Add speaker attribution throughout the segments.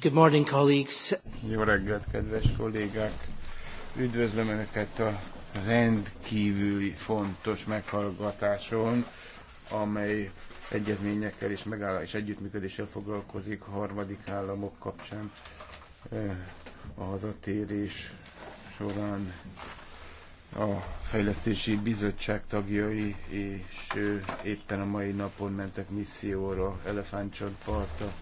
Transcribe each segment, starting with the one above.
Speaker 1: Good morning, colleagues. Jó reggelt, kedves
Speaker 2: kollégák! Üdvözlöm Önöket a rendkívüli fontos meghallgatáson, amely egyezményekkel és megállás és együttműködéssel foglalkozik a harmadik államok kapcsán eh, a hazatérés során a Fejlesztési Bizottság tagjai, és eh, éppen a mai napon mentek misszióra Elefántcsontpartra,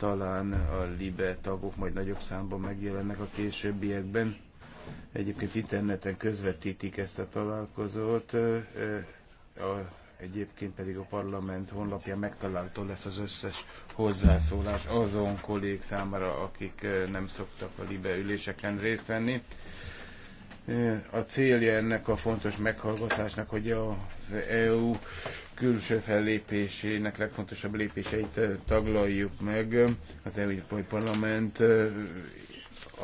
Speaker 2: talán a libe tagok majd nagyobb számban megjelennek a későbbiekben. Egyébként interneten közvetítik ezt a találkozót, a, egyébként pedig a parlament honlapján megtalálható lesz az összes hozzászólás azon kollég számára, akik nem szoktak a libe üléseken részt venni. A célja ennek a fontos meghallgatásnak, hogy az EU külső fellépésének legfontosabb lépéseit eh, taglaljuk meg. Az Európai Parlament eh,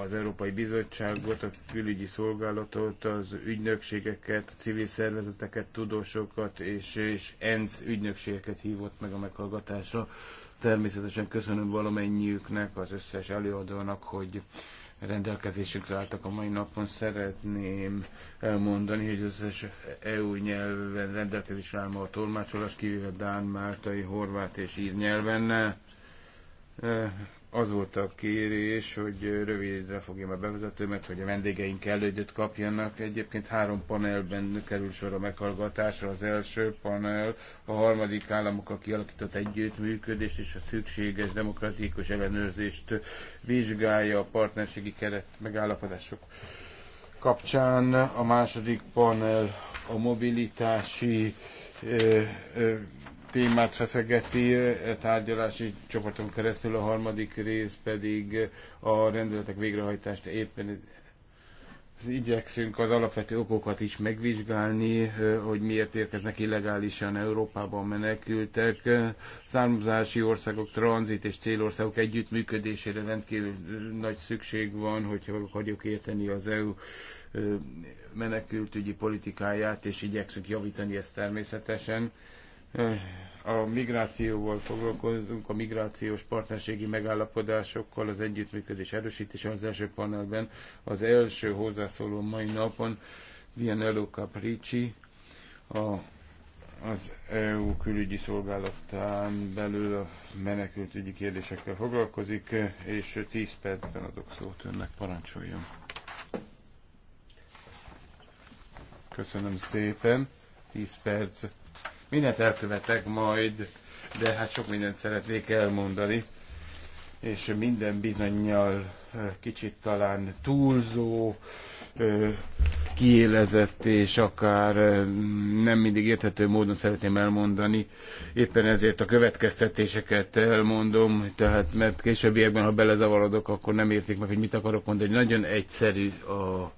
Speaker 2: az Európai Bizottságot, a külügyi szolgálatot, az ügynökségeket, civil szervezeteket, tudósokat és, és ENSZ ügynökségeket hívott meg a meghallgatásra. Természetesen köszönöm valamennyiüknek, az összes előadónak, hogy rendelkezésünkre álltak a mai napon. Szeretném elmondani, hogy az EU e nyelven rendelkezésre áll a tolmácsolás, kivéve Dán, Máltai, Horvát és Ír nyelven az volt a kérés, hogy rövidre fogjam a bevezetőmet, hogy a vendégeink elődöt kapjanak. Egyébként három panelben kerül sor a meghallgatásra. Az első panel a harmadik államokkal kialakított együttműködést és a szükséges demokratikus ellenőrzést vizsgálja a partnerségi keret megállapodások kapcsán. A második panel a mobilitási témát feszegeti e, tárgyalási csoporton keresztül, a harmadik rész pedig a rendeletek végrehajtást éppen az igyekszünk az alapvető okokat is megvizsgálni, e, hogy miért érkeznek illegálisan Európában menekültek. Származási országok, tranzit és célországok együttműködésére rendkívül nagy szükség van, hogyha akarjuk érteni az EU e, menekültügyi politikáját, és igyekszünk javítani ezt természetesen a migrációval foglalkozunk, a migrációs partnerségi megállapodásokkal, az együttműködés erősítése az első panelben. Az első hozzászóló mai napon Vianello Capricci, a, az EU külügyi szolgálatán belül a menekültügyi kérdésekkel foglalkozik, és 10 percben adok szót önnek, parancsoljon. Köszönöm szépen, 10 perc. Mindent elkövetek majd, de hát sok mindent szeretnék elmondani, és minden bizonyal eh, kicsit talán túlzó kiélezett és akár nem mindig érthető módon szeretném elmondani. Éppen ezért a következtetéseket elmondom, tehát mert későbbiekben, ha belezavarodok, akkor nem értik meg, hogy mit akarok mondani. Nagyon egyszerű a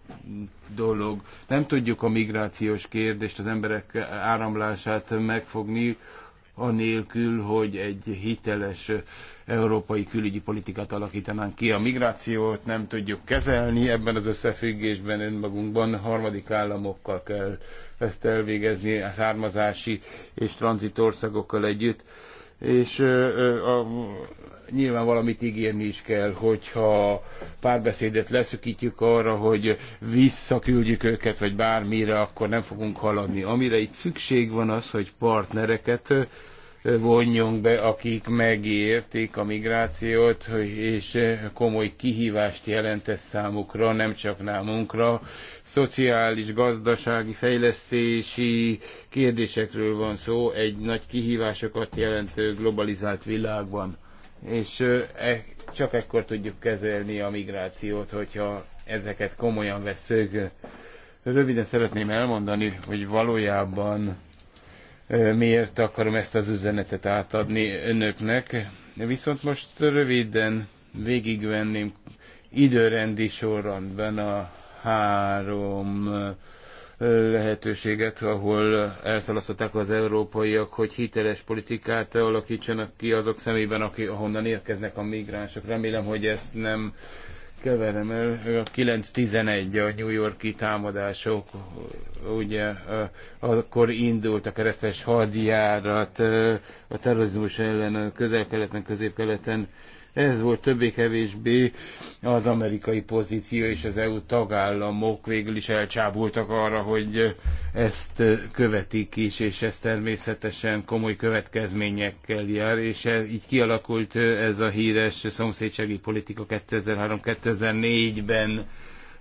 Speaker 2: dolog. Nem tudjuk a migrációs kérdést, az emberek áramlását megfogni, anélkül, hogy egy hiteles európai külügyi politikát alakítanánk ki. A migrációt nem tudjuk kezelni ebben az összefüggésben önmagunkban, harmadik államokkal kell ezt elvégezni, a származási és országokkal együtt. És a, nyilván valamit ígérni is kell, hogyha párbeszédet leszükítjük arra, hogy visszaküldjük őket, vagy bármire, akkor nem fogunk haladni. Amire itt szükség van az, hogy partnereket vonjon be, akik megértik a migrációt, és komoly kihívást jelent számukra, nem csak námunkra. Szociális, gazdasági, fejlesztési kérdésekről van szó, egy nagy kihívásokat jelentő globalizált világban. És e, csak ekkor tudjuk kezelni a migrációt, hogyha ezeket komolyan veszük. Röviden szeretném elmondani, hogy valójában miért akarom ezt az üzenetet átadni önöknek. Viszont most röviden végigvenném időrendi sorrendben a három lehetőséget, ahol elszalasztották az európaiak, hogy hiteles politikát alakítsanak ki azok szemében, akik ahonnan érkeznek a migránsok. Remélem, hogy ezt nem keverem el, a 9-11 a New Yorki támadások, ugye akkor indult a keresztes hadjárat a terrorizmus ellen a közel-keleten, közép-keleten, közép keleten ez volt többé-kevésbé az amerikai pozíció, és az EU tagállamok végül is elcsábultak arra, hogy ezt követik is, és ez természetesen komoly következményekkel jár, és e- így kialakult ez a híres szomszédsági politika 2003-2004-ben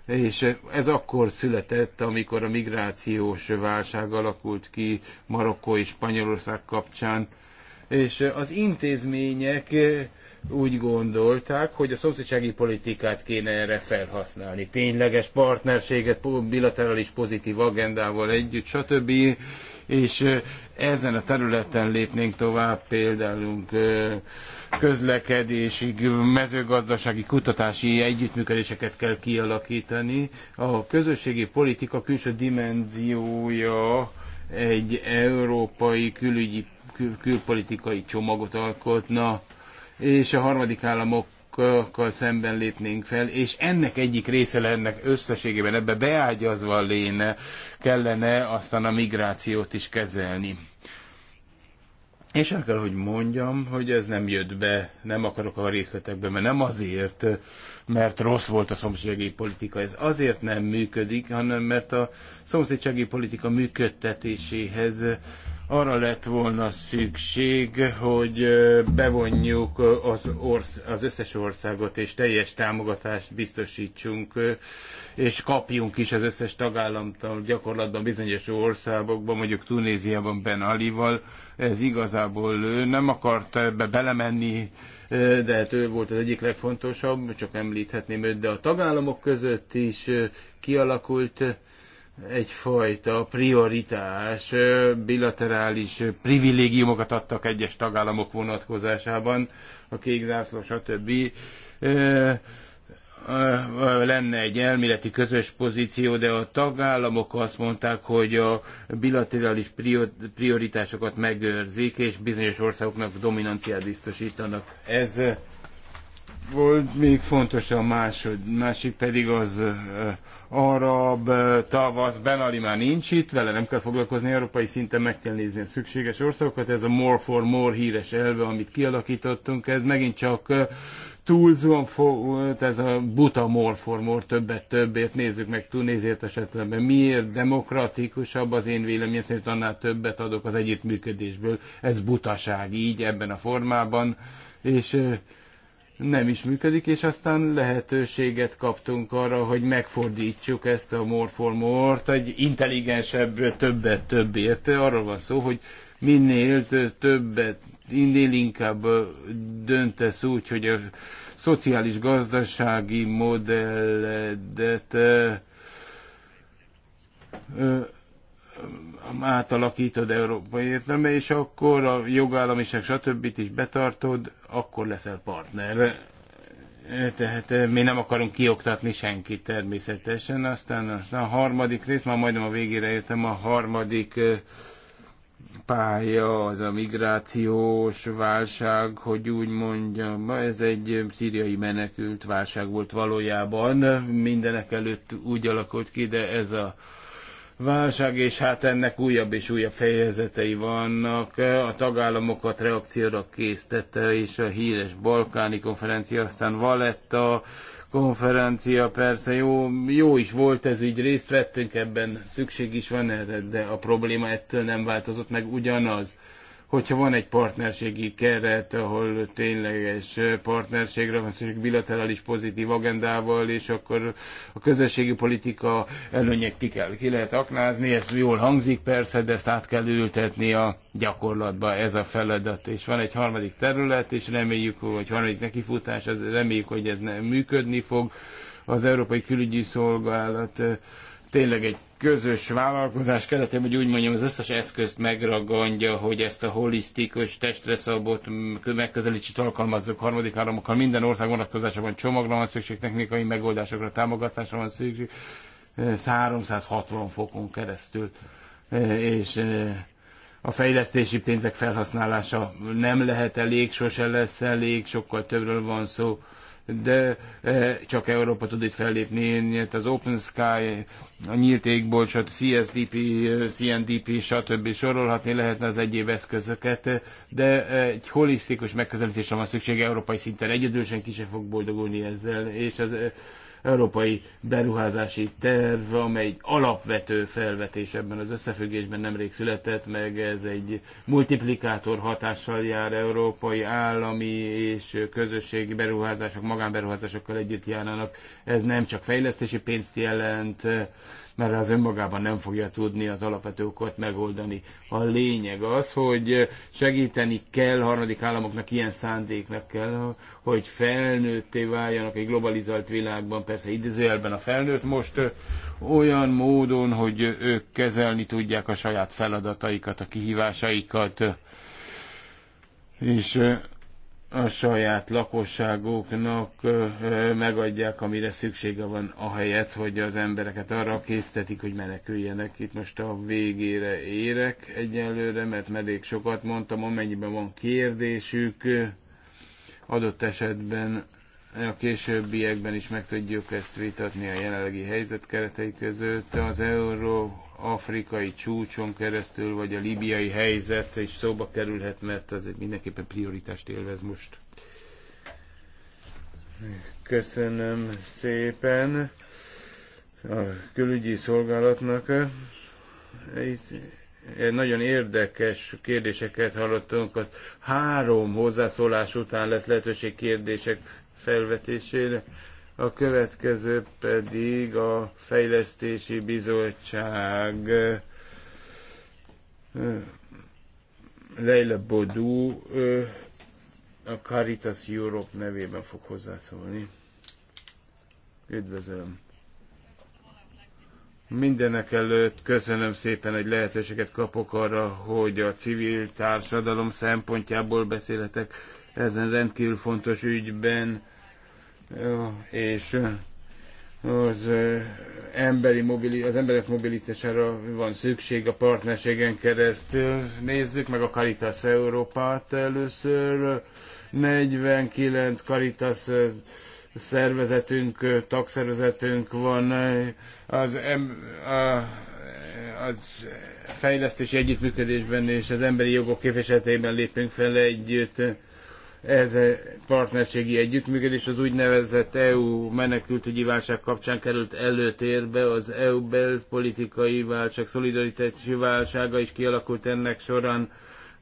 Speaker 2: és ez akkor született, amikor a migrációs válság alakult ki Marokkó és Spanyolország kapcsán, és az intézmények úgy gondolták, hogy a szomszédsági politikát kéne erre felhasználni. Tényleges partnerséget, bilaterális pozitív agendával együtt, stb. És ezen a területen lépnénk tovább, például közlekedési, mezőgazdasági, kutatási együttműködéseket kell kialakítani. A közösségi politika külső dimenziója egy európai külügyi, kül- külpolitikai csomagot alkotna, és a harmadik államokkal szemben lépnénk fel, és ennek egyik része lenne összességében, ebbe beágyazva léne, kellene aztán a migrációt is kezelni. És el kell, hogy mondjam, hogy ez nem jött be, nem akarok a részletekbe, mert nem azért, mert rossz volt a szomszédsági politika, ez azért nem működik, hanem mert a szomszédsági politika működtetéséhez arra lett volna szükség, hogy bevonjuk az, orsz, az összes országot, és teljes támogatást biztosítsunk, és kapjunk is az összes tagállamtól gyakorlatban bizonyos országokban, mondjuk Tunéziában Ben Alival. Ez igazából ő nem akart ebbe belemenni, de hát ő volt az egyik legfontosabb, csak említhetném őt, de a tagállamok között is kialakult egyfajta prioritás, bilaterális privilégiumokat adtak egyes tagállamok vonatkozásában, a kék zászló, stb. Lenne egy elméleti közös pozíció, de a tagállamok azt mondták, hogy a bilaterális prioritásokat megőrzik, és bizonyos országoknak dominanciát biztosítanak. Ez volt még fontos a másod, másik pedig az arab tavasz, Ben Ali már nincs itt, vele nem kell foglalkozni, európai szinten meg kell nézni a szükséges országokat, ez a more for more híres elve, amit kialakítottunk, ez megint csak túlzóan volt ez a buta more for more, többet többért, nézzük meg túl nézért esetleg, miért demokratikusabb az én véleményem szerint annál többet adok az együttműködésből, ez butaság így ebben a formában, és nem is működik, és aztán lehetőséget kaptunk arra, hogy megfordítsuk ezt a morformort egy intelligensebb, többet érte. Arról van szó, hogy minél többet, minél inkább döntesz úgy, hogy a szociális gazdasági modelledet átalakítod európai értelme, és akkor a jogállamiság stb. is betartod, akkor leszel partner. Tehát eh, mi nem akarunk kioktatni senkit természetesen. Aztán, aztán a harmadik rész, már majdnem a végére értem, a harmadik eh, pálya, az a migrációs válság, hogy úgy mondjam, ez egy szíriai menekült válság volt valójában, mindenek előtt úgy alakult ki, de ez a válság, és hát ennek újabb és újabb fejezetei vannak. A tagállamokat reakcióra késztette, és a híres balkáni konferencia, aztán Valetta konferencia, persze jó, jó is volt ez így, részt vettünk ebben, szükség is van erre, de a probléma ettől nem változott meg ugyanaz hogyha van egy partnerségi keret, ahol tényleges partnerségre van szükség bilaterális pozitív agendával, és akkor a közösségi politika előnyek ki, kell, ki lehet aknázni, ez jól hangzik persze, de ezt át kell ültetni a gyakorlatba, ez a feladat. És van egy harmadik terület, és reméljük, hogy harmadik nekifutás, reméljük, hogy ez nem működni fog. Az Európai Külügyi Szolgálat tényleg egy közös vállalkozás keretében, hogy úgy mondjam, az összes eszközt megragandja, hogy ezt a holisztikus, testre szabott megközelítsét alkalmazzuk harmadik államokkal. Minden ország vonatkozásában csomagra van szükség, technikai megoldásokra, támogatásra van szükség, 360 eh, fokon keresztül. Eh, és eh, a fejlesztési pénzek felhasználása nem lehet elég, sose lesz elég, sokkal többről van szó de eh, csak Európa tud itt fellépni. az Open Sky, a nyílt égból, a CSDP, CNDP, stb. sorolhatni lehetne az egyéb eszközöket, de eh, egy holisztikus megközelítésre van szükség európai szinten. Egyedül senki sem fog boldogulni ezzel, és az eh, európai beruházási terv, amely egy alapvető felvetés ebben az összefüggésben nemrég született meg, ez egy multiplikátor hatással jár európai állami és közösségi beruházások, magánberuházásokkal együtt járnának. Ez nem csak fejlesztési pénzt jelent, mert az önmagában nem fogja tudni az alapvető okot megoldani. A lényeg az, hogy segíteni kell harmadik államoknak, ilyen szándéknak kell, hogy felnőtté váljanak egy globalizált világban, persze idézőjelben a felnőtt most olyan módon, hogy ők kezelni tudják a saját feladataikat, a kihívásaikat, és a saját lakosságoknak megadják, amire szüksége van, a helyet, hogy az embereket arra késztetik, hogy meneküljenek. Itt most a végére érek egyelőre, mert medég sokat mondtam, amennyiben van kérdésük, adott esetben a későbbiekben is meg tudjuk ezt vitatni a jelenlegi helyzet keretei között. Az euró afrikai csúcson keresztül, vagy a libiai helyzet is szóba kerülhet, mert ez mindenképpen prioritást élvez most. Köszönöm szépen a külügyi szolgálatnak. nagyon érdekes kérdéseket hallottunk. hogy három hozzászólás után lesz lehetőség kérdések felvetésére. A következő pedig a Fejlesztési Bizottság Leila Bodú a Caritas Europe nevében fog hozzászólni. Üdvözlöm! Mindenek előtt köszönöm szépen, hogy lehetőséget kapok arra, hogy a civil társadalom szempontjából beszélhetek ezen rendkívül fontos ügyben és az emberi mobili, az emberek mobilitására van szükség a partnerségen keresztül. Nézzük meg a Caritas Európát először. 49 Caritas szervezetünk, tagszervezetünk van, az, em, a, az fejlesztési együttműködésben és az emberi jogok képviseletében lépünk fel együtt ez a partnerségi együttműködés az úgynevezett EU menekültügyi válság kapcsán került előtérbe, az EU belpolitikai válság, szolidaritási válsága is kialakult ennek során,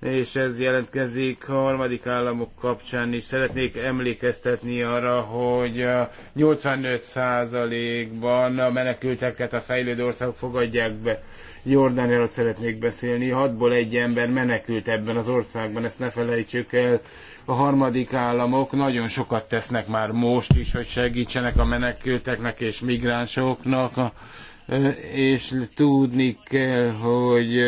Speaker 2: és ez jelentkezik a harmadik államok kapcsán is. Szeretnék emlékeztetni arra, hogy 85%-ban a menekülteket a fejlődő országok fogadják be Jordániáról szeretnék beszélni. Hatból egy ember menekült ebben az országban, ezt ne felejtsük el. A harmadik államok nagyon sokat tesznek már most is, hogy segítsenek a menekülteknek és migránsoknak, és tudni kell, hogy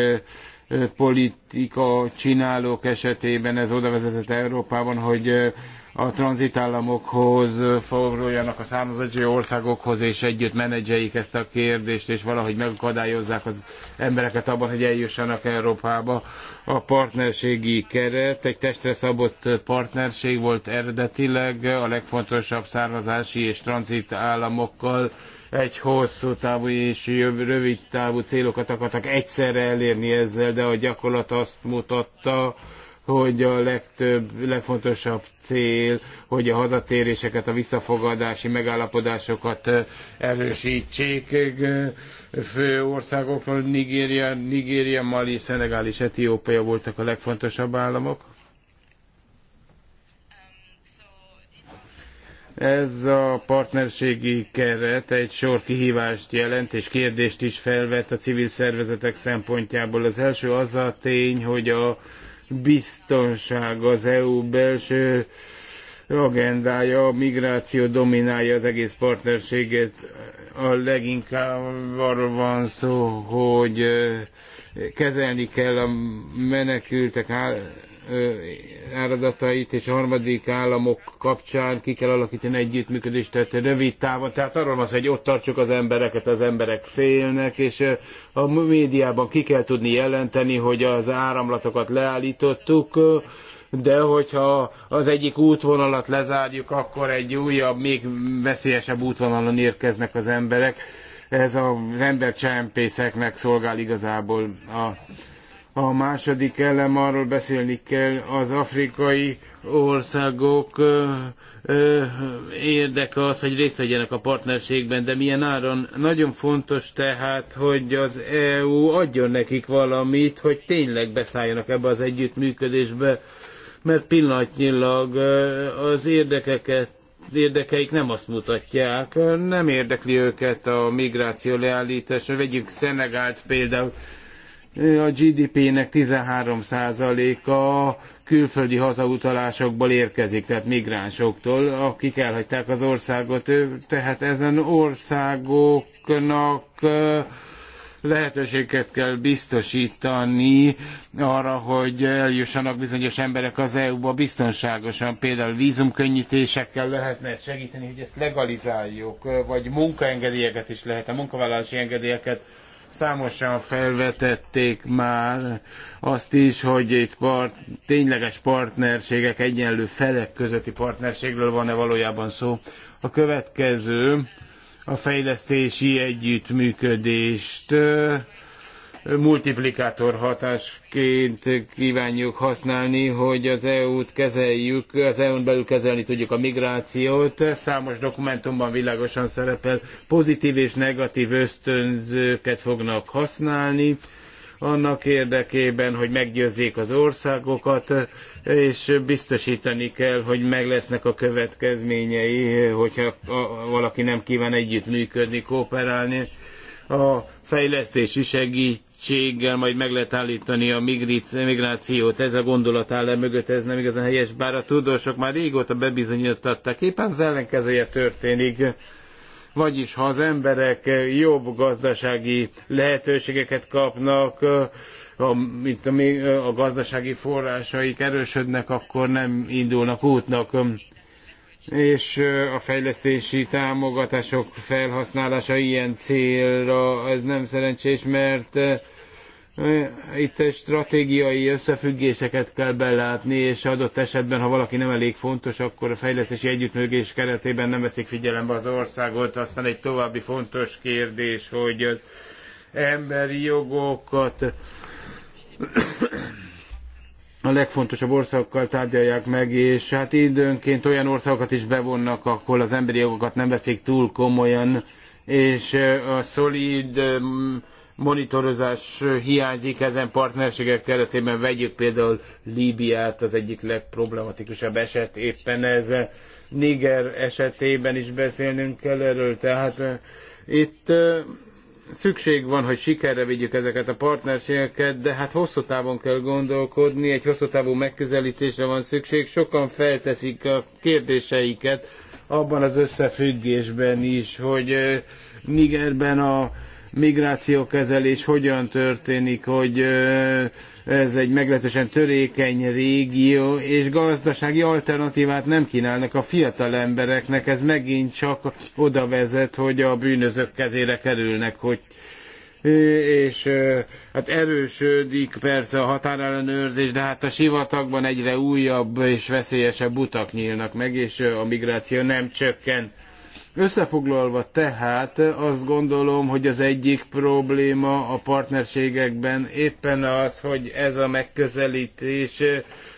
Speaker 2: politika csinálók esetében ez oda vezetett Európában, hogy a tranzitállamokhoz forduljanak a származási országokhoz, és együtt menedzseljék ezt a kérdést, és valahogy megakadályozzák az embereket abban, hogy eljussanak Európába. A partnerségi keret egy testre szabott partnerség volt eredetileg a legfontosabb származási és tranzitállamokkal, egy hosszú távú és rövid távú célokat akartak egyszerre elérni ezzel, de a gyakorlat azt mutatta, hogy a legtöbb, legfontosabb cél, hogy a hazatéréseket, a visszafogadási megállapodásokat erősítsék fő országokról. Nigéria, Nigéria, Mali, Szenegál és Etiópia voltak a legfontosabb államok. Ez a partnerségi keret egy sor kihívást jelent, és kérdést is felvet a civil szervezetek szempontjából. Az első az a tény, hogy a biztonság az EU belső agendája, a migráció dominálja az egész partnerséget. A leginkább arról van szó, hogy kezelni kell a menekültek áradatait és a harmadik államok kapcsán ki kell alakítani együttműködést, tehát rövid távon. Tehát arról van hogy ott tartsuk az embereket, az emberek félnek, és a médiában ki kell tudni jelenteni, hogy az áramlatokat leállítottuk, de hogyha az egyik útvonalat lezárjuk, akkor egy újabb, még veszélyesebb útvonalon érkeznek az emberek. Ez az embercsempészeknek szolgál igazából a a második elem arról beszélni kell, az afrikai országok ö, ö, érdeke az, hogy részt vegyenek a partnerségben, de milyen áron. Nagyon fontos tehát, hogy az EU adjon nekik valamit, hogy tényleg beszálljanak ebbe az együttműködésbe, mert pillanatnyilag az érdekeket érdekeik nem azt mutatják, nem érdekli őket a migráció leállítása. Vegyük Szenegált például, a GDP-nek 13%-a külföldi hazautalásokból érkezik, tehát migránsoktól, akik elhagyták az országot. Tehát ezen országoknak lehetőséget kell biztosítani arra, hogy eljussanak bizonyos emberek az EU-ba biztonságosan. Például vízumkönnyítésekkel lehetne segíteni, hogy ezt legalizáljuk, vagy munkaengedélyeket is lehet, a munkavállalási engedélyeket Számosan felvetették már azt is, hogy itt part, tényleges partnerségek, egyenlő felek közötti partnerségről van-e valójában szó. A következő a fejlesztési együttműködést multiplikátor hatásként kívánjuk használni, hogy az EU-t kezeljük, az EU-n belül kezelni tudjuk a migrációt. Számos dokumentumban világosan szerepel, pozitív és negatív ösztönzőket fognak használni annak érdekében, hogy meggyőzzék az országokat, és biztosítani kell, hogy meg lesznek a következményei, hogyha valaki nem kíván együttműködni, kooperálni a fejlesztési segít segítséggel majd meg lehet állítani a migrációt. Ez a gondolat áll mögött, ez nem igazán helyes, bár a tudósok már régóta bebizonyították, éppen az ellenkezője történik. Vagyis ha az emberek jobb gazdasági lehetőségeket kapnak, a, mint a, a gazdasági forrásaik erősödnek, akkor nem indulnak útnak és a fejlesztési támogatások felhasználása ilyen célra, ez nem szerencsés, mert itt stratégiai összefüggéseket kell belátni, és adott esetben, ha valaki nem elég fontos, akkor a fejlesztési együttműködés keretében nem veszik figyelembe az országot. Aztán egy további fontos kérdés, hogy emberi jogokat a legfontosabb országokkal tárgyalják meg, és hát időnként olyan országokat is bevonnak, ahol az emberi jogokat nem veszik túl komolyan, és a szolid monitorozás hiányzik ezen partnerségek keretében. Vegyük például Líbiát, az egyik legproblematikusabb eset éppen ez. Niger esetében is beszélnünk kell erről, tehát itt szükség van, hogy sikerre vigyük ezeket a partnerségeket, de hát hosszú távon kell gondolkodni, egy hosszú távú megközelítésre van szükség. Sokan felteszik a kérdéseiket abban az összefüggésben is, hogy Nigerben a migrációkezelés hogyan történik, hogy ez egy meglehetősen törékeny régió, és gazdasági alternatívát nem kínálnak a fiatal embereknek. Ez megint csak oda vezet, hogy a bűnözők kezére kerülnek, hogy és hát erősödik persze a határellenőrzés, de hát a sivatagban egyre újabb és veszélyesebb utak nyílnak meg, és a migráció nem csökken. Összefoglalva tehát azt gondolom, hogy az egyik probléma a partnerségekben éppen az, hogy ez a megközelítés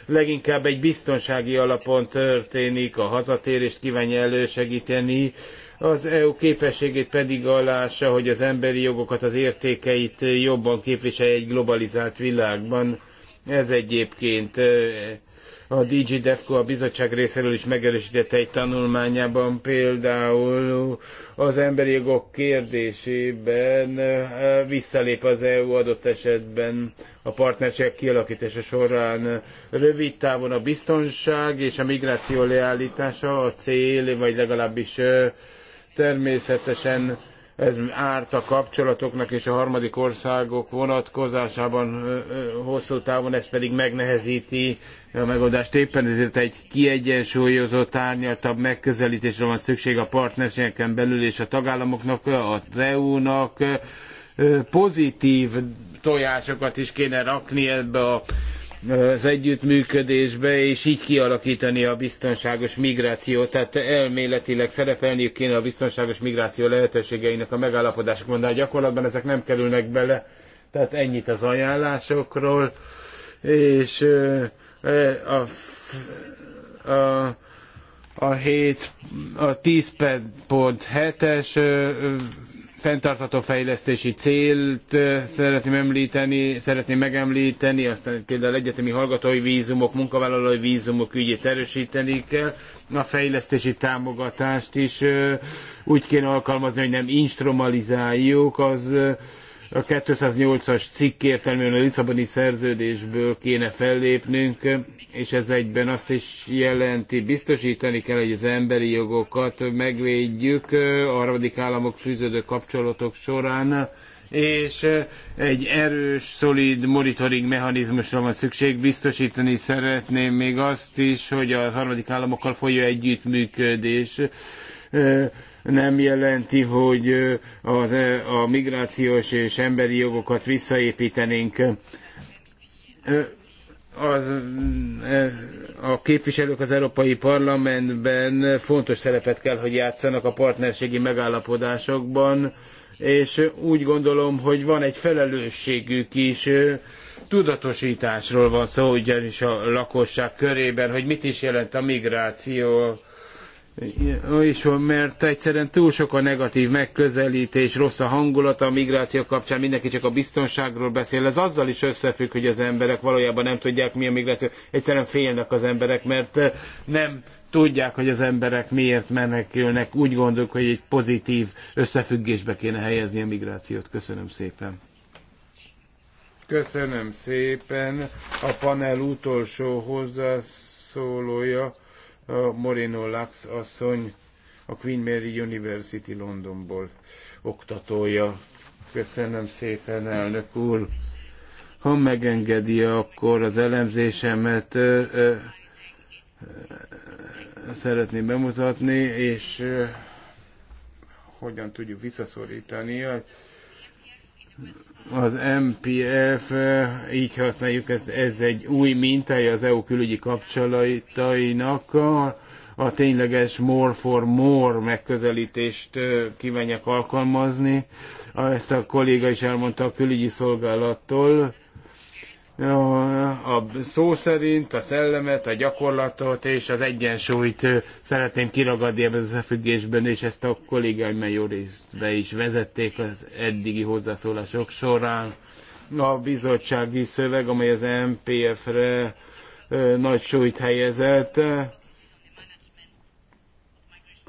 Speaker 2: leginkább egy biztonsági alapon történik, a hazatérést kívánja elősegíteni, az EU képességét pedig alása, hogy az emberi jogokat, az értékeit jobban képviselje egy globalizált világban. Ez egyébként a DJ DEFCO a bizottság részéről is megerősítette egy tanulmányában például az emberi jogok kérdésében eh, visszalép az EU adott esetben a partnerség kialakítása során. Rövid távon a biztonság és a migráció leállítása a cél, vagy legalábbis eh, természetesen ez árt a kapcsolatoknak és a harmadik országok vonatkozásában hosszú távon, ez pedig megnehezíti a megoldást. Éppen ezért egy kiegyensúlyozott, árnyaltabb megközelítésre van szükség a partnerségeken belül és a tagállamoknak, a EU-nak pozitív tojásokat is kéne rakni ebbe a az együttműködésbe, és így kialakítani a biztonságos migrációt. Tehát elméletileg szerepelniük kéne a biztonságos migráció lehetőségeinek a megállapodásokban, de a gyakorlatban ezek nem kerülnek bele. Tehát ennyit az ajánlásokról, és a, a a 7, a 10.7-es fenntartható fejlesztési célt eh, szeretném emlteni szeretném megemlíteni, aztán például egyetemi hallgatói vízumok, munkavállalói vízumok ügyét erősteni kell, a fejlesztési támogatást is eh, úgy kéne alkalmazni, hogy nem instrumentalizáljuk az eh, a 208-as cikk értelműen a Lisszaboni szerződésből kéne fellépnünk, és ez egyben azt is jelenti, biztosítani kell, hogy az emberi jogokat megvédjük a harmadik államok fűződő kapcsolatok során, és egy erős, szolid monitoring mechanizmusra van szükség. Biztosítani szeretném még azt is, hogy a harmadik államokkal folyó együttműködés nem jelenti, hogy az, a migrációs és emberi jogokat visszaépítenénk. Az, a képviselők az Európai Parlamentben fontos szerepet kell, hogy játszanak a partnerségi megállapodásokban, és úgy gondolom, hogy van egy felelősségük is, tudatosításról van szó, ugyanis a lakosság körében, hogy mit is jelent a migráció, és mert egyszerűen túl sok a negatív megközelítés, rossz a hangulata a migráció kapcsán, mindenki csak a biztonságról beszél. Ez azzal is összefügg, hogy az emberek valójában nem tudják, mi a migráció. Egyszerűen félnek az emberek, mert nem tudják, hogy az emberek miért menekülnek. Úgy gondoljuk, hogy egy pozitív összefüggésbe kéne helyezni a migrációt. Köszönöm szépen. Köszönöm szépen. A panel utolsó hozzászólója a Moreno Lux asszony a Queen Mary University Londonból oktatója. Köszönöm szépen, elnök úr. Ha megengedi, akkor az elemzésemet ö, ö, ö, szeretném bemutatni, és hogyan tudjuk visszaszorítani a az MPF, eh, így használjuk ezt, ez egy új mintája az EU külügyi kapcsolatainak, a tényleges more for more megközelítést eh, kívánják alkalmazni. Ezt a kolléga is elmondta a külügyi szolgálattól a szó szerint, a szellemet, a gyakorlatot és az egyensúlyt szeretném kiragadni ebben az összefüggésben, és ezt a kollégáim jó részbe is vezették az eddigi hozzászólások során. A bizottsági szöveg, amely az MPF-re nagy súlyt helyezett,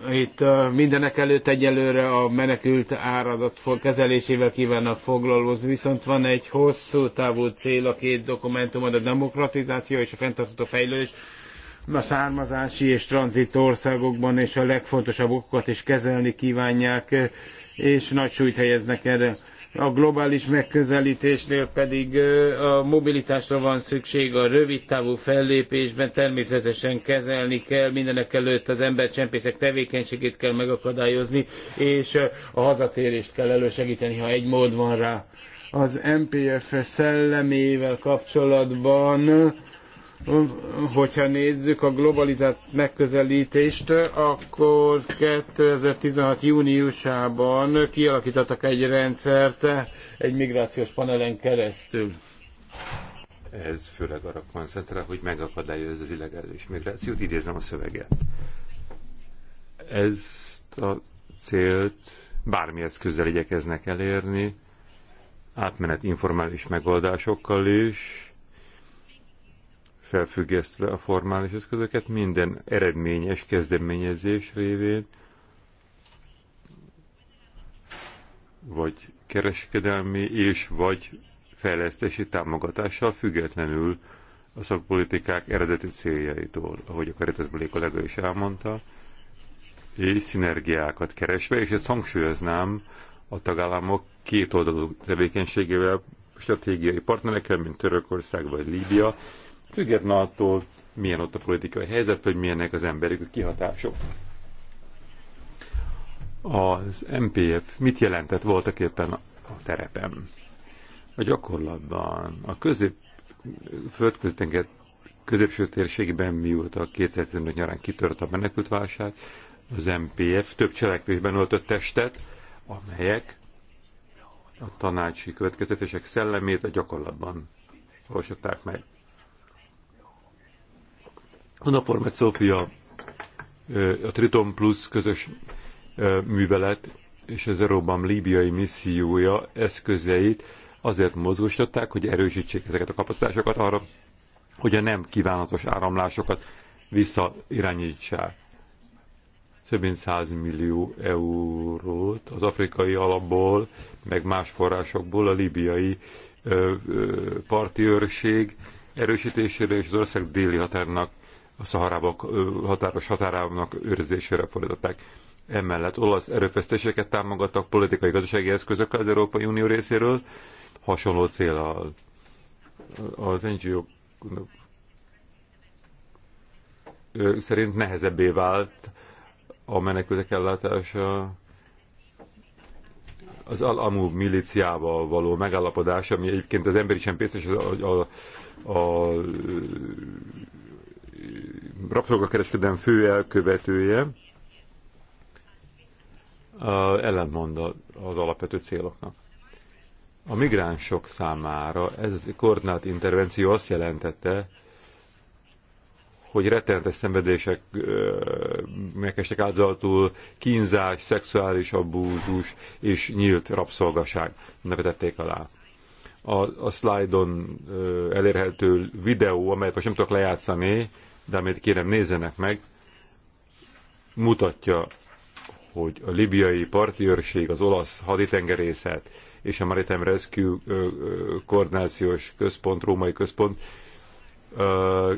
Speaker 2: itt mindenek előtt egyelőre a menekült áradat kezelésével kívánnak foglalkozni, viszont van egy hosszú távú cél a két dokumentumon, a demokratizáció és a fenntartható fejlődés a származási és tranzit országokban, és a legfontosabb okokat is kezelni kívánják, és nagy súlyt helyeznek erre a globális megközelítésnél pedig a mobilitásra van szükség a rövid távú fellépésben, természetesen kezelni kell, mindenek előtt az embercsempészek tevékenységét kell megakadályozni, és a hazatérést kell elősegíteni, ha egy mód van rá. Az MPF szellemével kapcsolatban hogyha nézzük a globalizált megközelítést, akkor 2016. júniusában kialakítottak egy rendszert egy migrációs panelen keresztül.
Speaker 3: Ez főleg arra koncentrál, hogy megakadályozza az illegális migrációt, idézem a szöveget. Ezt a célt bármi eszközzel igyekeznek elérni, átmenet informális megoldásokkal is, felfüggesztve a formális eszközöket minden eredményes kezdeményezés révén, vagy kereskedelmi és vagy fejlesztési támogatással függetlenül a szakpolitikák eredeti céljaitól, ahogy a Karitaszbeli kollega is elmondta, és szinergiákat keresve, és ezt hangsúlyoznám a tagállamok két oldalú tevékenységével, stratégiai partnerekkel, mint Törökország vagy Líbia, Függetlenül attól, milyen ott a politikai helyzet, vagy milyenek az emberek, a kihatások. Az MPF mit jelentett voltak éppen a terepen? A gyakorlatban a közép földköztenger középső térségben mióta a 2015 nyarán kitört a menekültválság, az MPF több cselekvésben öltött testet, amelyek a tanácsi következetések szellemét a gyakorlatban valósították meg. Unaformat Szófia, a Triton Plus közös művelet és az Euróban líbiai missziója eszközeit azért mozgósították, hogy erősítsék ezeket a kapacitásokat arra, hogy a nem kívánatos áramlásokat visszairányítsák. Több mint 100 millió eurót az afrikai alapból, meg más forrásokból a libiai ö, ö, parti őrség erősítésére és az ország déli határnak a szaharábok határos határának őrzésére fordították. Emellett olasz erőfesztéseket támogattak politikai gazdasági eszközökkel az Európai Unió részéről, hasonló cél az ngo szerint nehezebbé vált a menekültek ellátása az Al-Amu miliciával való megállapodás, ami egyébként az emberi csempész és a, a, a, a rabszolgakereskedelem fő elkövetője ellentmond az alapvető céloknak. A migránsok számára ez a koordinált intervenció azt jelentette, hogy rettenetes szenvedések megkestek áldozatul, kínzás, szexuális abúzus és nyílt rabszolgaság nevetették alá. A, a szlájdon elérhető videó, amelyet most nem tudok lejátszani, de amit kérem nézzenek meg, mutatja, hogy a libiai őrség, az olasz haditengerészet és a Maritime Rescue koordinációs központ, római központ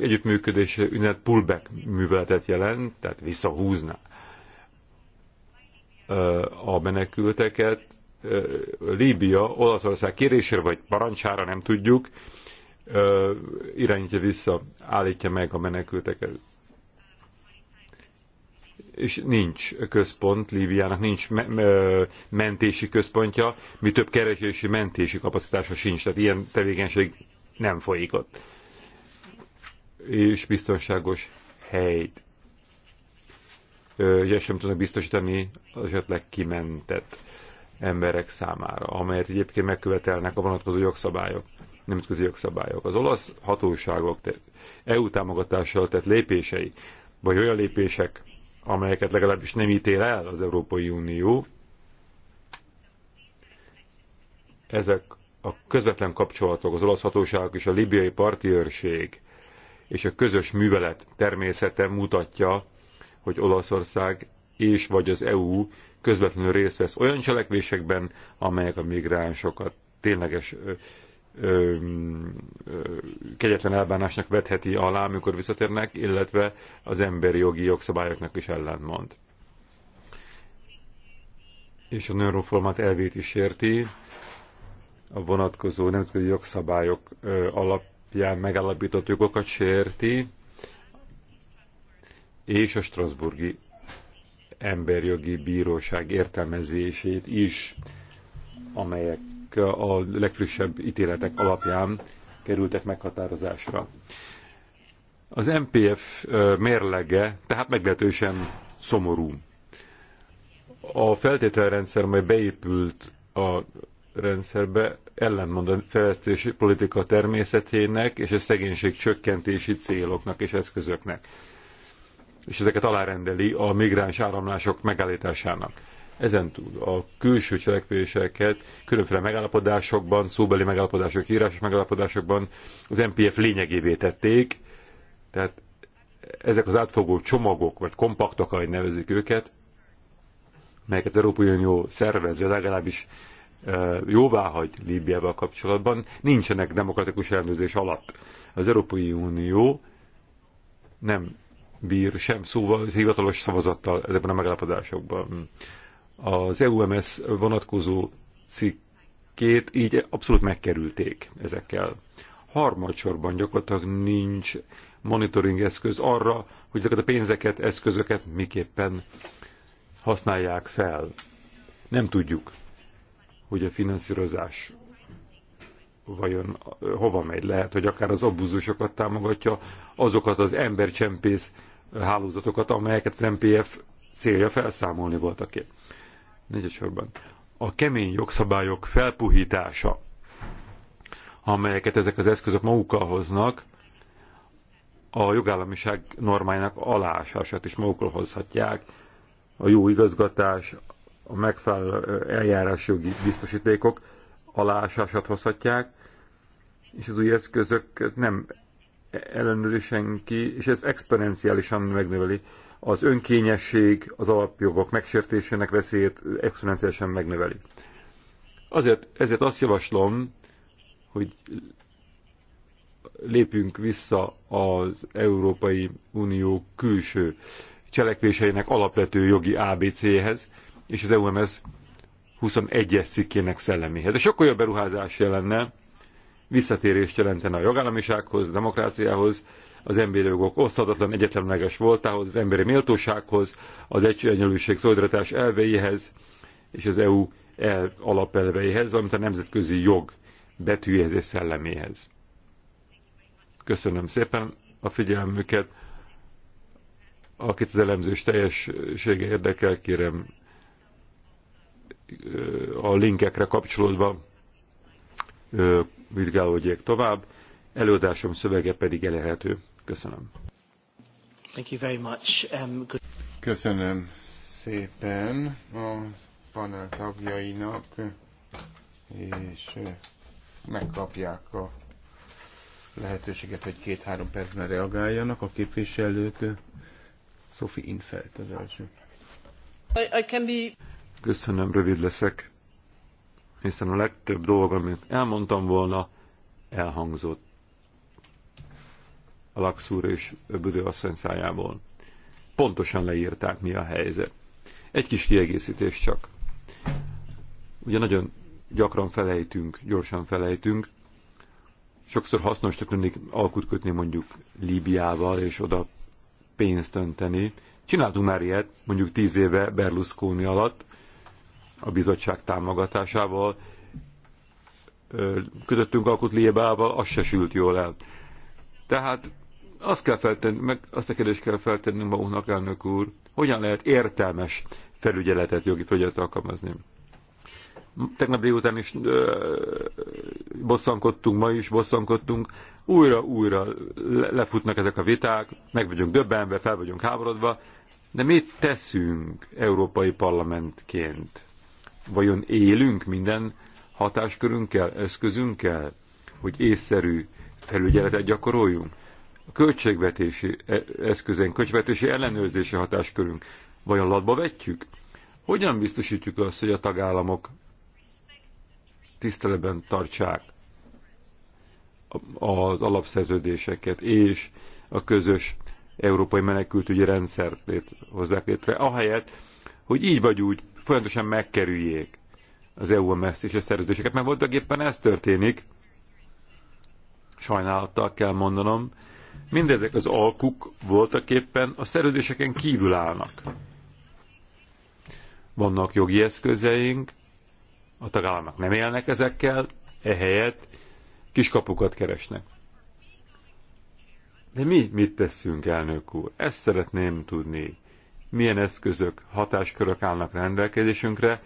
Speaker 3: együttműködés ünnep pullback műveletet jelent, tehát visszahúzná a menekülteket. Líbia, Olaszország kérésére vagy parancsára nem tudjuk, irányítja vissza, állítja meg a menekültek És nincs központ, Líbiának nincs me- me- mentési központja, mi több keresési mentési kapacitása sincs, tehát ilyen tevékenység nem folyik ott. És biztonságos helyt ugye sem tudnak biztosítani az esetleg kimentett emberek számára, amelyet egyébként megkövetelnek a vonatkozó jogszabályok nemzetközi jogszabályok. Az olasz hatóságok EU támogatással tett lépései, vagy olyan lépések, amelyeket legalábbis nem ítél el az Európai Unió, ezek a közvetlen kapcsolatok, az olasz hatóságok és a libiai partiőrség és a közös művelet természete mutatja, hogy Olaszország és vagy az EU közvetlenül részt vesz olyan cselekvésekben, amelyek a migránsokat tényleges ö, ö, kegyetlen elbánásnak vetheti alá, amikor visszatérnek, illetve az emberi jogi jogszabályoknak is ellentmond. És a neuroformát elvét is érti, a vonatkozó nemzetközi jogszabályok ö, alapján megállapított jogokat sérti, és a Strasburgi emberjogi bíróság értelmezését is, amelyek a legfrissebb ítéletek alapján kerültek meghatározásra. Az MPF mérlege tehát meglehetősen szomorú. A feltételrendszer, mely beépült a rendszerbe, ellentmond a fejlesztési politika természetének és a szegénység csökkentési céloknak és eszközöknek. És ezeket alárendeli a migráns áramlások megállításának ezen túl a külső cselekvéseket különféle megállapodásokban, szóbeli megállapodások, írásos megállapodásokban az MPF lényegévé tették, tehát ezek az átfogó csomagok, vagy kompaktok, ahogy nevezik őket, melyeket az Európai Unió szervez, vagy legalábbis e, jóvá hagy Líbiával kapcsolatban, nincsenek demokratikus ellenőrzés alatt. Az Európai Unió nem bír sem szóval, hivatalos szavazattal ezekben a megállapodásokban az EUMS vonatkozó cikkét így abszolút megkerülték ezekkel. Harmadsorban gyakorlatilag nincs monitoring eszköz arra, hogy ezeket a pénzeket, eszközöket miképpen használják fel. Nem tudjuk, hogy a finanszírozás vajon hova megy. Lehet, hogy akár az abuzusokat támogatja, azokat az embercsempész hálózatokat, amelyeket az MPF célja felszámolni voltak épp. Négyesorban. a kemény jogszabályok felpuhítása, amelyeket ezek az eszközök magukkal hoznak, a jogállamiság normájának alásását is magukkal hozhatják, a jó igazgatás, a megfelelő eljárásjogi biztosítékok alásását hozhatják, és az új eszközök nem ellenőri senki, és ez exponenciálisan megnöveli az önkényesség az alapjogok megsértésének veszélyét exponenciálisan megnöveli. Azért, ezért azt javaslom, hogy lépjünk vissza az Európai Unió külső cselekvéseinek alapvető jogi ABC-hez, és az EUMS 21-es cikkének szelleméhez. Ez sokkal jobb beruházás jelenne, visszatérést jelentene a jogállamisághoz, a demokráciához, az emberi jogok oszthatatlan egyetemleges voltához, az emberi méltósághoz, az egyenlőség szolidaritás elveihez és az EU el alapelveihez, valamint a nemzetközi jog betűjéhez és szelleméhez. Köszönöm szépen a figyelmüket. Akit az elemzés teljessége érdekel, kérem a linkekre kapcsolódva vizsgálódjék tovább, előadásom szövege pedig elérhető. Köszönöm. Thank you very much. Um, good... Köszönöm
Speaker 2: szépen a panel tagjainak, és megkapják a lehetőséget, hogy két-három percben reagáljanak a képviselők. Sophie Infeld az első.
Speaker 3: I, I can be... Köszönöm, rövid leszek, hiszen a legtöbb dolog, amit elmondtam volna, elhangzott. Laxúr és Büdő asszony szájából. Pontosan leírták, mi a helyzet. Egy kis kiegészítés csak. Ugye nagyon gyakran felejtünk, gyorsan felejtünk. Sokszor hasznos lennék alkut kötni mondjuk Líbiával, és oda pénzt önteni. Csináltunk már ilyet, mondjuk tíz éve Berlusconi alatt, a bizottság támogatásával, kötöttünk alkut Líbiával, az se sült jól el. Tehát azt kell feltenni, meg azt a kérdést kell feltennünk magunknak, elnök úr, hogyan lehet értelmes felügyeletet, jogi felügyeletet alkalmazni. Tegnap délután is ö, bosszankodtunk, ma is bosszankodtunk, újra-újra lefutnak ezek a viták, meg vagyunk döbbenve, fel vagyunk háborodva, de mit teszünk európai parlamentként? Vajon élünk minden hatáskörünkkel, eszközünkkel, hogy észszerű felügyeletet gyakoroljunk? a költségvetési e, eszközén, költségvetési ellenőrzési hatáskörünk vajon latba vetjük? Hogyan biztosítjuk azt, hogy a tagállamok tiszteletben tartsák az alapszerződéseket és a közös európai menekültügyi rendszert lét, hozzák létre, ahelyett, hogy így vagy úgy folyamatosan megkerüljék az eu és a szerződéseket, mert voltak éppen ez történik, sajnálattal kell mondanom, Mindezek az alkuk voltak éppen a szerződéseken kívül állnak. Vannak jogi eszközeink, a tagállamok nem élnek ezekkel, ehelyett kiskapukat keresnek. De mi mit teszünk, elnök úr? Ezt szeretném tudni. Milyen eszközök, hatáskörök állnak rendelkezésünkre,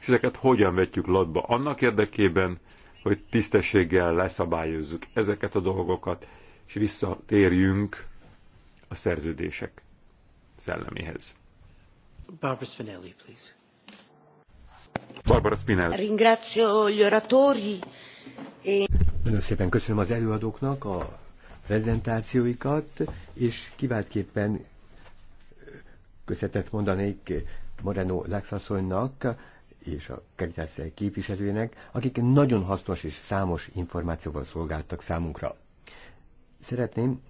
Speaker 3: és ezeket hogyan vetjük latba annak érdekében, hogy tisztességgel leszabályozzuk ezeket a dolgokat, és visszatérjünk a szerződések szelleméhez. Barbara Spinelli, please. Barbara Spinelli.
Speaker 2: Ringrazio gli oratori. E-
Speaker 1: nagyon szépen köszönöm az előadóknak a prezentációikat, és kiváltképpen köszönetet mondanék Moreno Laxasszonynak és a Keritászai képviselőjének, akik nagyon hasznos és számos információval szolgáltak számunkra. Szeretném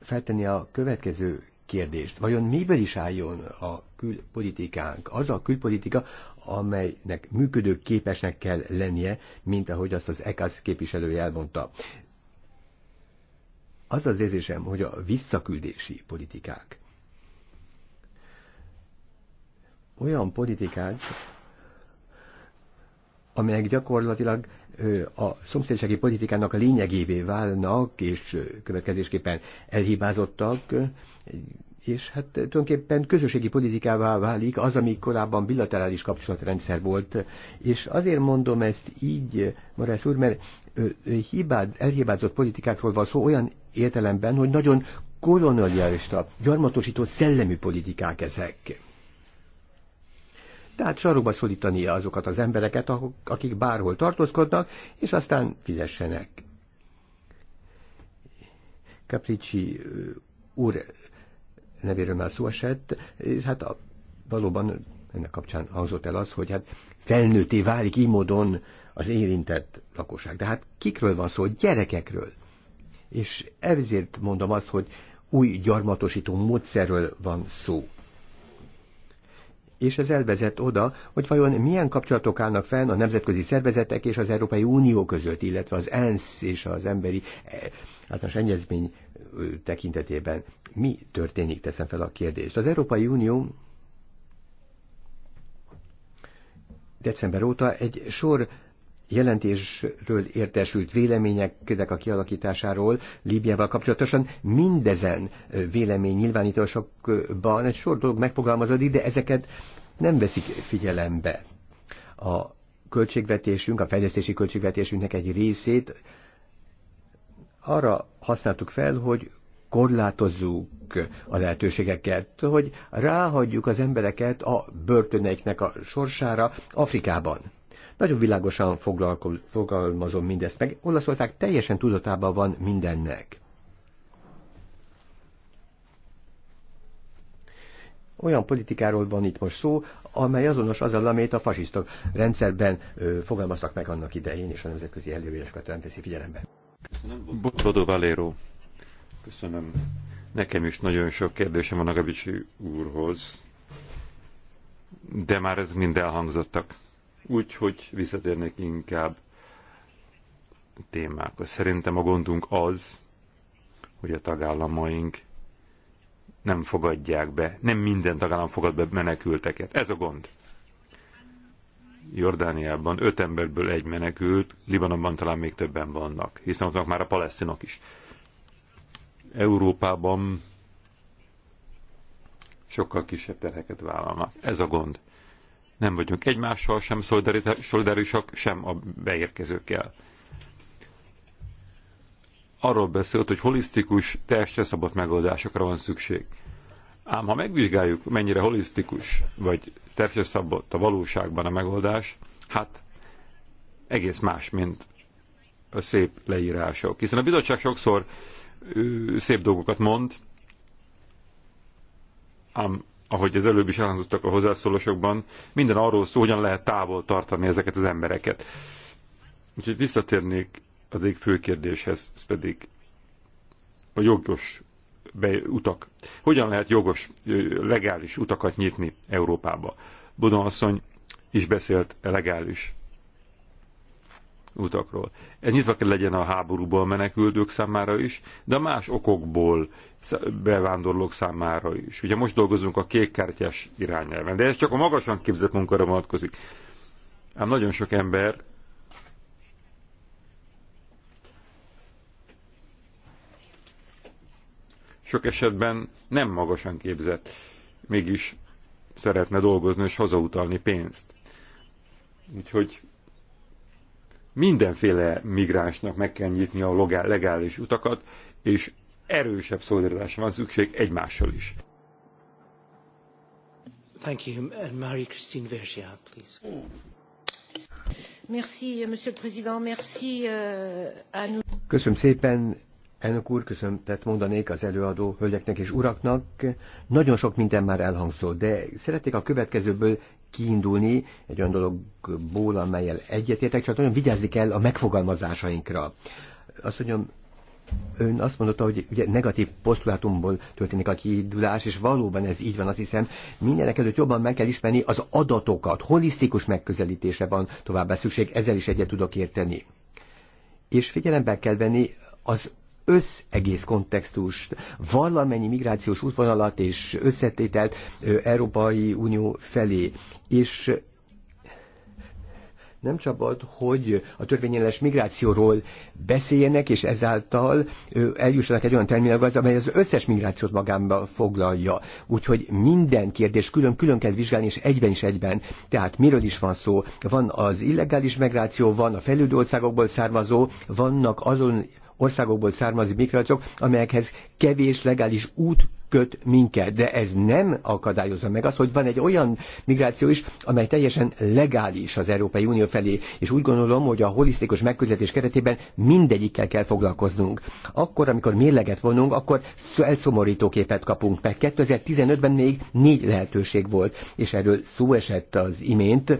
Speaker 1: feltenni a következő kérdést. Vajon miből is álljon a külpolitikánk? Az a külpolitika, amelynek működő képesnek kell lennie, mint ahogy azt az EKASZ képviselője elmondta. Az az érzésem, hogy a visszaküldési politikák olyan politikák, amelyek gyakorlatilag a szomszédsági politikának a lényegévé válnak, és következésképpen elhibázottak, és hát tulajdonképpen közösségi politikává válik az, ami korábban bilaterális kapcsolatrendszer volt. És azért mondom ezt így, Marász úr, mert hibáz, elhibázott politikákról van szó olyan értelemben, hogy nagyon kolonialista, gyarmatosító szellemű politikák ezek. Tehát sarokba szólítania azokat az embereket, akik bárhol tartózkodnak, és aztán fizessenek. Capricci úr nevéről már szó esett, és hát a, valóban ennek kapcsán hangzott el az, hogy hát felnőtté válik így módon az érintett lakosság. De hát kikről van szó? Gyerekekről. És ezért mondom azt, hogy új gyarmatosító módszerről van szó és ez elvezet oda, hogy vajon milyen kapcsolatok állnak fenn a nemzetközi szervezetek és az Európai Unió között, illetve az ENSZ és az emberi eh, általános egyezmény tekintetében. Mi történik, teszem fel a kérdést. Az Európai Unió december óta egy sor jelentésről értesült véleményeknek a kialakításáról Líbiával kapcsolatosan mindezen vélemény nyilvánításokban egy sor dolog megfogalmazódik, de ezeket nem veszik figyelembe. A költségvetésünk, a fejlesztési költségvetésünknek egy részét arra használtuk fel, hogy korlátozzuk a lehetőségeket, hogy ráhagyjuk az embereket a börtöneiknek a sorsára Afrikában. Nagyon világosan fogalmazom mindezt meg. Olaszország teljesen tudatában van mindennek. Olyan politikáról van itt most szó, amely azonos azzal, amelyet a fasisztok rendszerben ö, fogalmaztak meg annak idején, és a nemzetközi előírásokat nem teszi figyelembe.
Speaker 3: Köszönöm. Botrodó Valéro. Köszönöm. Nekem is nagyon sok kérdésem van a Gabicsi úrhoz, de már ez mind elhangzottak úgyhogy visszatérnék inkább témákhoz. Szerintem a gondunk az, hogy a tagállamaink nem fogadják be, nem minden tagállam fogad be menekülteket. Ez a gond. Jordániában öt emberből egy menekült, Libanonban talán még többen vannak, hiszen ott vannak már a palesztinok is. Európában sokkal kisebb terheket vállalnak. Ez a gond nem vagyunk egymással sem szolidárisak, sem a beérkezőkkel. Arról beszélt, hogy holisztikus, testre szabott megoldásokra van szükség. Ám ha megvizsgáljuk, mennyire holisztikus, vagy testre szabott a valóságban a megoldás, hát egész más, mint a szép leírások. Hiszen a bizottság sokszor ő, szép dolgokat mond, ám ahogy az előbb is elhangzottak a hozzászólásokban, minden arról szól, hogyan lehet távol tartani ezeket az embereket. Úgyhogy visszatérnék az egyik fő kérdéshez, ez pedig a jogos be, utak. Hogyan lehet jogos, legális utakat nyitni Európába? Budon asszony is beszélt legális utakról. Ez nyitva kell legyen a háborúból menekültők számára is, de más okokból bevándorlók számára is. Ugye most dolgozunk a kékkártyás irányelven, de ez csak a magasan képzett munkára vonatkozik. Ám nagyon sok ember sok esetben nem magasan képzett, mégis szeretne dolgozni és hazautalni pénzt. Úgyhogy mindenféle migránsnak meg kell nyitni a legális utakat, és erősebb szolidaritásra van szükség egymással is. Thank you. And Marie-Christine Vergia, please.
Speaker 1: Merci, Monsieur le Président. Merci euh, à nous. Köszönöm szépen, elnök úr, köszönöm, tehát mondanék az előadó hölgyeknek és uraknak. Nagyon sok minden már elhangzott, de szeretnék a következőből kiindulni egy olyan dologból, amelyel egyetértek, csak nagyon vigyázni kell a megfogalmazásainkra. Azt mondjam, ön azt mondotta, hogy ugye negatív posztulátumból történik a kiindulás, és valóban ez így van, azt hiszem, mindenek előtt jobban meg kell ismerni az adatokat, holisztikus megközelítésre van továbbá szükség, ezzel is egyet tudok érteni. És figyelembe kell venni az összegész kontextust, valamennyi migrációs útvonalat és összetételt Európai Unió felé. És nem szabad, hogy a törvényellenes migrációról beszéljenek, és ezáltal eljussanak egy olyan terminálhoz, amely az összes migrációt magába foglalja. Úgyhogy minden kérdés külön-külön kell vizsgálni, és egyben is egyben. Tehát miről is van szó? Van az illegális migráció, van a fejlődő országokból származó, vannak azon országokból származó migránsok, amelyekhez kevés legális út köt minket, de ez nem akadályozza meg azt, hogy van egy olyan migráció is, amely teljesen legális az Európai Unió felé, és úgy gondolom, hogy a holisztikus megközelítés keretében mindegyikkel kell foglalkoznunk. Akkor, amikor mérleget vonunk, akkor elszomorító képet kapunk, mert 2015-ben még négy lehetőség volt, és erről szó esett az imént,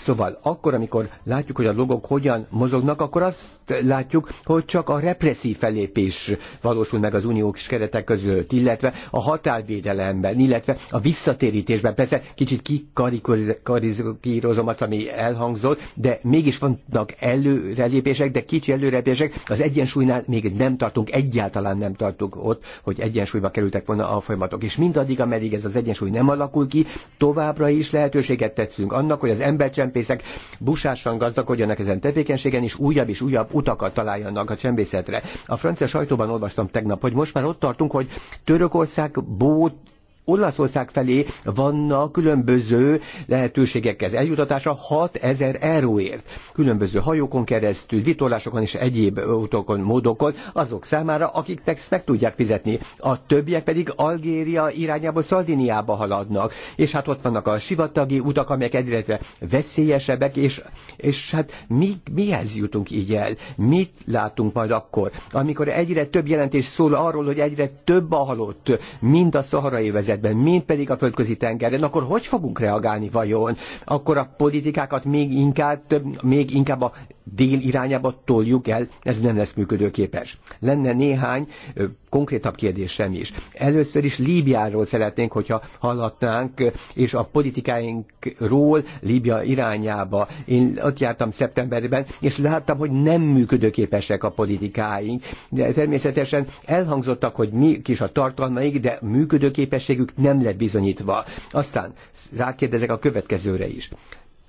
Speaker 1: Szóval akkor, amikor látjuk, hogy a logok hogyan mozognak, akkor azt látjuk, hogy csak a represszív felépés valósul meg az uniós keretek között, illetve a határvédelemben, illetve a visszatérítésben. Persze kicsit kikarikírozom azt, ami elhangzott, de mégis vannak előrelépések, de kicsi előrelépések. Az egyensúlynál még nem tartunk, egyáltalán nem tartunk ott, hogy egyensúlyba kerültek volna a folyamatok. És mindaddig, ameddig ez az egyensúly nem alakul ki, továbbra is lehetőséget tetszünk annak, hogy az embercsempészet csempészek busásan gazdagodjanak ezen tevékenységen, és újabb és újabb utakat találjanak a csempészetre. A francia sajtóban olvastam tegnap, hogy most már ott tartunk, hogy Törökország bót, Olaszország felé vannak különböző lehetőségek ez eljutatása 6000 euróért. Különböző hajókon keresztül, vitorlásokon és egyéb utokon, módokon azok számára, akiknek meg tudják fizetni. A többiek pedig Algéria irányába, Szaldiniába haladnak. És hát ott vannak a sivatagi utak, amelyek egyre veszélyesebbek, és, és hát mi, mihez jutunk így el? Mit látunk majd akkor? Amikor egyre több jelentés szól arról, hogy egyre több a halott, mind a szaharai vezet, helyzetben, mint pedig a földközi tengeren, akkor hogy fogunk reagálni vajon? Akkor a politikákat még inkább, még inkább a dél irányába toljuk el, ez nem lesz működőképes. Lenne néhány ö, konkrétabb kérdésem is. Először is Líbiáról szeretnénk, hogyha hallatnánk, és a politikáinkról Líbia irányába. Én ott jártam szeptemberben, és láttam, hogy nem működőképesek a politikáink. De természetesen elhangzottak, hogy mi kis a tartalmaik, de működőképességük nem lett bizonyítva. Aztán rákérdezek a következőre is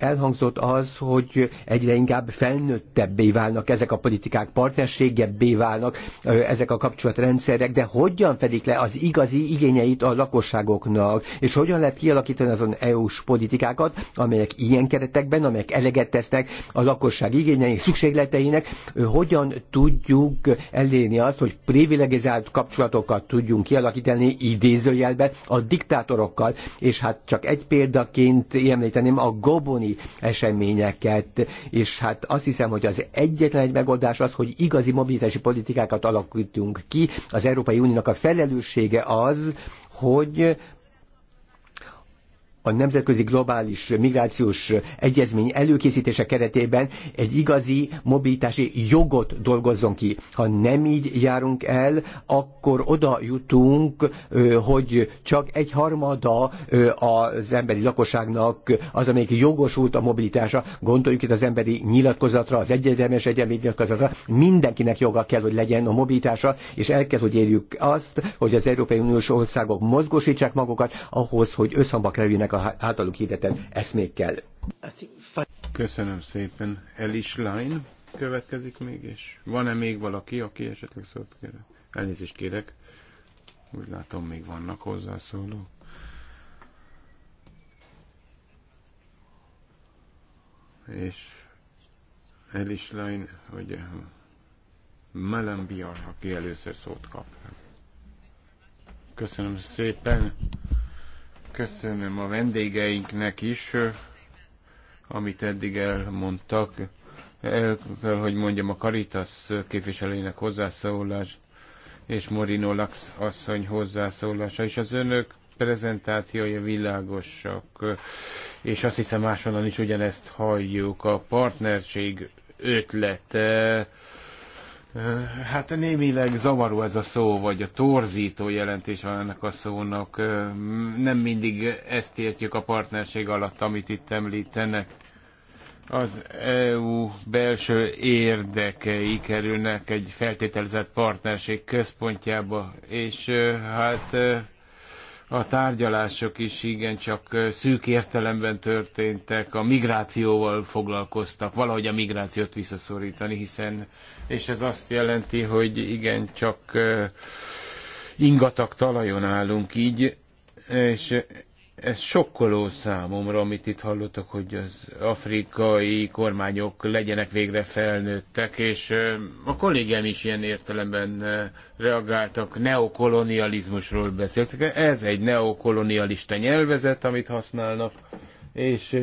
Speaker 1: elhangzott az, hogy egyre inkább felnőttebbé válnak ezek a politikák, partnerségebbé válnak ezek a kapcsolatrendszerek, de hogyan fedik le az igazi igényeit a lakosságoknak, és hogyan lehet kialakítani azon EU-s politikákat, amelyek ilyen keretekben, amelyek eleget tesznek a lakosság igényeinek, szükségleteinek, hogyan tudjuk elérni azt, hogy privilegizált kapcsolatokat tudjunk kialakítani idézőjelben a diktátorokkal, és hát csak egy példaként említeném a Goboni politikai eseményeket, és hát azt hiszem, hogy az egyetlen egy megoldás az, hogy igazi mobilitási politikákat alakítunk ki. Az Európai Uniónak a felelőssége az, hogy a nemzetközi globális migrációs egyezmény előkészítése keretében egy igazi mobilitási jogot dolgozzon ki. Ha nem így járunk el, akkor oda jutunk, hogy csak egy harmada az emberi lakosságnak az, amelyik jogosult a mobilitása. Gondoljuk itt az emberi nyilatkozatra, az egyedemes egyemi nyilatkozatra. Mindenkinek joga kell, hogy legyen a mobilitása, és el kell, hogy érjük azt, hogy az Európai Uniós országok mozgósítsák magukat ahhoz, hogy összhangba kerüljenek ezeknek a általuk hirdetett eszmékkel. Köszönöm szépen.
Speaker 2: Elis Line következik még, és van-e még valaki, aki esetleg szólt kér? Elnézést kérek. Úgy látom, még vannak hozzászólók. És Elis Line, hogy Melembiar, aki először szót kap. Köszönöm szépen. Köszönöm a vendégeinknek is, amit eddig elmondtak. El kell, hogy mondjam, a Karitas képviselőinek hozzászólás és Morino Lax asszony hozzászólása, és az önök prezentációja világosak, és azt hiszem máshonnan is ugyanezt halljuk. A partnerség ötlete Hát némileg zavaró ez a szó, vagy a torzító jelentés van ennek a szónak. Nem mindig ezt értjük a partnerség alatt, amit itt említenek. Az EU belső érdekei kerülnek egy feltételezett partnerség központjába, és hát a tárgyalások is igen csak szűk értelemben történtek, a migrációval foglalkoztak, valahogy a migrációt visszaszorítani, hiszen, és ez azt jelenti, hogy igen csak ingatak talajon állunk így, és ez sokkoló számomra, amit itt hallottak, hogy az afrikai kormányok legyenek végre felnőttek, és a kollégám is ilyen értelemben reagáltak, neokolonializmusról beszéltek. Ez egy neokolonialista nyelvezet, amit használnak, és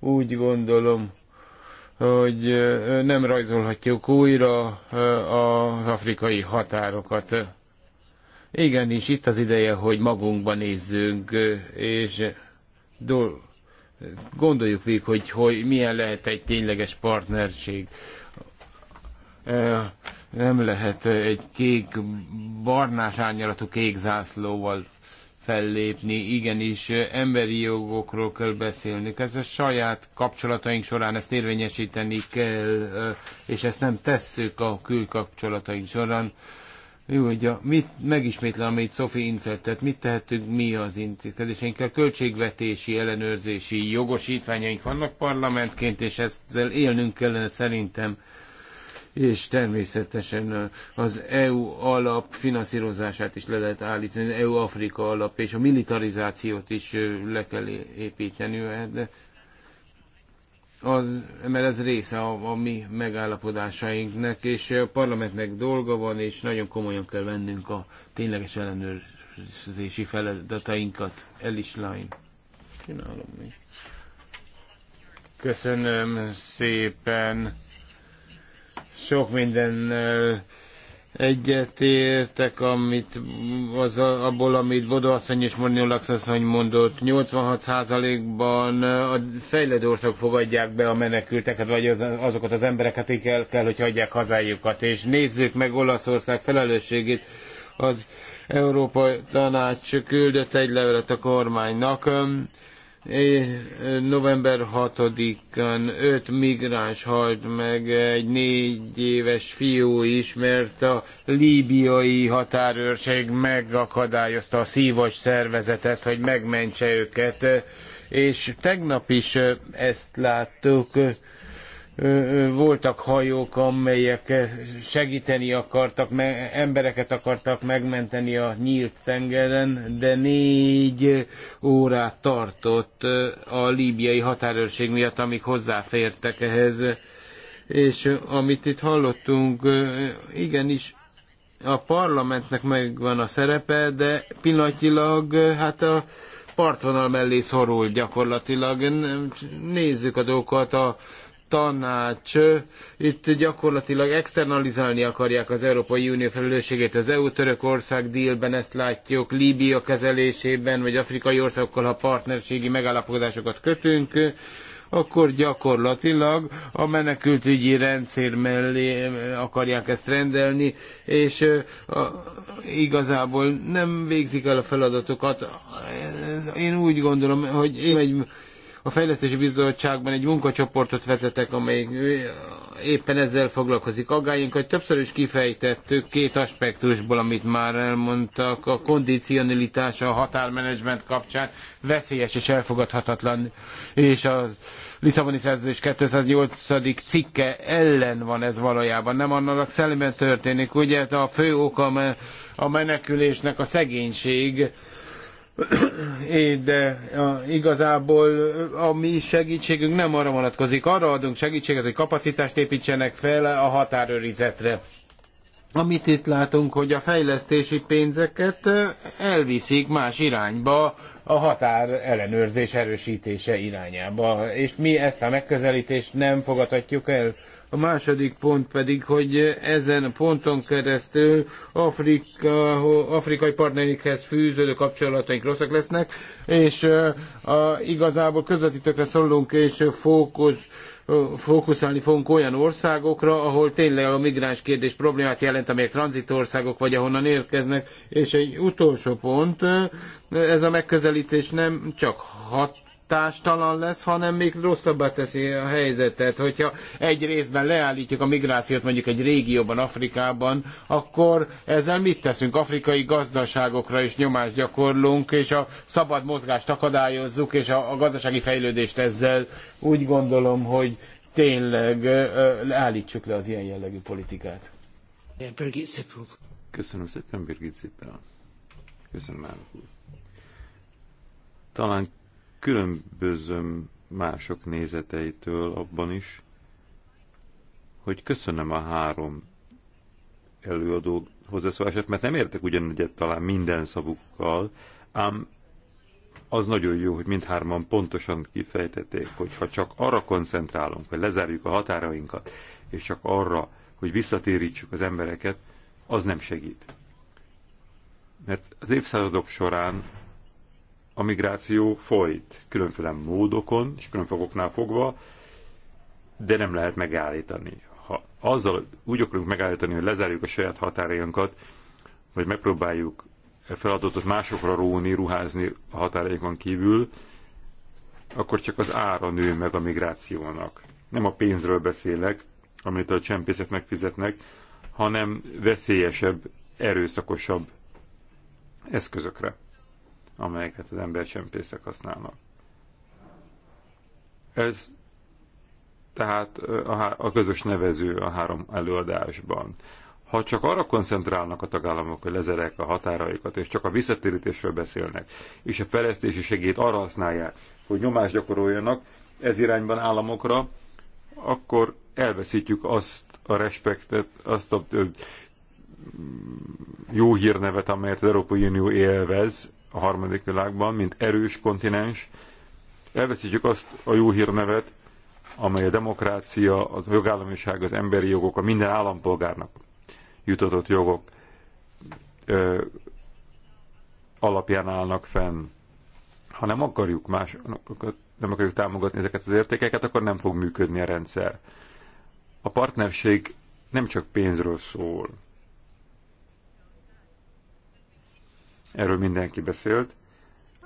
Speaker 2: úgy gondolom, hogy nem rajzolhatjuk újra az afrikai határokat igen és itt az ideje, hogy magunkba nézzünk, és dol- gondoljuk végig, hogy, hogy milyen lehet egy tényleges partnerség. Nem lehet egy kék, barnás árnyalatú kék zászlóval fellépni, igenis emberi jogokról kell beszélni. Ez a saját kapcsolataink során ezt érvényesíteni kell, és ezt nem tesszük a külkapcsolataink során hogy a mit, megismétlen, amit Sophie Infeld tett, mit tehetünk mi az intézkedéseinkkel? Költségvetési, ellenőrzési jogosítványaink vannak parlamentként, és ezzel élnünk kellene szerintem és természetesen az EU alap finanszírozását is le lehet állítani, az e EU-Afrika alap és a militarizációt is le kell építeni, de az, mert ez része a, a mi megállapodásainknak, és a parlamentnek dolga van, és nagyon komolyan kell vennünk a tényleges ellenőrzési feladatainkat. El is line. Csinálom még. Köszönöm szépen. Sok mindennel egyetértek, amit az, abból, amit Bodo asszony és Mornio asszony mondott, 86%-ban a fejlődő országok fogadják be a menekülteket, vagy az, azokat az embereket, akik el kell, hogy hagyják hazájukat. És nézzük meg Olaszország felelősségét, az Európai Tanács küldött egy levelet a kormánynak, november 6-án öt migráns halt meg, egy négy éves fiú is, mert a líbiai határőrség megakadályozta a szívos szervezetet, hogy megmentse őket. És tegnap is ezt láttuk, voltak hajók, amelyek segíteni akartak, embereket akartak megmenteni a nyílt tengeren, de négy órát tartott a líbiai határőrség miatt, amik hozzáfértek ehhez. És amit itt hallottunk, igenis a parlamentnek megvan a szerepe, de pillanatilag hát a partvonal mellé szorul gyakorlatilag. Nézzük a dolgokat, a tanács itt gyakorlatilag externalizálni akarják az Európai Unió felelősségét az EU-Törökország dílben, ezt látjuk, Líbia kezelésében, vagy afrikai országokkal, ha partnerségi megállapodásokat kötünk, akkor gyakorlatilag a menekültügyi rendszer mellé akarják ezt rendelni, és a, igazából nem végzik el a feladatokat. Én úgy gondolom, hogy én egy a Fejlesztési Bizottságban egy munkacsoportot vezetek, amely éppen ezzel foglalkozik. Aggályunkat többször is kifejtettük két aspektusból, amit már elmondtak. A kondicionalitása a határmenedzsment kapcsán veszélyes és elfogadhatatlan, és az Lisszaboni szerződés 208. cikke ellen van ez valójában. Nem annak szellemben történik. Ugye a fő oka a menekülésnek a szegénység, É, de a, igazából a mi segítségünk nem arra vonatkozik. Arra adunk segítséget, hogy kapacitást építsenek fel a határőrizetre. Amit itt látunk, hogy a fejlesztési pénzeket elviszik más irányba, a határ ellenőrzés erősítése irányába. És mi ezt a megközelítést nem fogadhatjuk el. A második pont pedig, hogy ezen a ponton keresztül Afrika, afrikai partnerikhez fűződő kapcsolataink rosszak lesznek, és a, igazából közvetítőkre szólunk, és fókusz, fókuszálni fogunk olyan országokra, ahol tényleg a migráns kérdés problémát jelent, amelyek tranzitországok vagy ahonnan érkeznek. És egy utolsó pont, ez a megközelítés nem csak hat hatástalan lesz, hanem még rosszabbá teszi a helyzetet. Hogyha egy részben leállítjuk a migrációt mondjuk egy régióban, Afrikában, akkor ezzel mit teszünk? Afrikai gazdaságokra is nyomást gyakorlunk, és a szabad mozgást akadályozzuk, és a, a gazdasági fejlődést ezzel úgy gondolom, hogy tényleg állítsuk le az ilyen jellegű politikát.
Speaker 3: Köszönöm szépen, Birgit Zippel. Köszönöm, Talán különbözöm mások nézeteitől abban is, hogy köszönöm a három előadó hozzászólását, mert nem értek ugyanegyet talán minden szavukkal, ám az nagyon jó, hogy mindhárman pontosan kifejtették, hogy ha csak arra koncentrálunk, hogy lezárjuk a határainkat, és csak arra, hogy visszatérítsük az embereket, az nem segít. Mert az évszázadok során a migráció folyt különféle módokon és különfogoknál fogva, de nem lehet megállítani. Ha azzal úgy akarunk megállítani, hogy lezárjuk a saját határainkat, vagy megpróbáljuk e feladatot másokra róni, ruházni a határainkon kívül, akkor csak az ára nő meg a migrációnak. Nem a pénzről beszélek, amit a csempészek megfizetnek, hanem veszélyesebb, erőszakosabb eszközökre amelyeket az embercsempészek használnak. Ez tehát a közös nevező a három előadásban. Ha csak arra koncentrálnak a tagállamok, hogy lezerek a határaikat, és csak a visszatérítésről beszélnek, és a fejlesztési segélyt arra használják, hogy nyomást gyakoroljanak ez irányban államokra, akkor elveszítjük azt a respektet, azt a jó hírnevet, amelyet az Európai Unió élvez a harmadik világban, mint erős kontinens, elveszítjük azt a jó hírnevet, amely a demokrácia, az jogállamiság, az emberi jogok, a minden állampolgárnak jutatott jogok ö, alapján állnak fenn. Ha nem akarjuk más, nem akarjuk támogatni ezeket az értékeket, akkor nem fog működni a rendszer. A partnerség nem csak pénzről szól, erről mindenki beszélt,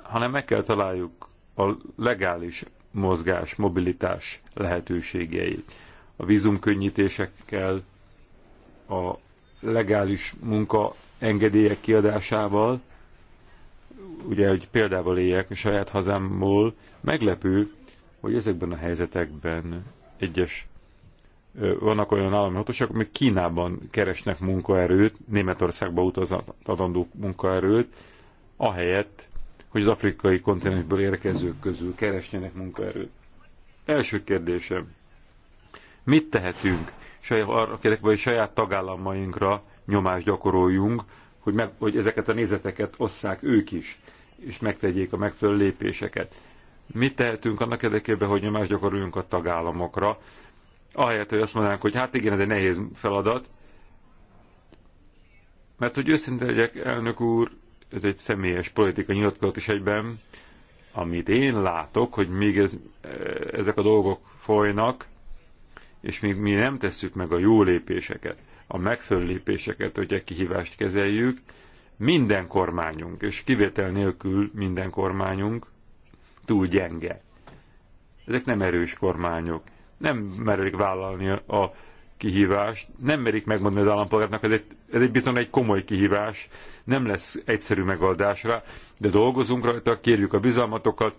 Speaker 3: hanem meg kell találjuk a legális mozgás, mobilitás lehetőségeit. A vízumkönnyítésekkel, a legális munka engedélyek kiadásával, ugye, hogy példával éljek a saját hazámból, meglepő, hogy ezekben a helyzetekben egyes vannak olyan állami hatóságok, amik Kínában keresnek munkaerőt, Németországba utazat adandó munkaerőt, ahelyett, hogy az afrikai kontinensből érkezők közül keresnének munkaerőt. Első kérdésem. Mit tehetünk? Arra vagy saját tagállamainkra nyomást gyakoroljunk, hogy, meg, hogy ezeket a nézeteket osszák ők is, és megtegyék a megfelelő lépéseket. Mit tehetünk annak érdekében, hogy nyomást gyakoroljunk a tagállamokra, ahelyett, hogy azt mondanánk, hogy hát igen, ez egy nehéz feladat, mert hogy őszinte legyek, elnök úr, ez egy személyes politika nyilatkozat is egyben, amit én látok, hogy még ez, eh, ezek a dolgok folynak, és még mi nem tesszük meg a jó lépéseket, a megfelelő lépéseket, hogy egy kihívást kezeljük, minden kormányunk, és kivétel nélkül minden kormányunk túl gyenge. Ezek nem erős kormányok nem merik vállalni a kihívást, nem merik megmondani az állampolgárnak, ez egy, ez egy bizony egy komoly kihívás, nem lesz egyszerű megoldásra, de dolgozunk rajta, kérjük a bizalmatokat,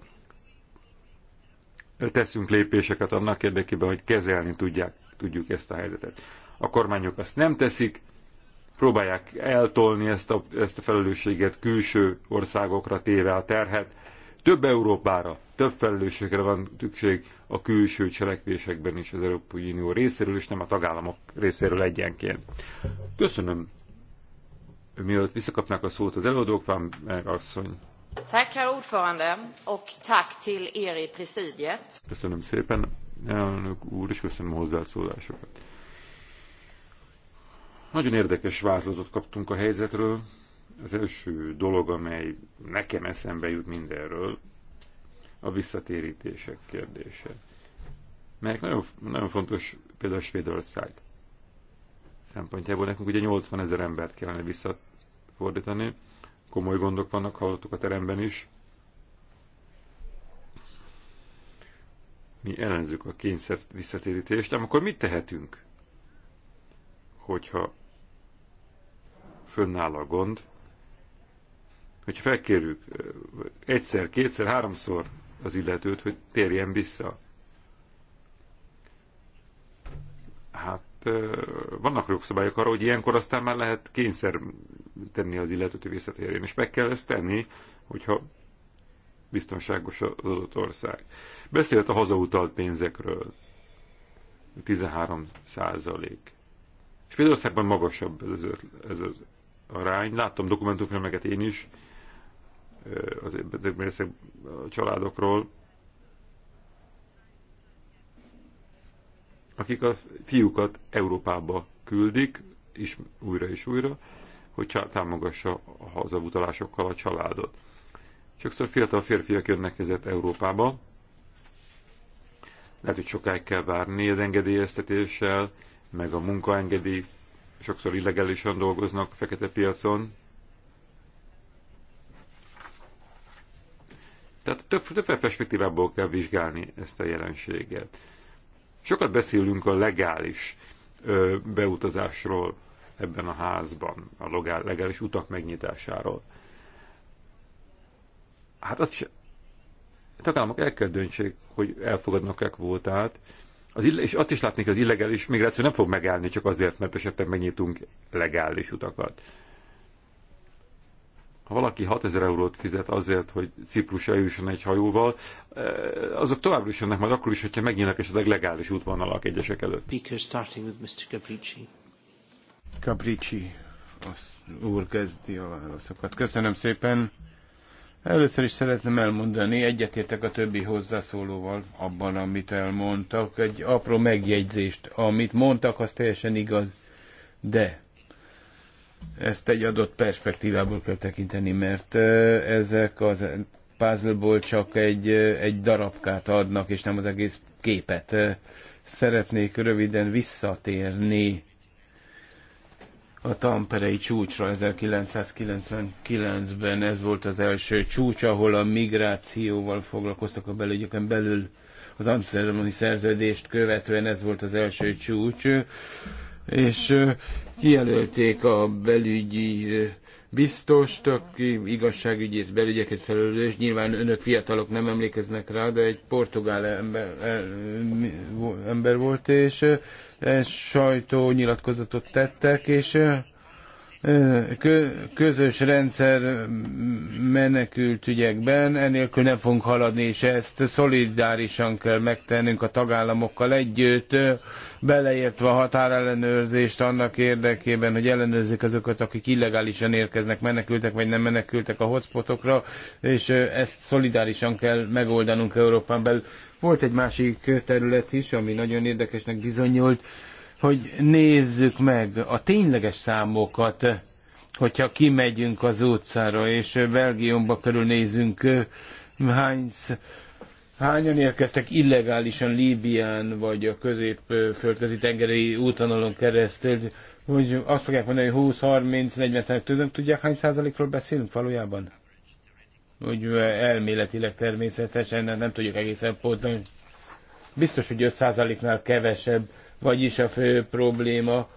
Speaker 3: teszünk lépéseket annak érdekében, hogy kezelni tudják, tudjuk ezt a helyzetet. A kormányok azt nem teszik, próbálják eltolni ezt a, ezt a felelősséget külső országokra téve a terhet. Több Európára, több felelősségre van szükség, a külső cselekvésekben is az Európai Unió részéről, és nem a tagállamok részéről egyenként. Köszönöm. Mielőtt visszakapnák a szót az előadók, van meg asszony. Er köszönöm szépen, elnök úr, és köszönöm a hozzászólásokat. Nagyon érdekes vázlatot kaptunk a helyzetről. Az első dolog, amely nekem eszembe jut mindenről, a visszatérítések kérdése, melyek nagyon, nagyon fontos például Svédország szempontjából. Nekünk ugye 80 ezer embert kellene visszafordítani, komoly gondok vannak, hallottuk a teremben is. Mi ellenzük a kényszer visszatérítést, ám akkor mit tehetünk, hogyha fönnáll a gond, hogyha felkérjük egyszer, kétszer, háromszor az illetőt, hogy térjen vissza. Hát vannak jogszabályok arra, hogy ilyenkor aztán már lehet kényszer tenni az illetőt, hogy visszatérjen. És meg kell ezt tenni, hogyha biztonságos az adott ország. Beszélt a hazautalt pénzekről. 13 százalék. és Svédországban magasabb ez az, ez az arány. Láttam dokumentumfilmeket én is, az a családokról, akik a fiúkat Európába küldik, is, újra és újra, hogy támogassa a hazavutalásokkal a családot. Sokszor fiatal férfiak jönnek ezért Európába, lehet, hogy sokáig kell várni az engedélyeztetéssel, meg a munkaengedély, sokszor illegálisan dolgoznak a fekete piacon, Tehát több, több perspektívából kell vizsgálni ezt a jelenséget. Sokat beszélünk a legális ö, beutazásról ebben a házban, a logál, legális utak megnyitásáról. Hát azt is a tagállamok el kell döntsék, hogy elfogadnak-e kvótát, az ill- és azt is látni, hogy az illegális migráció nem fog megállni csak azért, mert esetleg megnyitunk legális utakat. Ha valaki 6000 eurót fizet azért, hogy Ciprusra jusson egy hajóval, e, azok továbbra is jönnek majd akkor is, hogyha megnyílnak esetleg legális útvonalak egyesek előtt. Speaker starting with Mr.
Speaker 2: Gabrici. az úr kezdi a válaszokat. Köszönöm szépen. Először is szeretném elmondani, egyetértek a többi hozzászólóval abban, amit elmondtak. Egy apró megjegyzést, amit mondtak, az teljesen igaz. De ezt egy adott perspektívából kell tekinteni, mert ezek az puzzleból csak egy, egy darabkát adnak, és nem az egész képet. Szeretnék röviden visszatérni a Tamperei csúcsra 1999-ben. Ez volt az első csúcs, ahol a migrációval foglalkoztak a belügyeken belül. Az Amsterdami szerződést követően ez volt az első csúcs és kijelölték a belügyi biztost, aki igazságügyi és belügyeket felelős, nyilván önök fiatalok nem emlékeznek rá, de egy portugál ember, ember volt, és sajtó nyilatkozatot tettek, és közös rendszer menekült ügyekben, enélkül nem fogunk haladni, és ezt szolidárisan kell megtennünk a tagállamokkal együtt, beleértve a határellenőrzést annak érdekében, hogy ellenőrzik azokat, akik illegálisan érkeznek, menekültek vagy nem menekültek a hotspotokra, és ezt szolidárisan kell megoldanunk Európán belül. Volt egy másik terület is, ami nagyon érdekesnek bizonyult, hogy nézzük meg a tényleges számokat, hogyha kimegyünk az utcára, és Belgiumba körülnézünk, hány, hányan érkeztek illegálisan Líbián, vagy a közép-földközi tengeri útvonalon keresztül, hogy azt fogják mondani, hogy 20-30-40 százalék, tudják hány százalékról beszélünk valójában? Úgy elméletileg természetesen, nem tudjuk egészen pontosan. Biztos, hogy 5 százaléknál kevesebb vagyis a fő probléma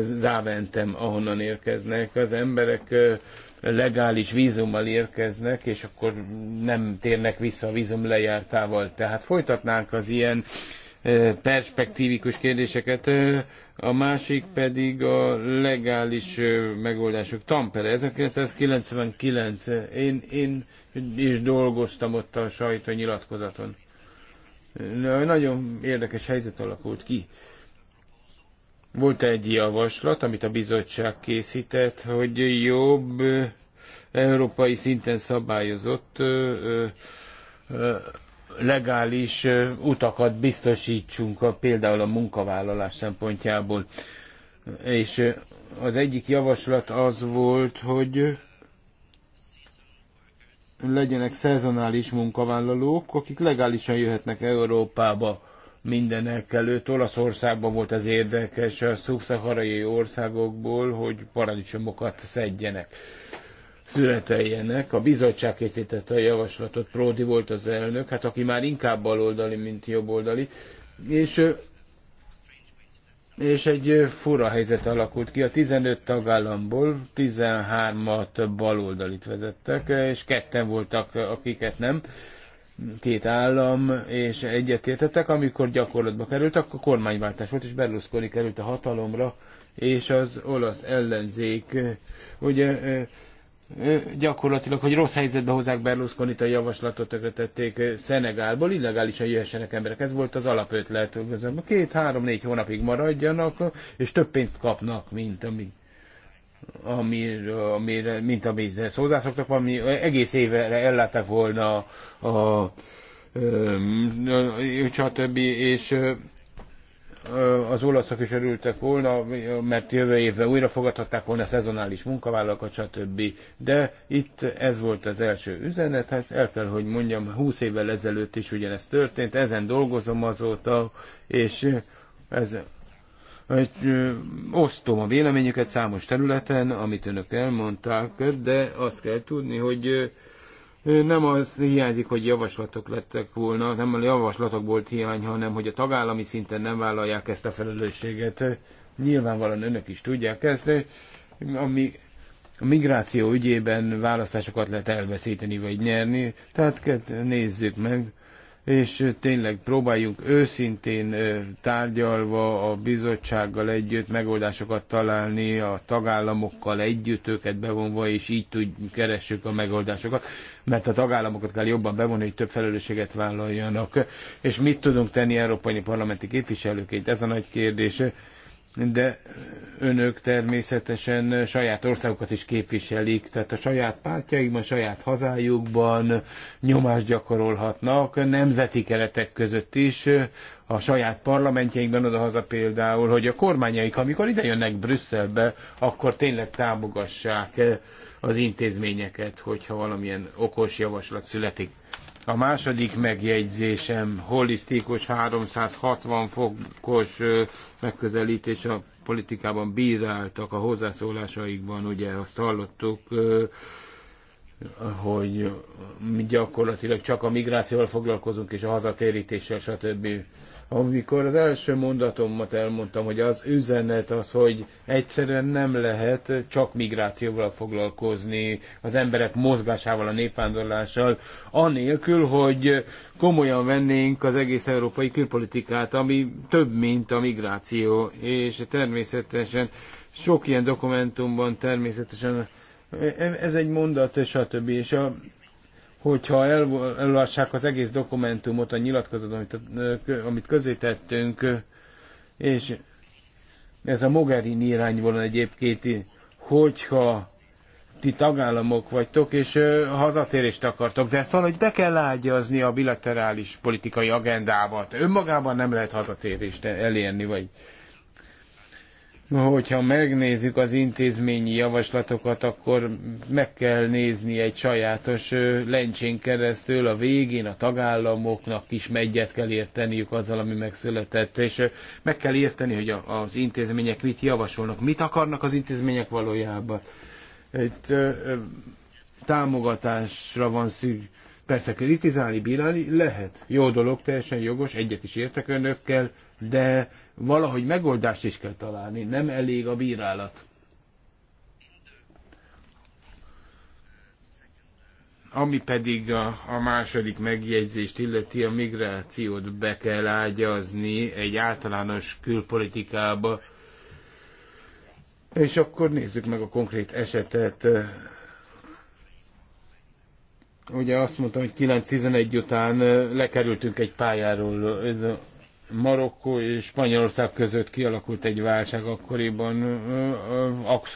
Speaker 2: Záventem, ahonnan érkeznek. Az emberek legális vízummal érkeznek, és akkor nem térnek vissza a vízum lejártával. Tehát folytatnánk az ilyen perspektívikus kérdéseket. A másik pedig a legális megoldások. Tampere, 1999. Én, én is dolgoztam ott a nyilatkozaton. Nagyon érdekes helyzet alakult ki. Volt egy javaslat, amit a bizottság készített, hogy jobb európai szinten szabályozott legális utakat biztosítsunk a, például a munkavállalás szempontjából. És az egyik javaslat az volt, hogy legyenek szezonális munkavállalók, akik legálisan jöhetnek Európába mindenek előtt. Olaszországban volt az érdekes a szubszaharai országokból, hogy paradicsomokat szedjenek, születeljenek. A bizottság készítette a javaslatot, Pródi volt az elnök, hát aki már inkább baloldali, mint jobboldali, és és egy fura helyzet alakult ki. A 15 tagállamból 13-at baloldalit vezettek, és ketten voltak, akiket nem két állam, és egyetértettek, amikor gyakorlatba került, akkor kormányváltás volt, és Berlusconi került a hatalomra, és az olasz ellenzék ugye gyakorlatilag, hogy rossz helyzetbe hozzák berlusconi a javaslatot tették Szenegálból, illegálisan jöhessenek emberek. Ez volt az alapötlet. Két-három-négy hónapig maradjanak, és több pénzt kapnak, mint ami amir, ami mint amit hozzászoktak, ami egész évre ellátták volna a, a, a, a, a, a, a, a, a, a többi, és az olaszok is örültek volna, mert jövő évben újra fogadhatták volna szezonális munkavállalókat, stb. De itt ez volt az első üzenet, hát el kell, hogy mondjam, 20 évvel ezelőtt is ugyanez történt, ezen dolgozom azóta, és ez hogy osztom a véleményüket számos területen, amit önök elmondták, de azt kell tudni, hogy nem az hiányzik, hogy javaslatok lettek volna, nem a javaslatok volt hiány, hanem hogy a tagállami szinten nem vállalják ezt a felelősséget. Nyilvánvalóan önök is tudják ezt, ami a migráció ügyében választásokat lehet elveszíteni vagy nyerni. Tehát nézzük meg, és tényleg próbáljunk őszintén tárgyalva a bizottsággal együtt megoldásokat találni, a tagállamokkal együtt őket bevonva, és így tud, keressük a megoldásokat, mert a tagállamokat kell jobban bevonni, hogy több felelősséget vállaljanak. És mit tudunk tenni európai parlamenti képviselőként? Ez a nagy kérdés de önök természetesen saját országokat is képviselik, tehát a saját pártjaikban, a saját hazájukban nyomást gyakorolhatnak, nemzeti keretek között is, a saját parlamentjeinkben odahaza például, hogy a kormányaik, amikor ide jönnek Brüsszelbe, akkor tényleg támogassák az intézményeket, hogyha valamilyen okos javaslat születik. A második megjegyzésem holisztikus 360 fokos megközelítés a politikában bíráltak a hozzászólásaikban, ugye azt hallottuk, hogy gyakorlatilag csak a migrációval foglalkozunk, és a hazatérítéssel, stb. Amikor az első mondatomat elmondtam, hogy az üzenet az, hogy egyszerűen nem lehet csak migrációval foglalkozni, az emberek mozgásával, a népvándorlással, anélkül, hogy komolyan vennénk az egész európai külpolitikát, ami több, mint a migráció, és természetesen sok ilyen dokumentumban természetesen e- e- ez egy mondat, és stb. És a hogyha el, elolvassák az egész dokumentumot, a nyilatkozatot, amit, amit közé tettünk, és ez a Mogherini volna egyébként, hogyha ti tagállamok vagytok, és ö, hazatérést akartok, de ezt valahogy be kell ágyazni a bilaterális politikai agendába. Önmagában nem lehet hazatérést elérni, vagy hogyha megnézzük az intézményi javaslatokat, akkor meg kell nézni egy sajátos lencsén keresztül a végén a tagállamoknak is megyet kell érteniük azzal, ami megszületett, és meg kell érteni, hogy az intézmények mit javasolnak, mit akarnak az intézmények valójában. Itt támogatásra van szükség. Persze kritizálni, bírálni lehet. Jó dolog, teljesen jogos, egyet is értek önökkel, de valahogy megoldást is kell találni, nem elég a bírálat. Ami pedig a, a második megjegyzést illeti, a migrációt be kell ágyazni egy általános külpolitikába. És akkor nézzük meg a konkrét esetet. Ugye azt mondtam, hogy 9-11 után lekerültünk egy pályáról, ez a Marokkó és Spanyolország között kialakult egy válság, akkoriban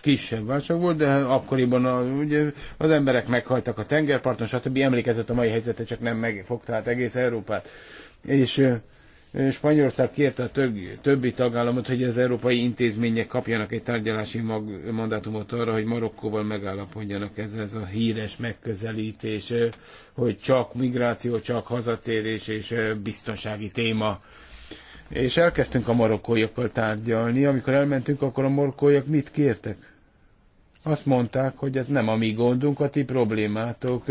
Speaker 2: kisebb válság volt, de akkoriban a, ugye, az emberek meghaltak a tengerparton, stb. emlékezett a mai helyzetet, csak nem megfogta hát egész Európát. És Spanyolország kérte a több, többi tagállamot, hogy az európai intézmények kapjanak egy tárgyalási mag, mandátumot arra, hogy Marokkóval megállapodjanak. Ez, ez a híres megközelítés, hogy csak migráció, csak hazatérés és biztonsági téma és elkezdtünk a marokkóiakkal tárgyalni. Amikor elmentünk, akkor a marokkóiak mit kértek? Azt mondták, hogy ez nem a mi gondunk, a ti problémátok.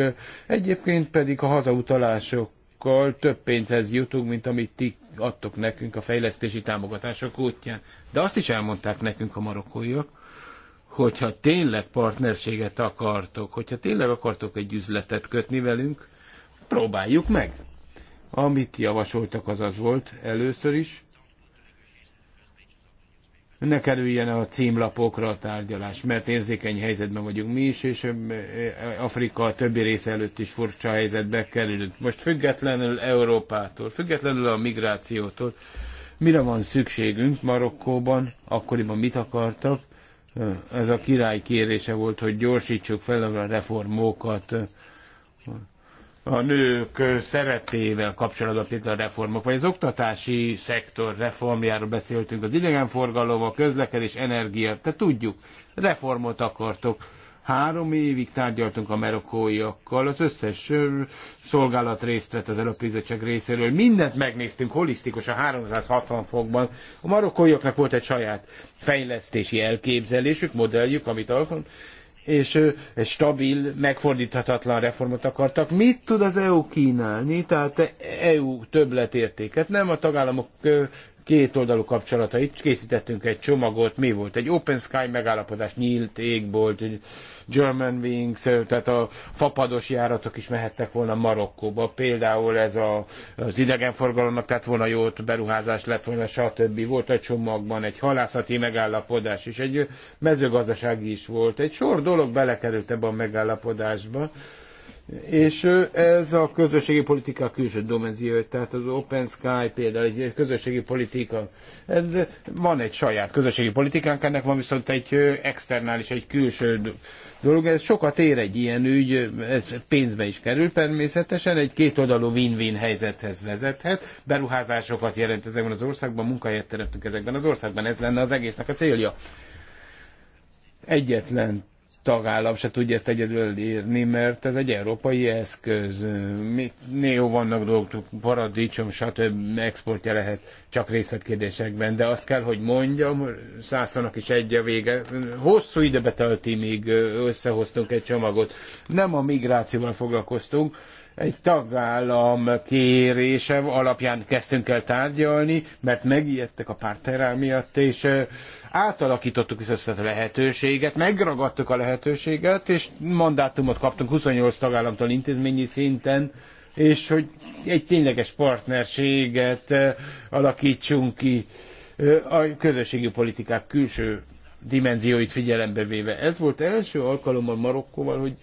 Speaker 2: Egyébként pedig a hazautalásokkal több pénzhez jutunk, mint amit ti adtok nekünk a fejlesztési támogatások útján. De azt is elmondták nekünk a marokkóiak, hogyha tényleg partnerséget akartok, hogyha tényleg akartok egy üzletet kötni velünk, próbáljuk meg. Amit javasoltak, az az volt először is, ne kerüljen a címlapokra a tárgyalás, mert érzékeny helyzetben vagyunk mi is, és e, e, Afrika a többi része előtt is furcsa helyzetbe kerülünk. Most függetlenül Európától, függetlenül a migrációtól, mire van szükségünk Marokkóban, akkoriban mit akartak, e, ez a király kérése volt, hogy gyorsítsuk fel a reformókat, a nők szerepével kapcsolatban például a reformok, vagy az oktatási szektor reformjáról beszéltünk, az idegenforgalom, a közlekedés, energia, te tudjuk, reformot akartok. Három évig tárgyaltunk a merokóiakkal, az összes szolgálat részt vett az előbizottság részéről, mindent megnéztünk holisztikus a 360 fokban. A marokkóiaknak volt egy saját fejlesztési elképzelésük, modelljük, amit alkalmazunk és ő egy stabil, megfordíthatatlan reformot akartak. Mit tud az EU kínálni? Tehát EU többletértéket. Nem a tagállamok két oldalú kapcsolatait. Készítettünk egy csomagot, mi volt? Egy Open Sky megállapodás, nyílt égbolt, German Wings, tehát a fapados járatok is mehettek volna Marokkóba. Például ez a, az idegenforgalomnak tett volna jót, beruházás lett volna, stb. Volt a csomagban egy halászati megállapodás is, egy mezőgazdasági is volt. Egy sor dolog belekerült ebbe a megállapodásba és ez a közösségi politika külső domenziója, tehát az Open Sky például egy közösségi politika. Ez, van egy saját közösségi politikánk, ennek van viszont egy externális, egy külső dolog. Ez sokat ér egy ilyen ügy, ez pénzbe is kerül természetesen, egy kétoldalú win-win helyzethez vezethet. Beruházásokat jelent ezekben az országban, munkahelyet teremtünk ezekben az országban, ez lenne az egésznek a célja. Egyetlen tagállam se tudja ezt egyedül elérni, mert ez egy európai eszköz. Néha vannak dolgok, paradicsom, stb. exportja lehet csak részletkérdésekben, de azt kell, hogy mondjam, százszanak is egy a vége. Hosszú időbe tölti, míg összehoztunk egy csomagot. Nem a migrációval foglalkoztunk, egy tagállam kérése alapján kezdtünk el tárgyalni, mert megijedtek a párterrel miatt, és átalakítottuk ezt a lehetőséget, megragadtuk a lehetőséget, és mandátumot kaptunk 28 tagállamtól intézményi szinten, és hogy egy tényleges partnerséget alakítsunk ki a közösségi politikák külső dimenzióit figyelembe véve. Ez volt első alkalommal Marokkóval, hogy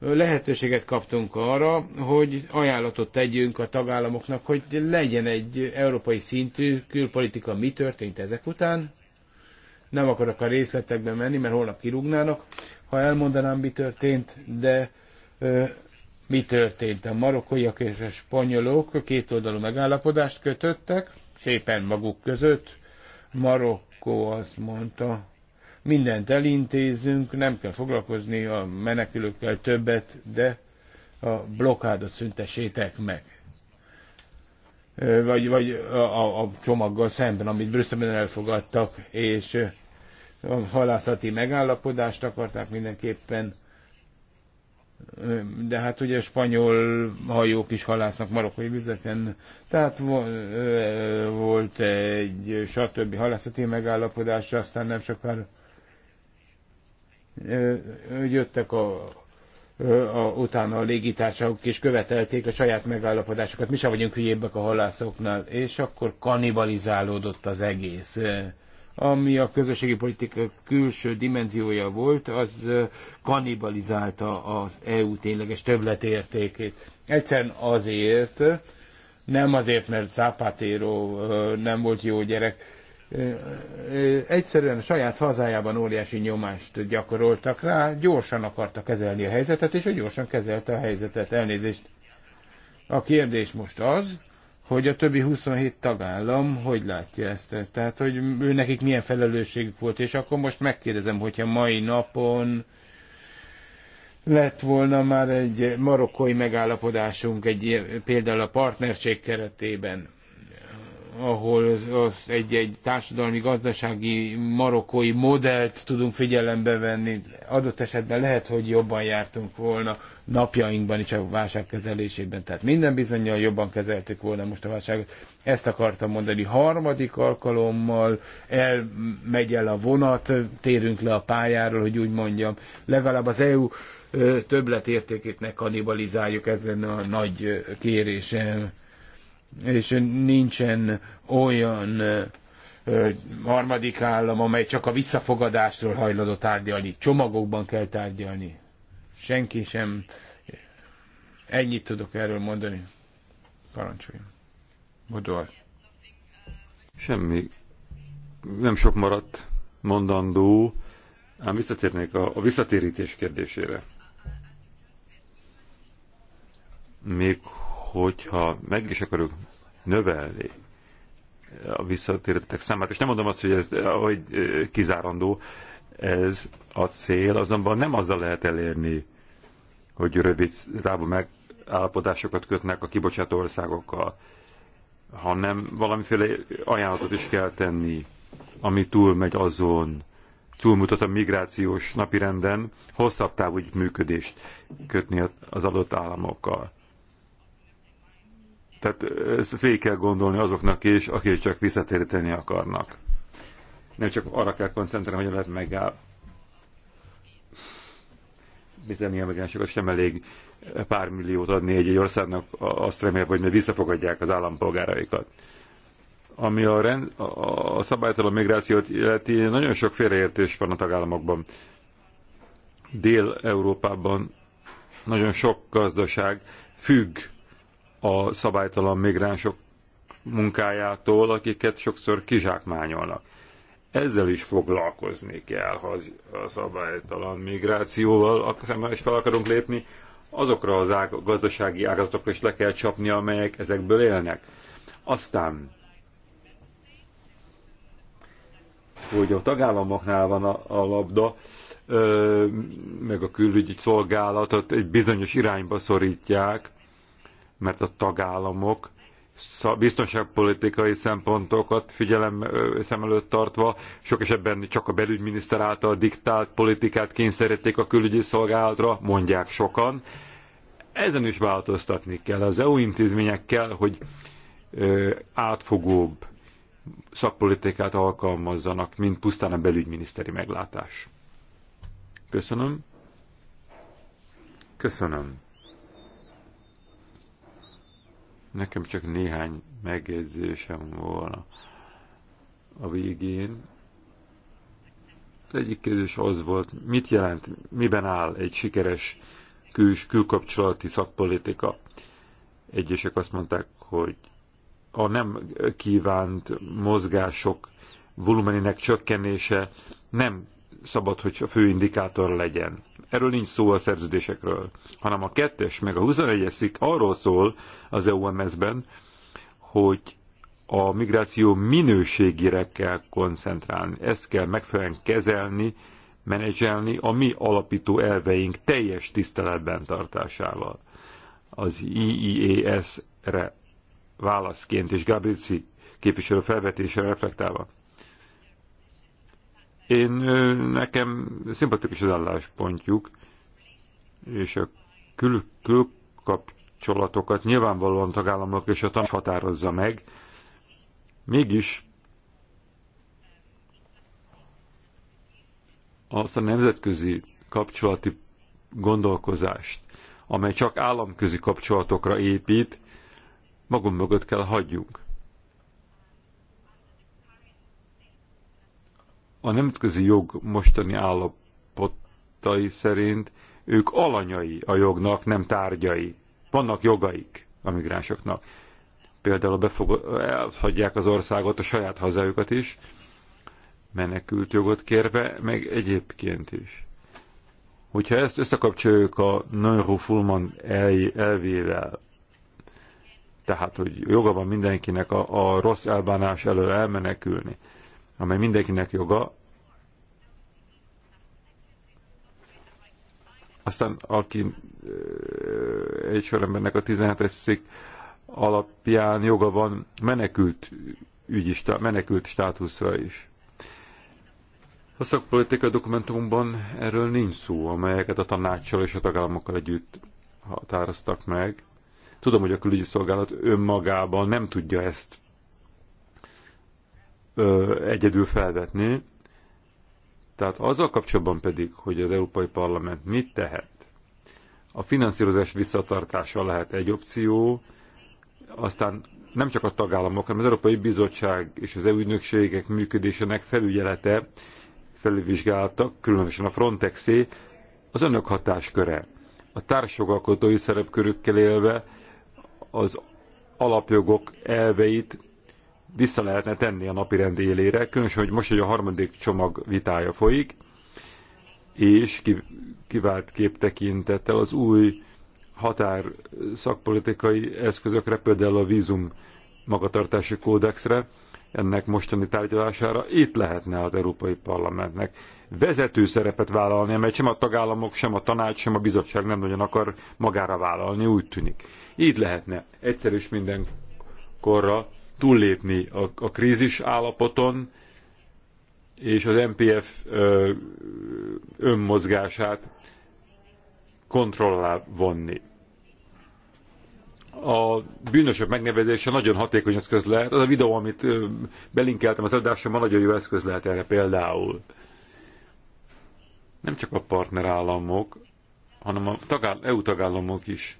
Speaker 2: lehetőséget kaptunk arra, hogy ajánlatot tegyünk a tagállamoknak, hogy legyen egy európai szintű külpolitika, mi történt ezek után. Nem akarok a részletekbe menni, mert holnap kirúgnának, ha elmondanám, mi történt, de ö, mi történt. A marokkóiak és a spanyolok a oldalú megállapodást kötöttek, szépen maguk között. Marokkó azt mondta, mindent elintézünk, nem kell foglalkozni a menekülőkkel többet, de a blokkádot szüntessétek meg. Vagy, vagy a, a csomaggal szemben, amit Brüsszelben elfogadtak, és a halászati megállapodást akarták mindenképpen, de hát ugye spanyol hajók is halásznak marokkai vizeken, tehát volt egy stb. halászati megállapodás, aztán nem sokára jöttek a, a, utána a légitársaságok és követelték a saját megállapodásokat. Mi sem vagyunk hülyébbek a halászoknál, és akkor kanibalizálódott az egész. Ami a közösségi politika külső dimenziója volt, az kanibalizálta az EU tényleges többletértékét. Egyszerűen azért, nem azért, mert Zapatero nem volt jó gyerek, egyszerűen a saját hazájában óriási nyomást gyakoroltak rá, gyorsan akarta kezelni a helyzetet, és ő gyorsan kezelte a helyzetet. Elnézést. A kérdés most az, hogy a többi 27 tagállam hogy látja ezt, tehát hogy ő nekik milyen felelősségük volt, és akkor most megkérdezem, hogyha mai napon lett volna már egy marokkói megállapodásunk, egy, például a partnerség keretében, ahol az egy-egy társadalmi, gazdasági marokkói modellt tudunk figyelembe venni. Adott esetben lehet, hogy jobban jártunk volna napjainkban is a válság kezelésében. Tehát minden bizonyal jobban kezeltük volna most a válságot. Ezt akartam mondani. Harmadik alkalommal elmegy el a vonat, térünk le a pályáról, hogy úgy mondjam. Legalább az EU többletértékét ne kanibalizáljuk, ezen a nagy kérésem és nincsen olyan harmadik állam, amely csak a visszafogadásról hajlandó tárgyalni. Csomagokban kell tárgyalni. Senki sem. Ennyit tudok erről mondani. Parancsoljon.
Speaker 3: Bodor. Semmi. Nem sok maradt mondandó, ám visszatérnék a, a visszatérítés kérdésére. Még hogyha meg is akarjuk növelni a visszatérhetetek számát, és nem mondom azt, hogy ez hogy kizárandó, ez a cél, azonban nem azzal lehet elérni, hogy rövid távú megállapodásokat kötnek a kibocsátó országokkal, hanem valamiféle ajánlatot is kell tenni, ami túlmegy azon, túlmutat a migrációs napirenden, hosszabb távú működést kötni az adott államokkal. Tehát ezt végig kell gondolni azoknak is, akik csak visszatéríteni akarnak. Nem csak arra kell koncentrálni, hogy lehet megáll. Mit lenni migránsokat sem elég pár milliót adni egy, egy országnak, azt remélve, hogy még visszafogadják az állampolgáraikat. Ami a, rend, a szabálytalan migrációt illeti, nagyon sok félreértés van a tagállamokban. Dél-Európában nagyon sok gazdaság függ a szabálytalan migránsok munkájától, akiket sokszor kizsákmányolnak. Ezzel is foglalkozni kell, ha a szabálytalan migrációval szemben is fel akarunk lépni, azokra az ág, gazdasági ágazatokra is le kell csapni, amelyek ezekből élnek. Aztán, hogy a tagállamoknál van a, a labda, ö, meg a külügyi szolgálatot egy bizonyos irányba szorítják, mert a tagállamok biztonságpolitikai szempontokat figyelem szem előtt tartva, sok esetben csak a belügyminiszter által diktált politikát kényszerítik a külügyi szolgálatra, mondják sokan. Ezen is változtatni kell. Az EU intézmények kell, hogy átfogóbb szakpolitikát alkalmazzanak, mint pusztán a belügyminiszteri meglátás. Köszönöm. Köszönöm. Nekem csak néhány megjegyzésem volna a végén. Az egyik kérdés az volt, mit jelent, miben áll egy sikeres kül- külkapcsolati szakpolitika. Egyesek azt mondták, hogy a nem kívánt mozgások volumenének csökkenése nem szabad, hogy a fő indikátor legyen erről nincs szó a szerződésekről, hanem a kettes meg a 21-es szik arról szól az EUMS-ben, hogy a migráció minőségére kell koncentrálni. Ezt kell megfelelően kezelni, menedzselni a mi alapító elveink teljes tiszteletben tartásával. Az IIES-re válaszként és Gabrici képviselő felvetésre reflektálva én nekem szimpatikus az álláspontjuk, és a kül külkapcsolatokat nyilvánvalóan tagállamok és a tanács határozza meg. Mégis azt a nemzetközi kapcsolati gondolkozást, amely csak államközi kapcsolatokra épít, magunk mögött kell hagyjunk. A nemzetközi jog mostani állapotai szerint ők alanyai a jognak, nem tárgyai. Vannak jogaik a migránsoknak. Például befog, elhagyják az országot, a saját hazájukat is, menekült jogot kérve, meg egyébként is. Hogyha ezt összekapcsoljuk a Neuro Fulman elvével, tehát, hogy joga van mindenkinek a, a rossz elbánás elől elmenekülni, amely mindenkinek joga, aztán aki egy sor embernek a 17-es szik alapján joga van menekült, ügyi, menekült státuszra is. A szakpolitikai dokumentumban erről nincs szó, amelyeket a tanácssal és a tagállamokkal együtt határoztak meg. Tudom, hogy a külügyi szolgálat önmagában nem tudja ezt ö, egyedül felvetni. Tehát azzal kapcsolatban pedig, hogy az Európai Parlament mit tehet, a finanszírozás visszatartása lehet egy opció, aztán nem csak a tagállamok, hanem az Európai Bizottság és az EU ügynökségek működésének felügyelete, felülvizsgálata, különösen a Frontexé, az önök hatásköre. A társjogalkotói szerepkörükkel élve az alapjogok elveit vissza lehetne tenni a napirend élére, különösen, hogy most, hogy a harmadik csomag vitája folyik, és kivált kép tekintettel az új határ szakpolitikai eszközökre, például a vízum magatartási kódexre, ennek mostani tárgyalására, itt lehetne az Európai Parlamentnek vezető szerepet vállalni, mert sem a tagállamok, sem a tanács, sem a bizottság nem nagyon akar magára vállalni, úgy tűnik. Így lehetne egyszerűs minden korra túllépni a, a krízis állapoton, és az MPF ö, önmozgását kontrollá vonni. A bűnösök megnevezése nagyon hatékony eszköz lehet. Az a videó, amit ö, belinkeltem az adásomban, nagyon jó eszköz lehet erre például. Nem csak a partnerállamok, hanem a tagáll- EU tagállamok is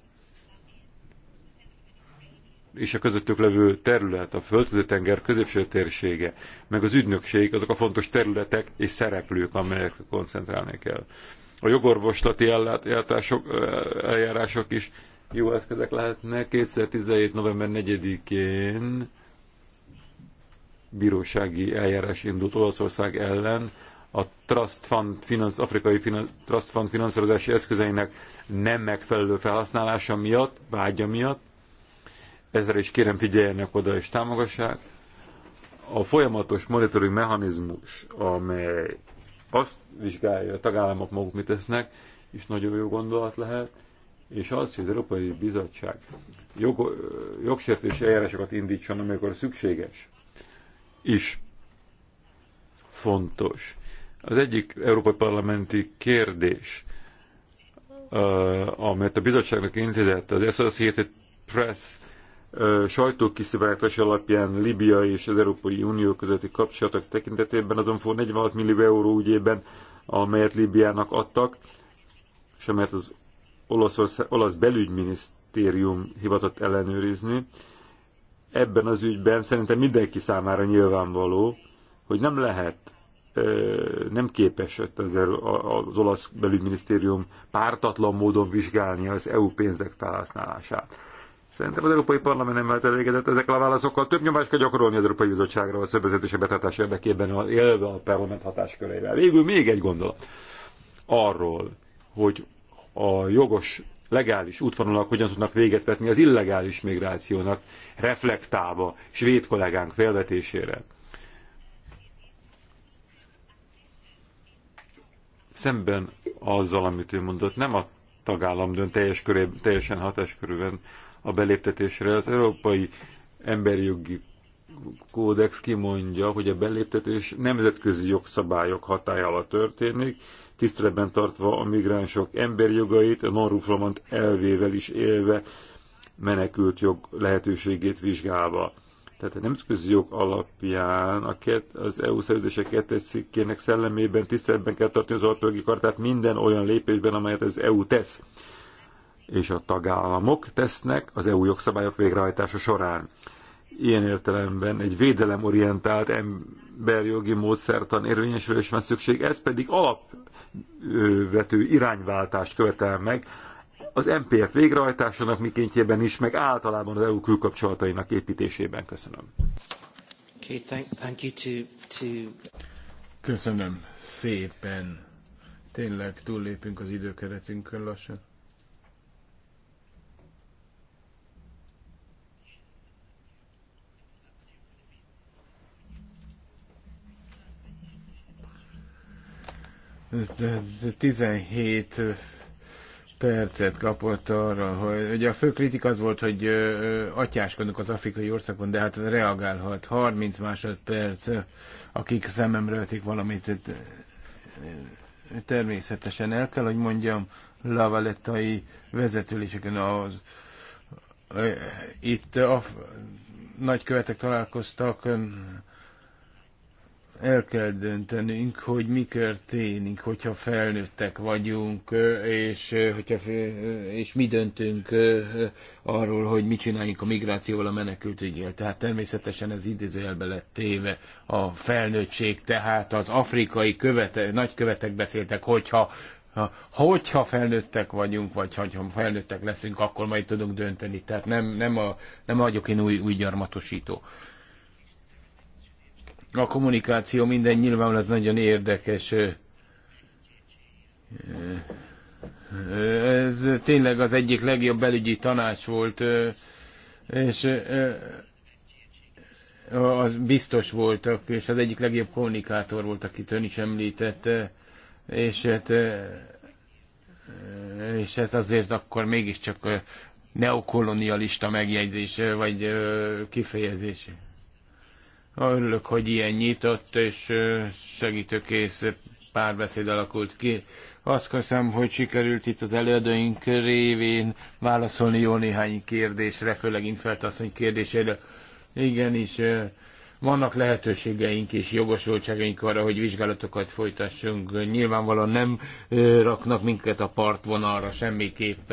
Speaker 3: és a közöttük levő terület, a földközi-tenger középső térsége, meg az ügynökség, azok a fontos területek és szereplők, amelyekre koncentrálni kell. A jogorvoslati ellátások, eljárások is jó eszközek lehetnek. 2017. november 4-én bírósági eljárás indult Olaszország ellen a Trust Fund finansz, afrikai finansz, Trust Fund finanszírozási eszközeinek nem megfelelő felhasználása miatt, vágya miatt, ezzel is kérem figyeljenek oda és támogassák. A folyamatos monitoring mechanizmus, amely azt vizsgálja, a tagállamok maguk mit tesznek, is nagyon jó gondolat lehet, és az, hogy az Európai Bizottság jog, jogsértési eljárásokat indítson, amikor szükséges, is fontos. Az egyik európai parlamenti kérdés, amelyet a bizottságnak intézett, az Associated Press sajtókiszivárgás alapján Libia és az Európai Unió közötti kapcsolatok tekintetében azon 46 millió euró ügyében, amelyet Libiának adtak, és amelyet az olasz, olasz belügyminisztérium hivatott ellenőrizni. Ebben az ügyben szerintem mindenki számára nyilvánvaló, hogy nem lehet, nem képes az olasz belügyminisztérium pártatlan módon vizsgálni az EU pénzek felhasználását Szerintem az Európai Parlament nem elégedett ezekkel a válaszokkal. Több nyomást kell gyakorolni az Európai Bizottságra a szövetkezési betartás érdekében, élve a parlament hatáskörével. Végül még egy gondolat arról, hogy a jogos, legális útvonalak hogyan tudnak véget vetni az illegális migrációnak reflektálva svéd kollégánk felvetésére. Szemben azzal, amit ő mondott, nem a tagállam dönt teljes körében, teljesen hatáskörűen a beléptetésre. Az Európai Emberi Jogi Kódex kimondja, hogy a beléptetés nemzetközi jogszabályok hatája alatt történik, tiszteletben tartva a migránsok emberi jogait, a non elvével is élve, menekült jog lehetőségét vizsgálva. Tehát a nemzetközi jog alapján a két, az EU szerződések kettes cikkének szellemében tiszteletben kell tartani az alapjogi kartát minden olyan lépésben, amelyet az EU tesz és a tagállamok tesznek az EU jogszabályok végrehajtása során. Ilyen értelemben egy védelemorientált emberjogi módszertan érvényesülés van szükség, ez pedig alapvető irányváltást követel meg az MPF végrehajtásának mikéntjében is, meg általában az EU külkapcsolatainak építésében. Köszönöm. Okay, thank, thank you to, to...
Speaker 2: Köszönöm szépen. Tényleg túllépünk az időkeretünkön lassan. 17 percet kapott arra, hogy ugye a fő kritika az volt, hogy atyáskodnak az afrikai országban, de hát reagálhat. 30 másodperc, akik szememre ötik valamit, természetesen el kell, hogy mondjam, lavalettai vezetőléseken az, itt a nagykövetek találkoztak el kell döntenünk, hogy mi történik, hogyha felnőttek vagyunk, és, hogyha, és mi döntünk arról, hogy mit csináljunk a migrációval, a menekültügyel. Tehát természetesen ez idézőjelbe lett téve a felnőttség, tehát az afrikai követe, nagykövetek beszéltek, hogyha hogyha felnőttek vagyunk, vagy ha felnőttek leszünk, akkor majd tudunk dönteni. Tehát nem, nem, a, nem vagyok én új, új gyarmatosító a kommunikáció minden nyilvánvalóan az nagyon érdekes. Ez tényleg az egyik legjobb belügyi tanács volt, és az biztos voltak, és az egyik legjobb kommunikátor volt, akit ön is említette, és, hát, és ez hát azért akkor mégiscsak neokolonialista megjegyzés, vagy kifejezés. Örülök, hogy ilyen nyitott és segítőkész párbeszéd alakult ki. Azt köszönöm, hogy sikerült itt az előadóink révén válaszolni jó néhány kérdésre, főleg Infelt asszony kérdésére. Igenis, vannak lehetőségeink és jogosultságaink arra, hogy vizsgálatokat folytassunk. Nyilvánvalóan nem raknak minket a partvonalra semmiképp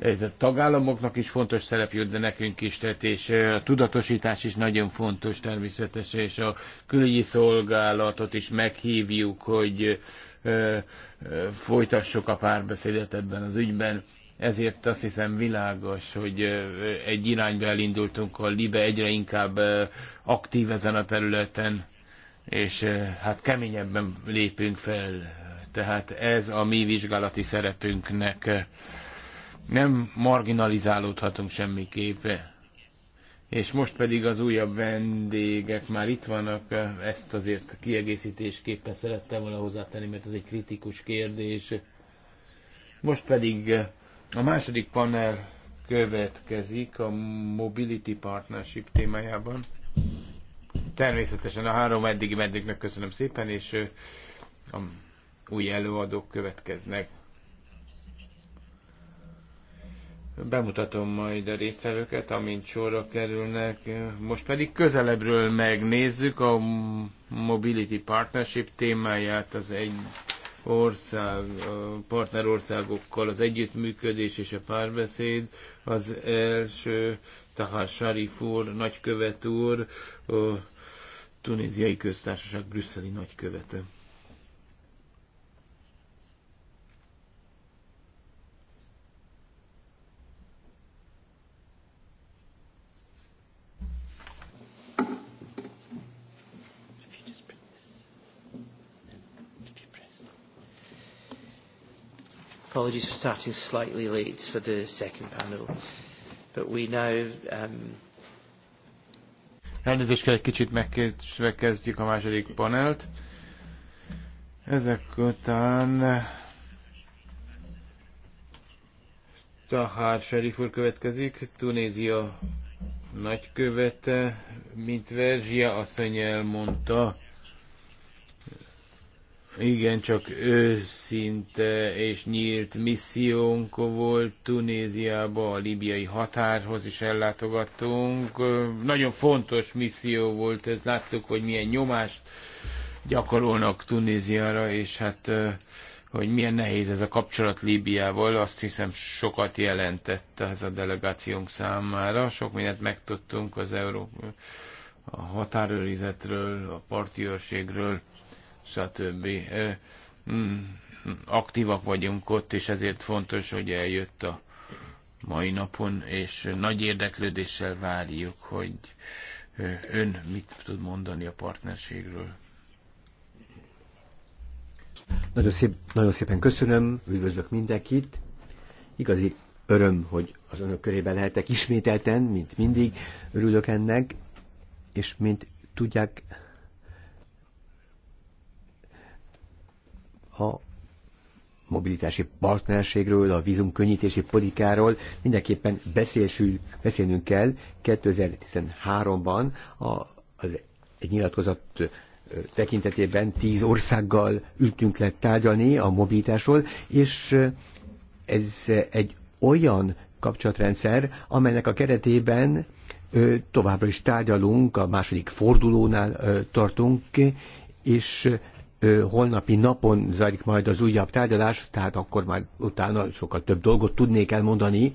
Speaker 2: ez a tagállamoknak is fontos szerep jött, de nekünk is, tehát és a tudatosítás is nagyon fontos természetesen, és a külügyi szolgálatot is meghívjuk, hogy folytassuk a párbeszédet ebben az ügyben. Ezért azt hiszem világos, hogy egy irányba elindultunk, a Libe egyre inkább aktív ezen a területen, és hát keményebben lépünk fel. Tehát ez a mi vizsgálati szerepünknek nem marginalizálódhatunk semmiképe. És most pedig az újabb vendégek már itt vannak, ezt azért kiegészítésképpen szerettem volna hozzátenni, mert ez egy kritikus kérdés. Most pedig a második panel következik a Mobility Partnership témájában. Természetesen a három eddigi vendégnek köszönöm szépen, és a új előadók következnek. Bemutatom majd a résztvevőket, amint sorra kerülnek. Most pedig közelebbről megnézzük a Mobility Partnership témáját az egy ország, partnerországokkal az együttműködés és a párbeszéd. Az első Tahar Sharif úr, nagykövet úr, a tunéziai köztársaság brüsszeli nagykövete.
Speaker 3: Apologies for starting slightly late for the second panel, but we now... Um...
Speaker 2: Elnézést kell, egy kicsit megkezdjük kezdjük a második panelt. Ezek után Tahár Serif úr következik, Tunézia nagykövete, mint Verzsia asszony elmondta, igen, csak őszinte és nyílt missziónk volt Tunéziába, a libiai határhoz is ellátogattunk. Nagyon fontos misszió volt ez, láttuk, hogy milyen nyomást gyakorolnak Tunéziára, és hát hogy milyen nehéz ez a kapcsolat Líbiával, azt hiszem sokat jelentett ez a delegációnk számára. Sok mindent megtudtunk az Euró a határőrizetről, a partiőrségről, stb. Mm, aktívak vagyunk ott, és ezért fontos, hogy eljött a mai napon, és nagy érdeklődéssel várjuk, hogy ön mit tud mondani a partnerségről.
Speaker 1: Nagyon, szép, nagyon szépen köszönöm, üdvözlök mindenkit. Igazi öröm, hogy az önök körében lehetek ismételten, mint mindig. Örülök ennek, és mint tudják, a mobilitási partnerségről, a vízumkönnyítési politikáról mindenképpen beszélsül, beszélnünk kell. 2013-ban a, az egy nyilatkozat tekintetében tíz országgal ültünk le tárgyalni a mobilitásról, és ez egy olyan kapcsolatrendszer, amelynek a keretében továbbra is tárgyalunk, a második fordulónál tartunk, és holnapi napon zajlik majd az újabb tárgyalás, tehát akkor már utána sokkal több dolgot tudnék elmondani.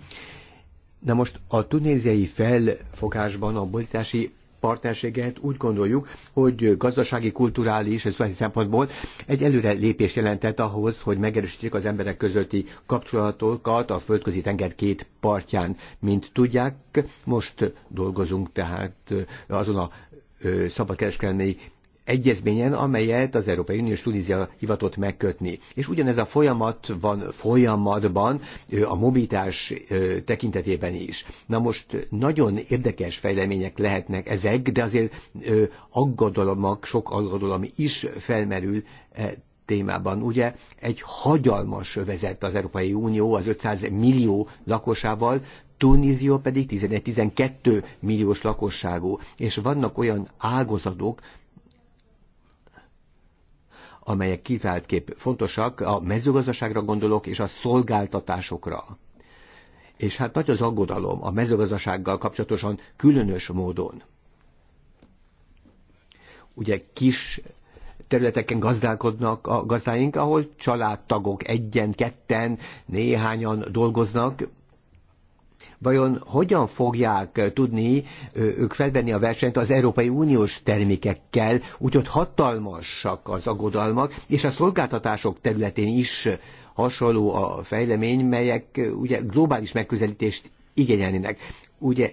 Speaker 1: Na most a tunéziai felfogásban a bolítási partnerséget úgy gondoljuk, hogy gazdasági, kulturális és szóval szempontból egy előre lépés jelentett ahhoz, hogy megerősítsék az emberek közötti kapcsolatokat a földközi tenger két partján. Mint tudják, most dolgozunk tehát azon a szabadkereskedelmi egyezményen, amelyet az Európai Uniós Tunézia hivatott megkötni. És ugyanez a folyamat van folyamatban a mobilitás tekintetében is. Na most nagyon érdekes fejlemények lehetnek ezek, de azért aggodalomak, sok aggodalom is felmerül e témában. Ugye egy hagyalmas övezet az Európai Unió az 500 millió lakosával, Tunízió pedig 11-12 milliós lakosságú, és vannak olyan ágazatok, amelyek kiváltképp fontosak, a mezőgazdaságra gondolok, és a szolgáltatásokra. És hát nagy az aggodalom a mezőgazdasággal kapcsolatosan különös módon. Ugye kis területeken gazdálkodnak a gazdáink, ahol családtagok egyen, ketten, néhányan dolgoznak, Vajon hogyan fogják tudni ők felvenni a versenyt az Európai Uniós termékekkel, úgyhogy hatalmasak az aggodalmak, és a szolgáltatások területén is hasonló a fejlemény, melyek ugye globális megközelítést igényelnének. Ugye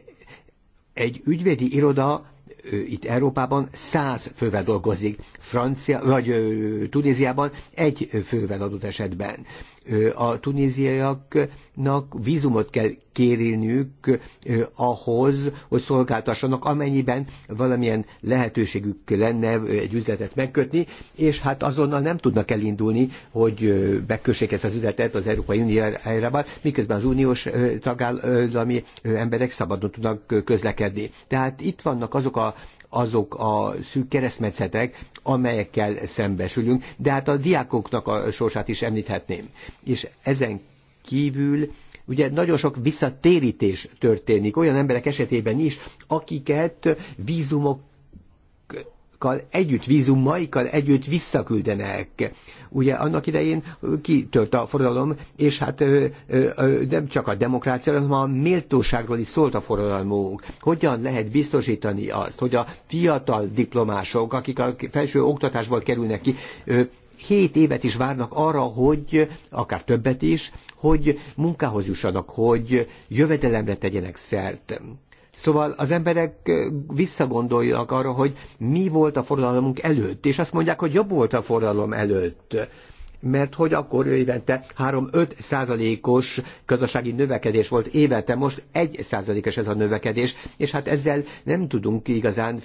Speaker 1: egy ügyvédi iroda itt Európában száz fővel dolgozik, Francia, vagy Tunéziában egy fővel adott esetben. A tunéziaiaknak vízumot kell kérniük ahhoz, hogy szolgáltassanak, amennyiben valamilyen lehetőségük lenne egy üzletet megkötni, és hát azonnal nem tudnak elindulni, hogy megkössék ezt az üzletet az Európai Unió Uniójában, er-, miközben az uniós tagállami emberek szabadon tudnak közlekedni. Tehát itt vannak azok a azok a szűk keresztmetszetek, amelyekkel szembesülünk, de hát a diákoknak a sorsát is említhetném. És ezen kívül ugye nagyon sok visszatérítés történik olyan emberek esetében is, akiket vízumok maikkal együtt, maikkal együtt visszaküldenek. Ugye annak idején kitört a forradalom, és hát ö, ö, nem csak a demokráciáról, hanem a méltóságról is szólt a forradalmunk. Hogyan lehet biztosítani azt, hogy a fiatal diplomások, akik a felső oktatásból kerülnek ki, ö, hét évet is várnak arra, hogy akár többet is, hogy munkához jussanak, hogy jövedelemre tegyenek szert. Szóval az emberek visszagondoljanak arra, hogy mi volt a forradalomunk előtt, és azt mondják, hogy jobb volt a forradalom előtt mert hogy akkor évente 3-5 százalékos gazdasági növekedés volt évente, most 1 százalékos ez a növekedés, és hát ezzel nem tudunk igazán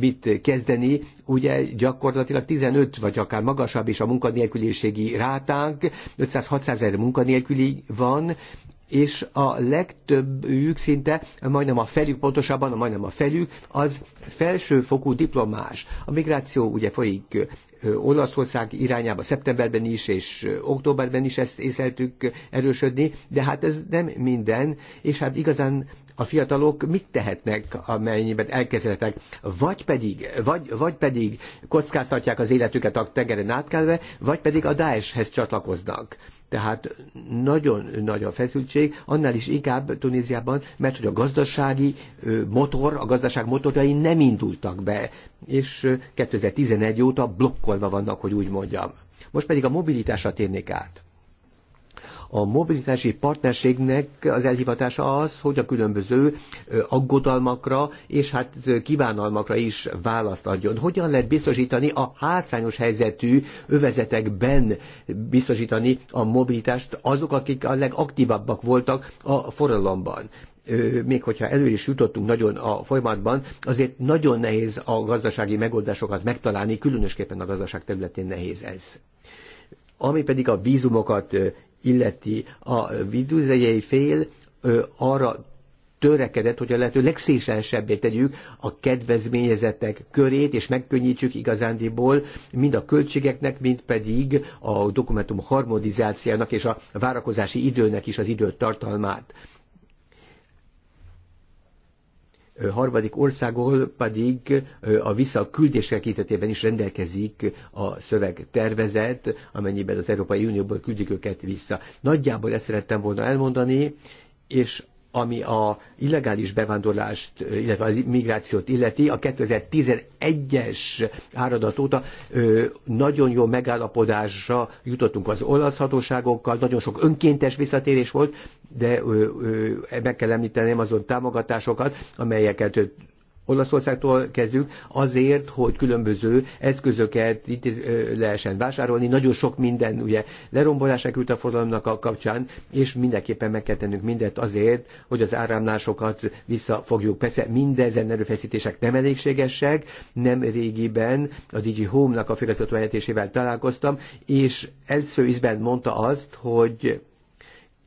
Speaker 1: mit kezdeni, ugye gyakorlatilag 15 vagy akár magasabb is a munkanélküliségi rátánk, 500-600 ezer munkanélküli van, és a legtöbbjük szinte, majdnem a felük, pontosabban majdnem a felük, az felsőfokú diplomás. A migráció ugye folyik Olaszország irányába szeptemberben is, és októberben is ezt észeltük erősödni, de hát ez nem minden, és hát igazán a fiatalok mit tehetnek, amennyiben elkezdhetek, vagy pedig, vagy, vagy pedig kockáztatják az életüket a tengeren átkelve, vagy pedig a Daeshez csatlakoznak. Tehát nagyon nagy a feszültség, annál is inkább Tunéziában, mert hogy a gazdasági motor, a gazdaság motorjai nem indultak be, és 2011 óta blokkolva vannak, hogy úgy mondjam. Most pedig a mobilitásra térnék át. A mobilitási partnerségnek az elhivatása az, hogy a különböző aggodalmakra és hát kívánalmakra is választ adjon. Hogyan lehet biztosítani a hátrányos helyzetű övezetekben biztosítani a mobilitást azok, akik a legaktívabbak voltak a forralomban? még hogyha előre is jutottunk nagyon a folyamatban, azért nagyon nehéz a gazdasági megoldásokat megtalálni, különösképpen a gazdaság területén nehéz ez. Ami pedig a vízumokat illeti a viduzejei fél arra törekedett, hogy a lehető legszélsensebbé tegyük a kedvezményezetek körét, és megkönnyítsük igazándiból mind a költségeknek, mind pedig a dokumentum harmonizációnak és a várakozási időnek is az időtartalmát. harmadik országból pedig a visszaküldések kitetében is rendelkezik a szövegtervezet, amennyiben az Európai Unióból küldik őket vissza. Nagyjából ezt szerettem volna elmondani, és ami a illegális bevándorlást, illetve a migrációt illeti, a 2011-es áradat óta ö, nagyon jó megállapodásra jutottunk az olasz hatóságokkal, nagyon sok önkéntes visszatérés volt, de ö, ö, meg kell említenem azon támogatásokat, amelyeket Olaszországtól kezdjük, azért, hogy különböző eszközöket itt lehessen vásárolni. Nagyon sok minden ugye lerombolásra került a forgalomnak a kapcsán, és mindenképpen meg kell tennünk mindent azért, hogy az áramlásokat visszafogjuk. Persze mindezen erőfeszítések nem elégségesek, nem régiben a Digi Home-nak a főgazgató találkoztam, és első ízben mondta azt, hogy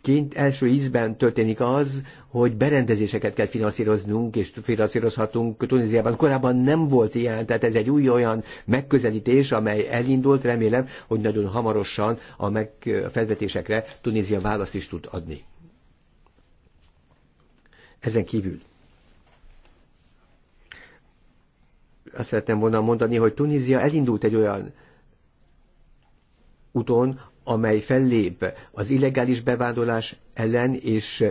Speaker 1: ként első ízben történik az, hogy berendezéseket kell finanszíroznunk, és finanszírozhatunk Tunéziában. Korábban nem volt ilyen, tehát ez egy új olyan megközelítés, amely elindult, remélem, hogy nagyon hamarosan a, meg, Tunézia választ is tud adni. Ezen kívül azt szerettem volna mondani, hogy Tunézia elindult egy olyan úton, amely fellép az illegális bevándorlás ellen, és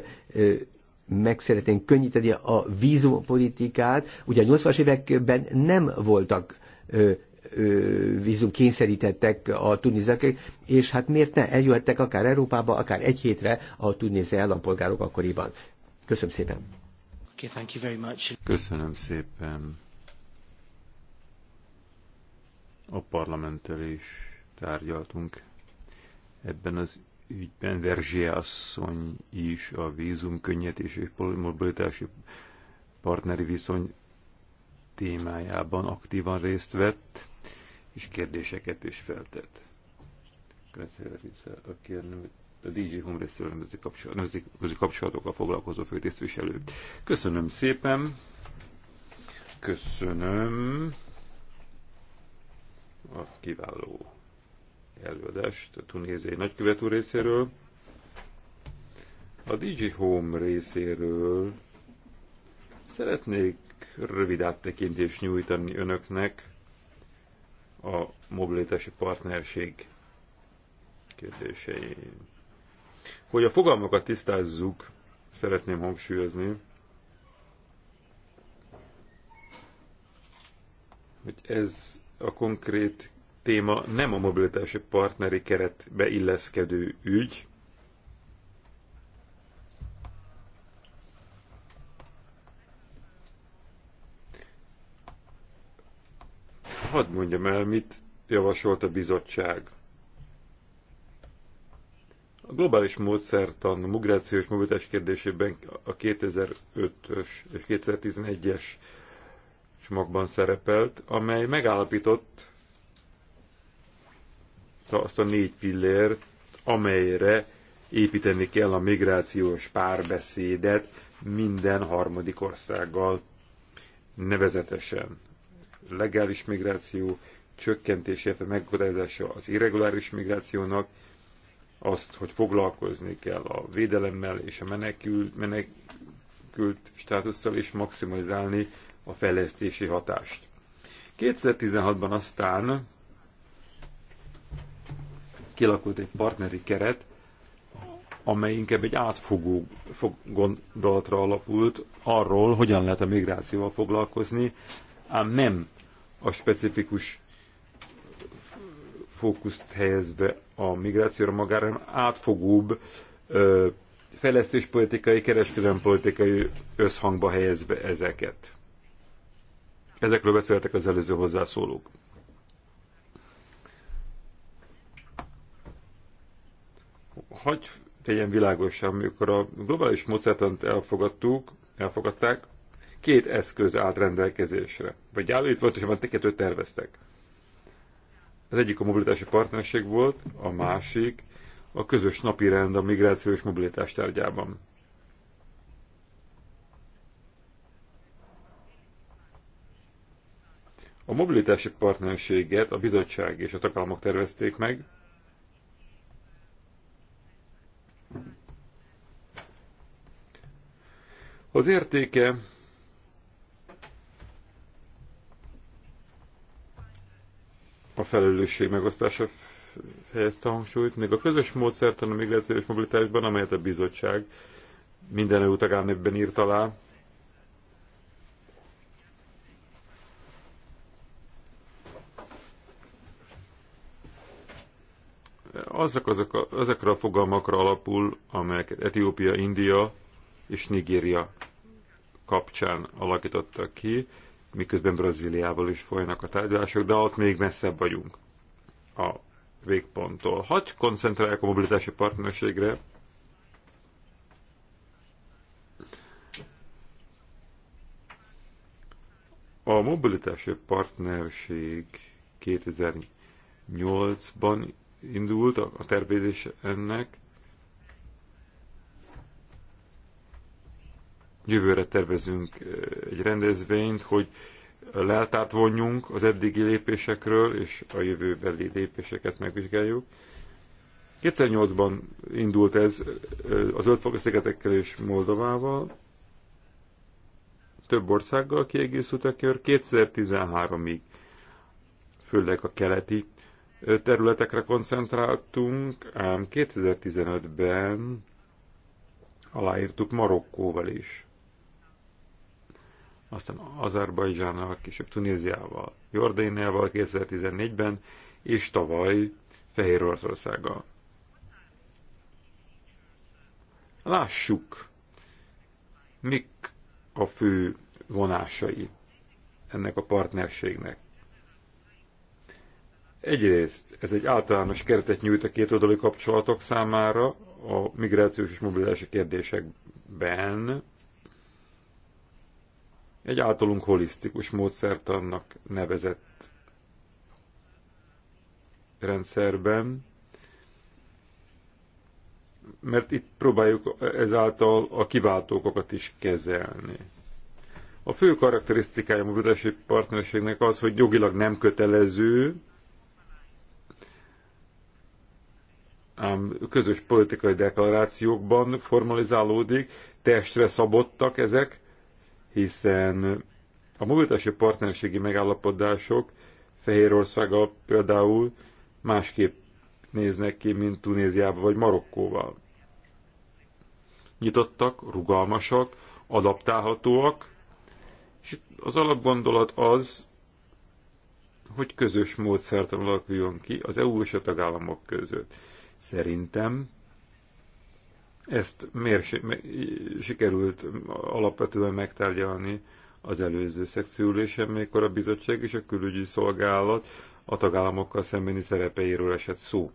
Speaker 1: meg szeretnénk könnyíteni a vízumpolitikát. Ugye a 80-as években nem voltak vízum kényszerítettek a tunézek, és hát miért ne eljöhettek akár Európába, akár egy hétre a tunézia állampolgárok akkoriban. Köszönöm szépen.
Speaker 3: Okay, thank you very much. Köszönöm szépen. A parlamenttel is tárgyaltunk ebben az ügyben Verzsé asszony is a vízum könnyítés és mobilitási partneri viszony témájában aktívan részt vett, és kérdéseket is feltett. aki a DJ Home részéről nemzeti kapcsolatokkal foglalkozó főtisztviselő. Köszönöm szépen! Köszönöm! A kiváló előadást a tunéziai nagykövető részéről. A DJ Home részéről szeretnék rövid áttekintést nyújtani önöknek a mobilitási partnerség kérdésein. Hogy a fogalmakat tisztázzuk, szeretném hangsúlyozni, hogy ez a konkrét téma nem a mobilitási partneri keretbe illeszkedő ügy, hadd mondjam el, mit javasolt a bizottság. A globális módszertan a migrációs mobilitás kérdésében a 2005-ös és 2011-es csomagban szerepelt, amely megállapított, látta azt a négy pillért, amelyre építeni kell a migrációs párbeszédet minden harmadik országgal, nevezetesen legális migráció, csökkentése, megakadályozása az irreguláris migrációnak, azt, hogy foglalkozni kell a védelemmel és a menekült, menekült státusszal, és maximalizálni a fejlesztési hatást. 2016-ban aztán kialakult egy partneri keret, amely inkább egy átfogó gondolatra alapult arról, hogyan lehet a migrációval foglalkozni, ám nem a specifikus fókuszt helyezve a migrációra magára, hanem átfogóbb ö, fejlesztéspolitikai, kereskedelempolitikai összhangba helyezve ezeket. Ezekről beszéltek az előző hozzászólók. Hogy tegyen világosan, amikor a globális módszertant elfogadtuk, elfogadták, két eszköz állt rendelkezésre. Vagy állít pontosabban kettőt terveztek. Az egyik a mobilitási partnerség volt, a másik a közös napi rend a migráció és mobilitás tárgyában. A mobilitási partnerséget a bizottság és a tagállamok tervezték meg, Az értéke a felelősség megosztása helyezte hangsúlyt, még a közös módszertan a migrációs mobilitásban, amelyet a bizottság minden EU ebben írt alá, azok, azok, azokra a fogalmakra alapul, amelyeket Etiópia, India és Nigéria kapcsán alakította ki, miközben Brazíliával is folynak a tárgyalások, de ott még messzebb vagyunk a végponttól. Hagy koncentrálják a mobilitási partnerségre. A mobilitási partnerség 2008-ban indult a tervezés ennek, Jövőre tervezünk egy rendezvényt, hogy leltát vonjunk az eddigi lépésekről, és a jövőbeli lépéseket megvizsgáljuk. 2008-ban indult ez az Ötfoga-szigetekkel és Moldovával, több országgal kiegészült a kör 2013-ig. Főleg a keleti területekre koncentráltunk, ám 2015-ben aláírtuk Marokkóval is aztán Azerbajdzsánnal, később Tunéziával, Jordániával 2014-ben, és tavaly Fehér Oroszországgal. Lássuk, mik a fő vonásai ennek a partnerségnek. Egyrészt ez egy általános keretet nyújt a kétoldalú kapcsolatok számára a migrációs és mobilitási kérdésekben, egy általunk holisztikus módszertannak nevezett rendszerben, mert itt próbáljuk ezáltal a kiváltókokat is kezelni. A fő karakterisztikája a mobilitási partnerségnek az, hogy jogilag nem kötelező, ám közös politikai deklarációkban formalizálódik, testre szabottak ezek, hiszen a mobilitási partnerségi megállapodások Fehérországa például másképp néznek ki, mint Tunéziával vagy Marokkóval. Nyitottak, rugalmasak, adaptálhatóak, és az alapgondolat az, hogy közös módszertan alakuljon ki az EU és a tagállamok között. Szerintem ezt miért sikerült alapvetően megtárgyalni az előző szexülésen, mikor a bizottság és a külügyi szolgálat a tagállamokkal szembeni szerepeiről esett szó.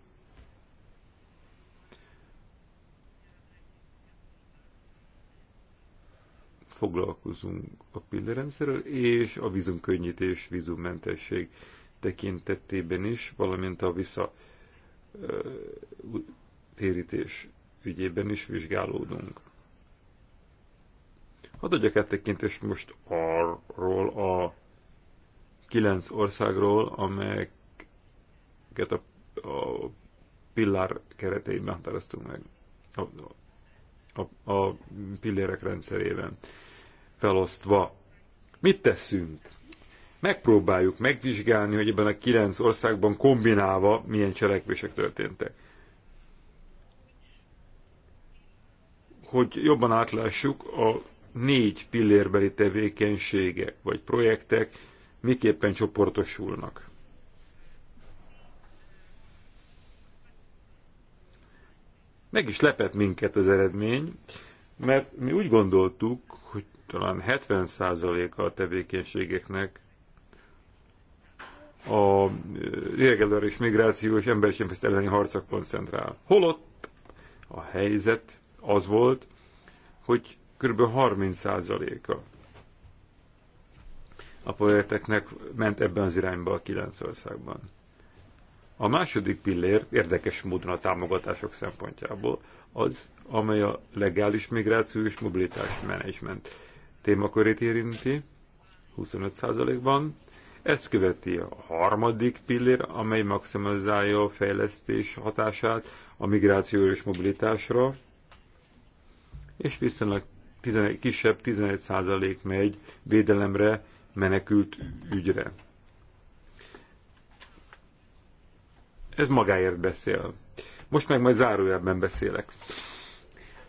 Speaker 3: Foglalkozunk a pillérendszerrel és a vízumkönnyítés, vízummentesség tekintetében is, valamint a visszatérítés ügyében is vizsgálódunk. Hadd adjak áttekintést most arról a kilenc országról, amelyeket a, a pillár keretében határoztunk meg, a, a, a pillérek rendszerében felosztva. Mit teszünk? Megpróbáljuk megvizsgálni, hogy ebben a kilenc országban kombinálva milyen cselekvések történtek. hogy jobban átlássuk a négy pillérbeli tevékenységek vagy projektek miképpen csoportosulnak. Meg is lepett minket az eredmény, mert mi úgy gondoltuk, hogy talán 70%-a a tevékenységeknek a és migrációs embercsempészet elleni harcra koncentrál. Holott a helyzet az volt, hogy kb. 30%-a a projekteknek ment ebben az irányba a kilenc országban. A második pillér érdekes módon a támogatások szempontjából az, amely a legális migráció és mobilitás menedzsment témakörét érinti, 25%-ban. Ezt követi a harmadik pillér, amely maximalizálja a fejlesztés hatását a migráció és mobilitásra, és viszonylag kisebb 11% megy védelemre, menekült ügyre. Ez magáért beszél. Most meg majd zárójelben beszélek.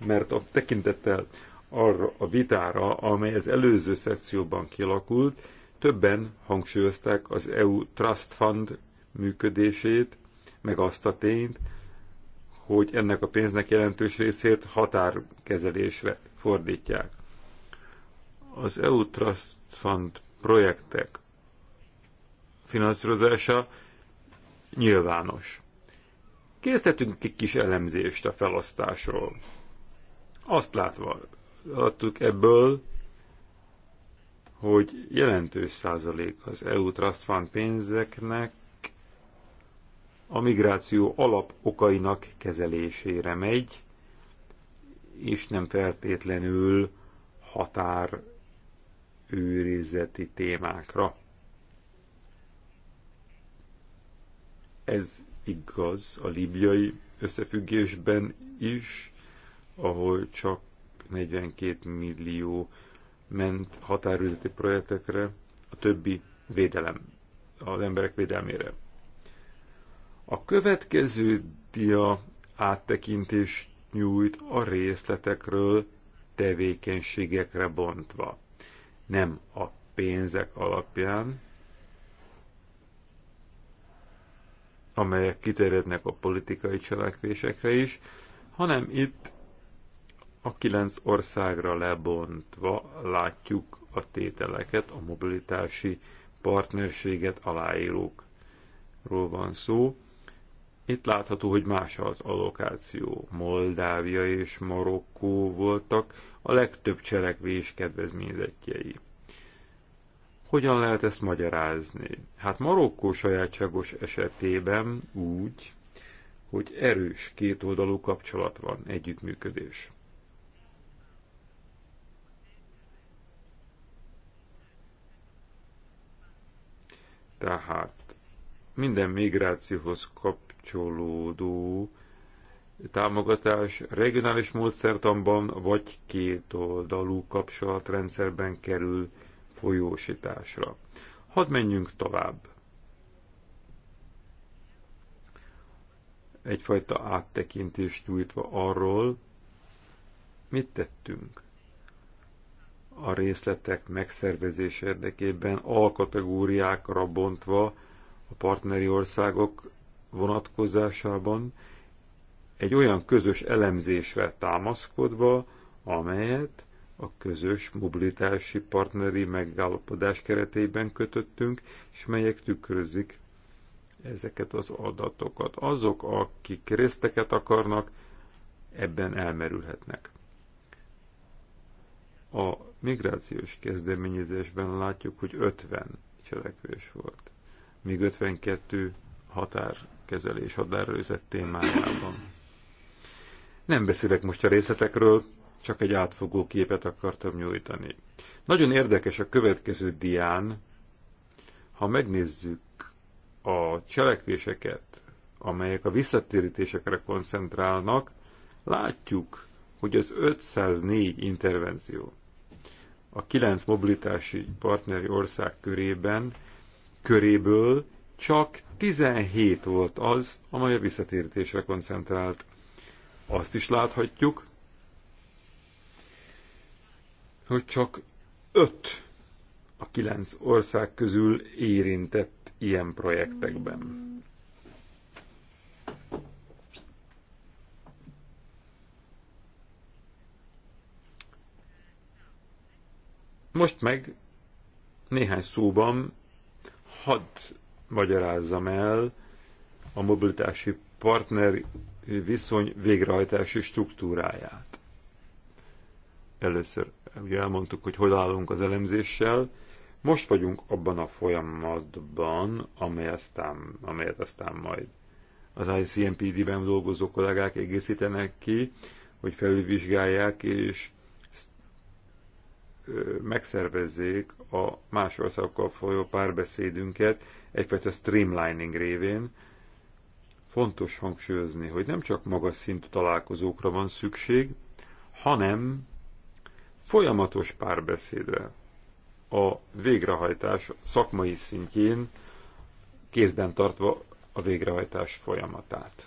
Speaker 3: Mert a tekintettel arra a vitára, amely az előző szekcióban kilakult, többen hangsúlyozták az EU Trust Fund működését, meg azt a tényt, hogy ennek a pénznek jelentős részét határkezelésre fordítják. Az EU Trust Fund projektek finanszírozása nyilvános. Készítettünk egy kis elemzést a felosztásról. Azt látva adtuk ebből, hogy jelentős százalék az EU Trust Fund pénzeknek a migráció alapokainak kezelésére megy, és nem feltétlenül őrizeti témákra. Ez igaz a libjai összefüggésben is, ahol csak 42 millió ment határőrizeti projektekre, a többi védelem, az emberek védelmére a következő dia áttekintést nyújt a részletekről tevékenységekre bontva, nem a pénzek alapján, amelyek kiterjednek a politikai cselekvésekre is, hanem itt a kilenc országra lebontva látjuk a tételeket, a mobilitási partnerséget aláírókról van szó, itt látható, hogy más az allokáció. Moldávia és Marokkó voltak a legtöbb cselekvés kedvezményezettjei. Hogyan lehet ezt magyarázni? Hát Marokkó sajátságos esetében úgy, hogy erős kétoldalú kapcsolat van, együttműködés. Tehát minden migrációhoz kap kapcsolódó támogatás regionális módszertanban vagy kétoldalú kapcsolatrendszerben kerül folyósításra. Hadd menjünk tovább. Egyfajta áttekintést nyújtva arról, mit tettünk a részletek megszervezés érdekében alkategóriákra bontva a partneri országok vonatkozásában egy olyan közös elemzésre támaszkodva, amelyet a közös mobilitási partneri megállapodás keretében kötöttünk, és melyek tükrözik ezeket az adatokat. Azok, akik részteket akarnak, ebben elmerülhetnek. A migrációs kezdeményezésben látjuk, hogy 50 cselekvés volt, míg 52 határ kezelés határőrizet témájában. Nem beszélek most a részletekről, csak egy átfogó képet akartam nyújtani. Nagyon érdekes a következő dián, ha megnézzük a cselekvéseket, amelyek a visszatérítésekre koncentrálnak, látjuk, hogy az 504 intervenció a 9 mobilitási partneri ország körében köréből csak 17 volt az, amely a visszatérítésre koncentrált. Azt is láthatjuk, hogy csak 5 a 9 ország közül érintett ilyen projektekben. Most meg néhány szóban hadd magyarázzam el a mobilitási partner viszony végrehajtási struktúráját. Először elmondtuk, hogy hol állunk az elemzéssel, most vagyunk abban a folyamatban, amely aztán, amelyet aztán majd az ICMPD-ben dolgozó kollégák egészítenek ki, hogy felülvizsgálják és megszervezzék a más országokkal folyó párbeszédünket egyfajta streamlining révén. Fontos hangsúlyozni, hogy nem csak magas szintű találkozókra van szükség, hanem folyamatos párbeszédre a végrehajtás szakmai szintjén kézben tartva a végrehajtás folyamatát.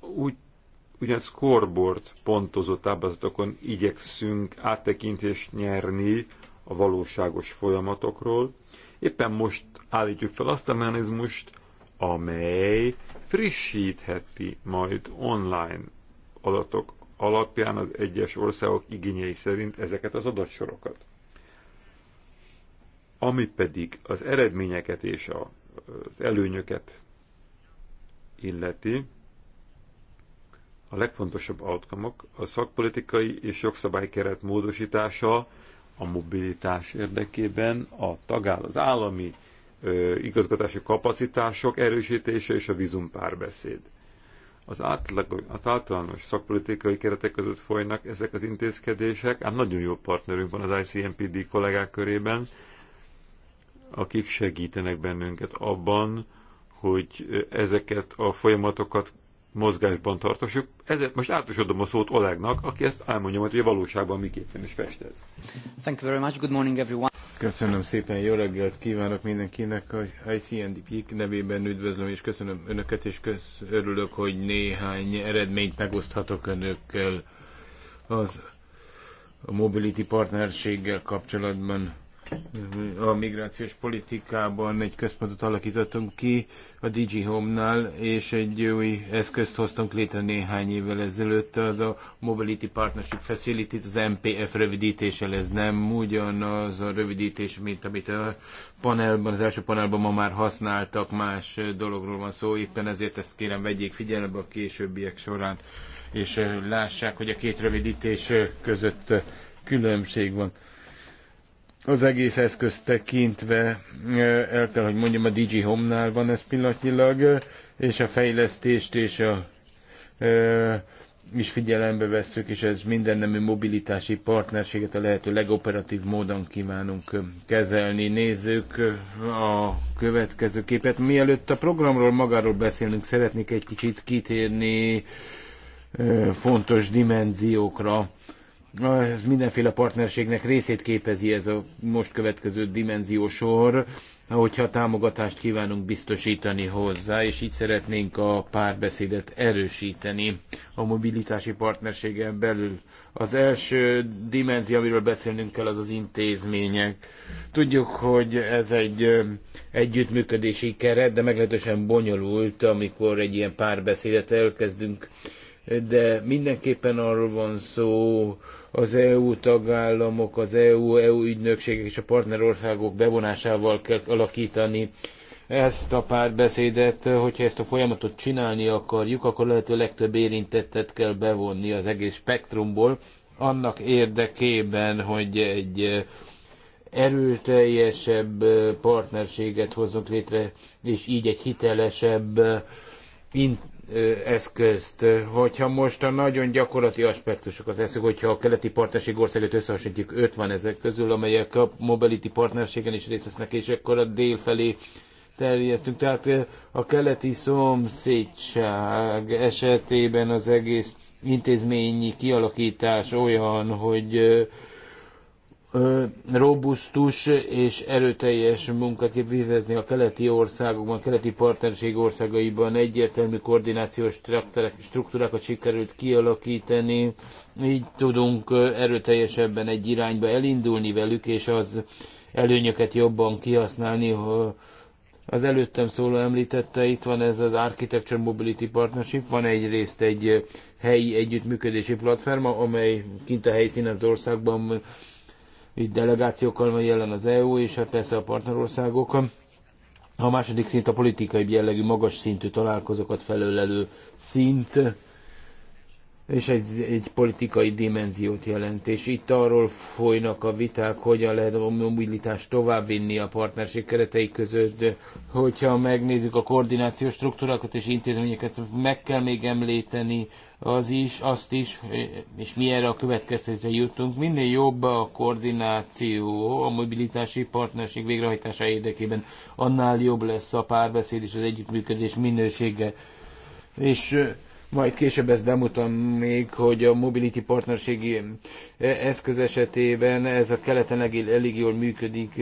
Speaker 3: Úgy ugyan scoreboard pontozott ábrázatokon igyekszünk áttekintést nyerni a valóságos folyamatokról. Éppen most állítjuk fel azt a mechanizmust, amely frissítheti majd online adatok alapján az egyes országok igényei szerint ezeket az adatsorokat. Ami pedig az eredményeket és az előnyöket illeti, a legfontosabb outcome -ok a szakpolitikai és jogszabálykeret módosítása a mobilitás érdekében, a tagáll, az állami ö, igazgatási kapacitások erősítése és a vízumpárbeszéd. Az, átlag, az általános szakpolitikai keretek között folynak ezek az intézkedések, ám nagyon jó partnerünk van az ICMPD kollégák körében, akik segítenek bennünket abban, hogy ezeket a folyamatokat mozgásban tartosuk. Ezért most át is adom a szót Olegnak, aki ezt elmondja majd, hogy a valóságban miképpen is festez.
Speaker 2: Thank you very much. Good morning, everyone. Köszönöm szépen, jó reggelt kívánok mindenkinek a ICNDP nevében üdvözlöm, és köszönöm önöket, és kösz, örülök, hogy néhány eredményt megoszthatok önökkel az a Mobility partnerséggel kapcsolatban a migrációs politikában egy központot alakítottunk ki a DG Home-nál, és egy új eszközt hoztunk létre néhány évvel ezelőtt, az a Mobility Partnership facility az MPF rövidítéssel, ez nem ugyanaz a rövidítés, mint amit a panelban, az első panelban ma már használtak, más dologról van szó, éppen ezért ezt kérem vegyék figyelembe a későbbiek során, és lássák, hogy a két rövidítés között különbség van az egész eszközt tekintve, el kell, hogy mondjam, a DG Home-nál van ez pillanatnyilag, és a fejlesztést és a is figyelembe vesszük, és ez mindennemű mobilitási partnerséget a lehető legoperatív módon kívánunk kezelni. Nézzük a következő képet. Mielőtt a programról magáról beszélünk, szeretnék egy kicsit kitérni fontos dimenziókra ez mindenféle partnerségnek részét képezi ez a most következő dimenziósor, hogyha támogatást kívánunk biztosítani hozzá, és így szeretnénk a párbeszédet erősíteni a mobilitási partnerségen belül. Az első dimenzió, amiről beszélnünk kell, az az intézmények. Tudjuk, hogy ez egy együttműködési keret, de meglehetősen bonyolult, amikor egy ilyen párbeszédet elkezdünk, de mindenképpen arról van szó, az EU tagállamok, az EU, EU ügynökségek és a partnerországok bevonásával kell alakítani ezt a párbeszédet, hogyha ezt a folyamatot csinálni akarjuk, akkor lehető legtöbb érintettet kell bevonni az egész spektrumból, annak érdekében, hogy egy erőteljesebb partnerséget hozzunk létre, és így egy hitelesebb eszközt, hogyha most a nagyon gyakorlati aspektusokat veszük, hogyha a keleti partnerség országot összehasonlítjuk, 5 van ezek közül, amelyek a mobility partnerségen is részt vesznek, és akkor a dél felé terjesztünk. Tehát a keleti szomszédság esetében az egész intézményi kialakítás olyan, hogy robusztus és erőteljes munkát végezni a keleti országokban, a keleti partnerség országaiban egyértelmű koordinációs struktúrákat sikerült kialakítani, így tudunk erőteljesebben egy irányba elindulni velük, és az előnyöket jobban kihasználni. Az előttem szóló említette, itt van ez az Architecture Mobility Partnership, van egyrészt egy helyi együttműködési platforma, amely kint a helyszínen az országban itt delegációkkal van jelen az EU és hát persze a partnerországok. A második szint a politikai jellegű magas szintű találkozókat felölelő szint és egy, egy politikai dimenziót jelent, és itt arról folynak a viták, hogyan lehet a mobilitást továbbvinni a partnerség keretei között. Hogyha megnézzük a koordinációs struktúrákat és intézményeket, meg kell még említeni az is, azt is, és mi erre a következtetésre jutunk, minél jobb a koordináció a mobilitási partnerség végrehajtása érdekében, annál jobb lesz a párbeszéd és az együttműködés minősége. És majd később ezt bemutatom még, hogy a Mobility Partnerségi eszköz esetében ez a keleten elég jól működik,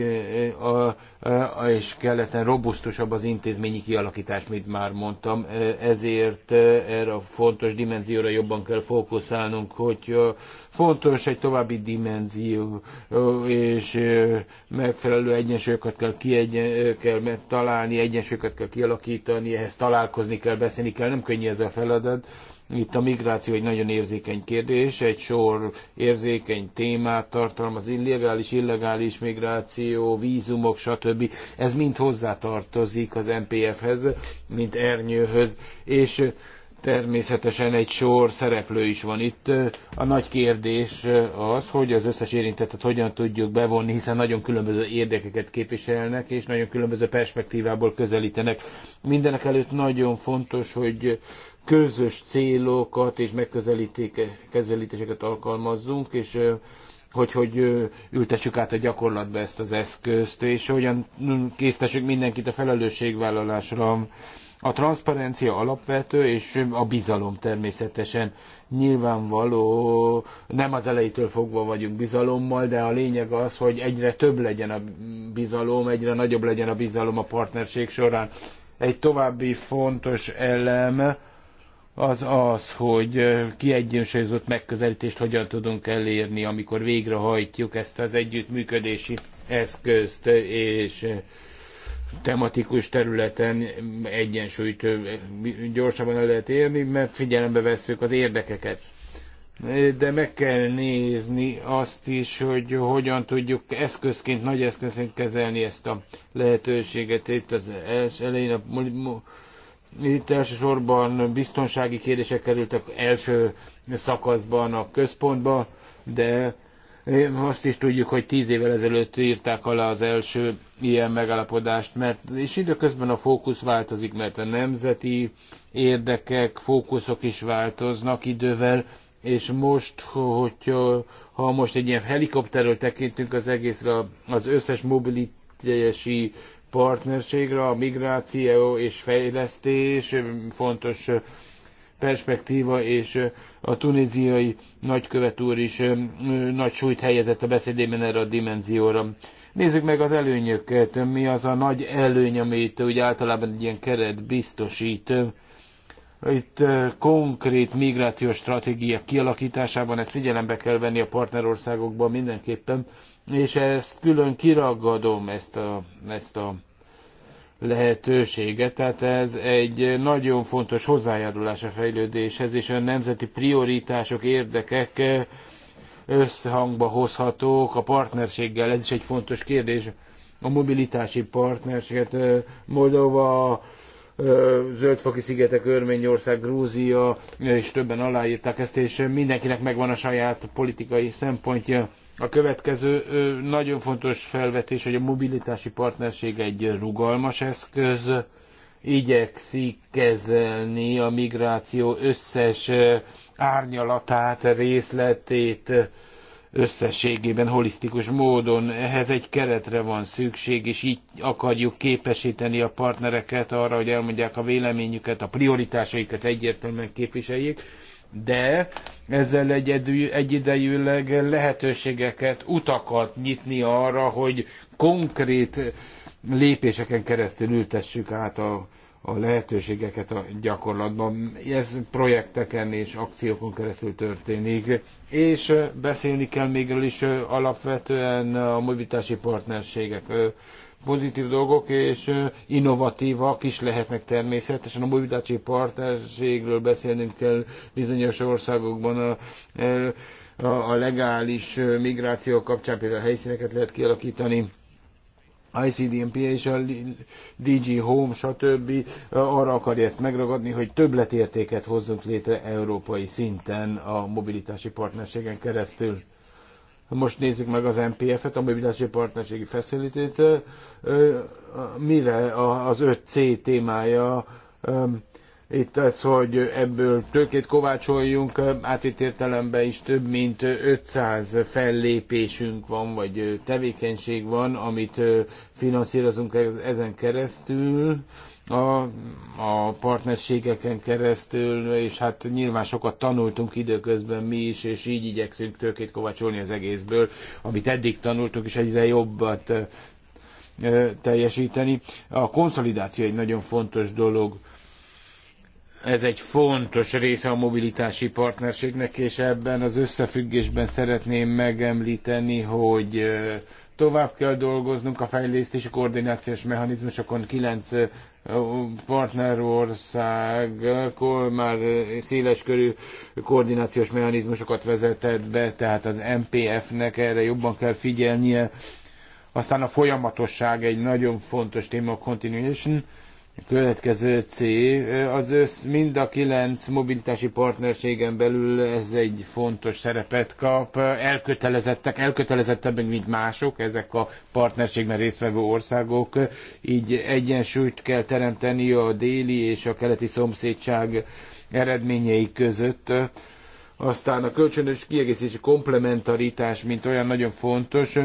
Speaker 2: a, a, és keleten robusztusabb az intézményi kialakítás, mint már mondtam. Ezért erre a fontos dimenzióra jobban kell fókuszálnunk, hogy fontos egy további dimenzió, és megfelelő egyensúlyokat kell, kiegyen, kell találni, egyensúlyokat kell kialakítani, ehhez találkozni kell, beszélni kell, nem könnyű ez a feladat itt a migráció egy nagyon érzékeny kérdés, egy sor érzékeny témát tartalmaz, illegális, illegális migráció, vízumok, stb. Ez mind hozzátartozik az MPF-hez, mint ernyőhöz, és természetesen egy sor szereplő is van itt. A nagy kérdés az, hogy az összes érintettet hogyan tudjuk bevonni, hiszen nagyon különböző érdekeket képviselnek, és nagyon különböző perspektívából közelítenek. Mindenek előtt nagyon fontos, hogy közös célokat és megközelítéseket alkalmazzunk, és hogy, hogy ültessük át a gyakorlatba ezt az eszközt, és hogyan késztessük mindenkit a felelősségvállalásra. A transzparencia alapvető, és a bizalom természetesen nyilvánvaló, nem az elejétől fogva vagyunk bizalommal, de a lényeg az, hogy egyre több legyen a bizalom, egyre nagyobb legyen a bizalom a partnerség során. Egy további fontos elem, az az, hogy kiegyensúlyozott megközelítést hogyan tudunk elérni, amikor végrehajtjuk ezt az együttműködési eszközt, és tematikus területen egyensúlyt gyorsabban el lehet érni, mert figyelembe veszük az érdekeket. De meg kell nézni azt is, hogy hogyan tudjuk eszközként, nagy eszközként kezelni ezt a lehetőséget. Itt az elején a itt elsősorban biztonsági kérdések kerültek első szakaszban a központba, de azt is tudjuk, hogy tíz évvel ezelőtt írták alá az első ilyen megállapodást, mert, és időközben a fókusz változik, mert a nemzeti érdekek, fókuszok is változnak idővel, és most, hogy ha most egy ilyen helikopterről tekintünk az egészre, az összes mobilitási partnerségre, a migráció és fejlesztés fontos perspektíva, és a tunéziai nagykövet úr is nagy súlyt helyezett a beszédében erre a dimenzióra. Nézzük meg az előnyöket, mi az a nagy előny, amit úgy általában egy ilyen keret biztosít. Itt konkrét migrációs stratégia kialakításában ezt figyelembe kell venni a partnerországokban mindenképpen, és ezt külön kiragadom, ezt a, ezt a lehetőséget. Tehát ez egy nagyon fontos hozzájárulás a fejlődéshez, és a nemzeti prioritások, érdekek összhangba hozhatók a partnerséggel. Ez is egy fontos kérdés. A mobilitási partnerséget Moldova, Zöldfoki szigetek, Örményország, Grúzia és többen aláírták ezt, és mindenkinek megvan a saját politikai szempontja a következő nagyon fontos felvetés, hogy a mobilitási partnerség egy rugalmas eszköz, igyekszik kezelni a migráció összes árnyalatát, részletét összességében, holisztikus módon. Ehhez egy keretre van szükség, és így akarjuk képesíteni a partnereket arra, hogy elmondják a véleményüket, a prioritásaikat egyértelműen képviseljék de ezzel egy egyidejűleg lehetőségeket, utakat nyitni arra, hogy konkrét lépéseken keresztül ültessük át a, a lehetőségeket a gyakorlatban. Ez projekteken és akciókon keresztül történik. És beszélni kell még is alapvetően a mobilitási partnerségek pozitív dolgok, és innovatívak is lehetnek természetesen. A mobilitási partnerségről beszélnünk kell bizonyos országokban a, a, a legális migráció kapcsán, például a helyszíneket lehet kialakítani. ICDMP és a DG Home, stb. arra akarja ezt megragadni, hogy többletértéket hozzunk létre európai szinten a mobilitási partnerségen keresztül. Most nézzük meg az MPF-et, a mobilitási partnerségi facility mire az 5C témája itt az, hogy ebből tőkét kovácsoljunk, átvitt értelemben is több mint 500 fellépésünk van, vagy tevékenység van, amit finanszírozunk ezen keresztül, a, a partnerségeken keresztül, és hát nyilván sokat tanultunk időközben mi is, és így igyekszünk tőkét kovácsolni az egészből, amit eddig tanultunk, és egyre jobbat teljesíteni. A konszolidáció egy nagyon fontos dolog. Ez egy fontos része a mobilitási partnerségnek, és ebben az összefüggésben szeretném megemlíteni, hogy Tovább kell dolgoznunk a fejlesztési koordinációs mechanizmusokon. Kilenc partnerország már széles körű koordinációs mechanizmusokat vezetett be, tehát az MPF-nek erre jobban kell figyelnie. Aztán a folyamatosság egy nagyon fontos téma, a continuation Következő cél, az össz, mind a kilenc mobilitási partnerségen belül ez egy fontos szerepet kap. Elkötelezettek, elkötelezettebbek, mint mások, ezek a partnerségben résztvevő országok. Így egyensúlyt kell teremteni a déli és a keleti szomszédság eredményei között. Aztán a kölcsönös kiegészítési komplementaritás, mint olyan nagyon fontos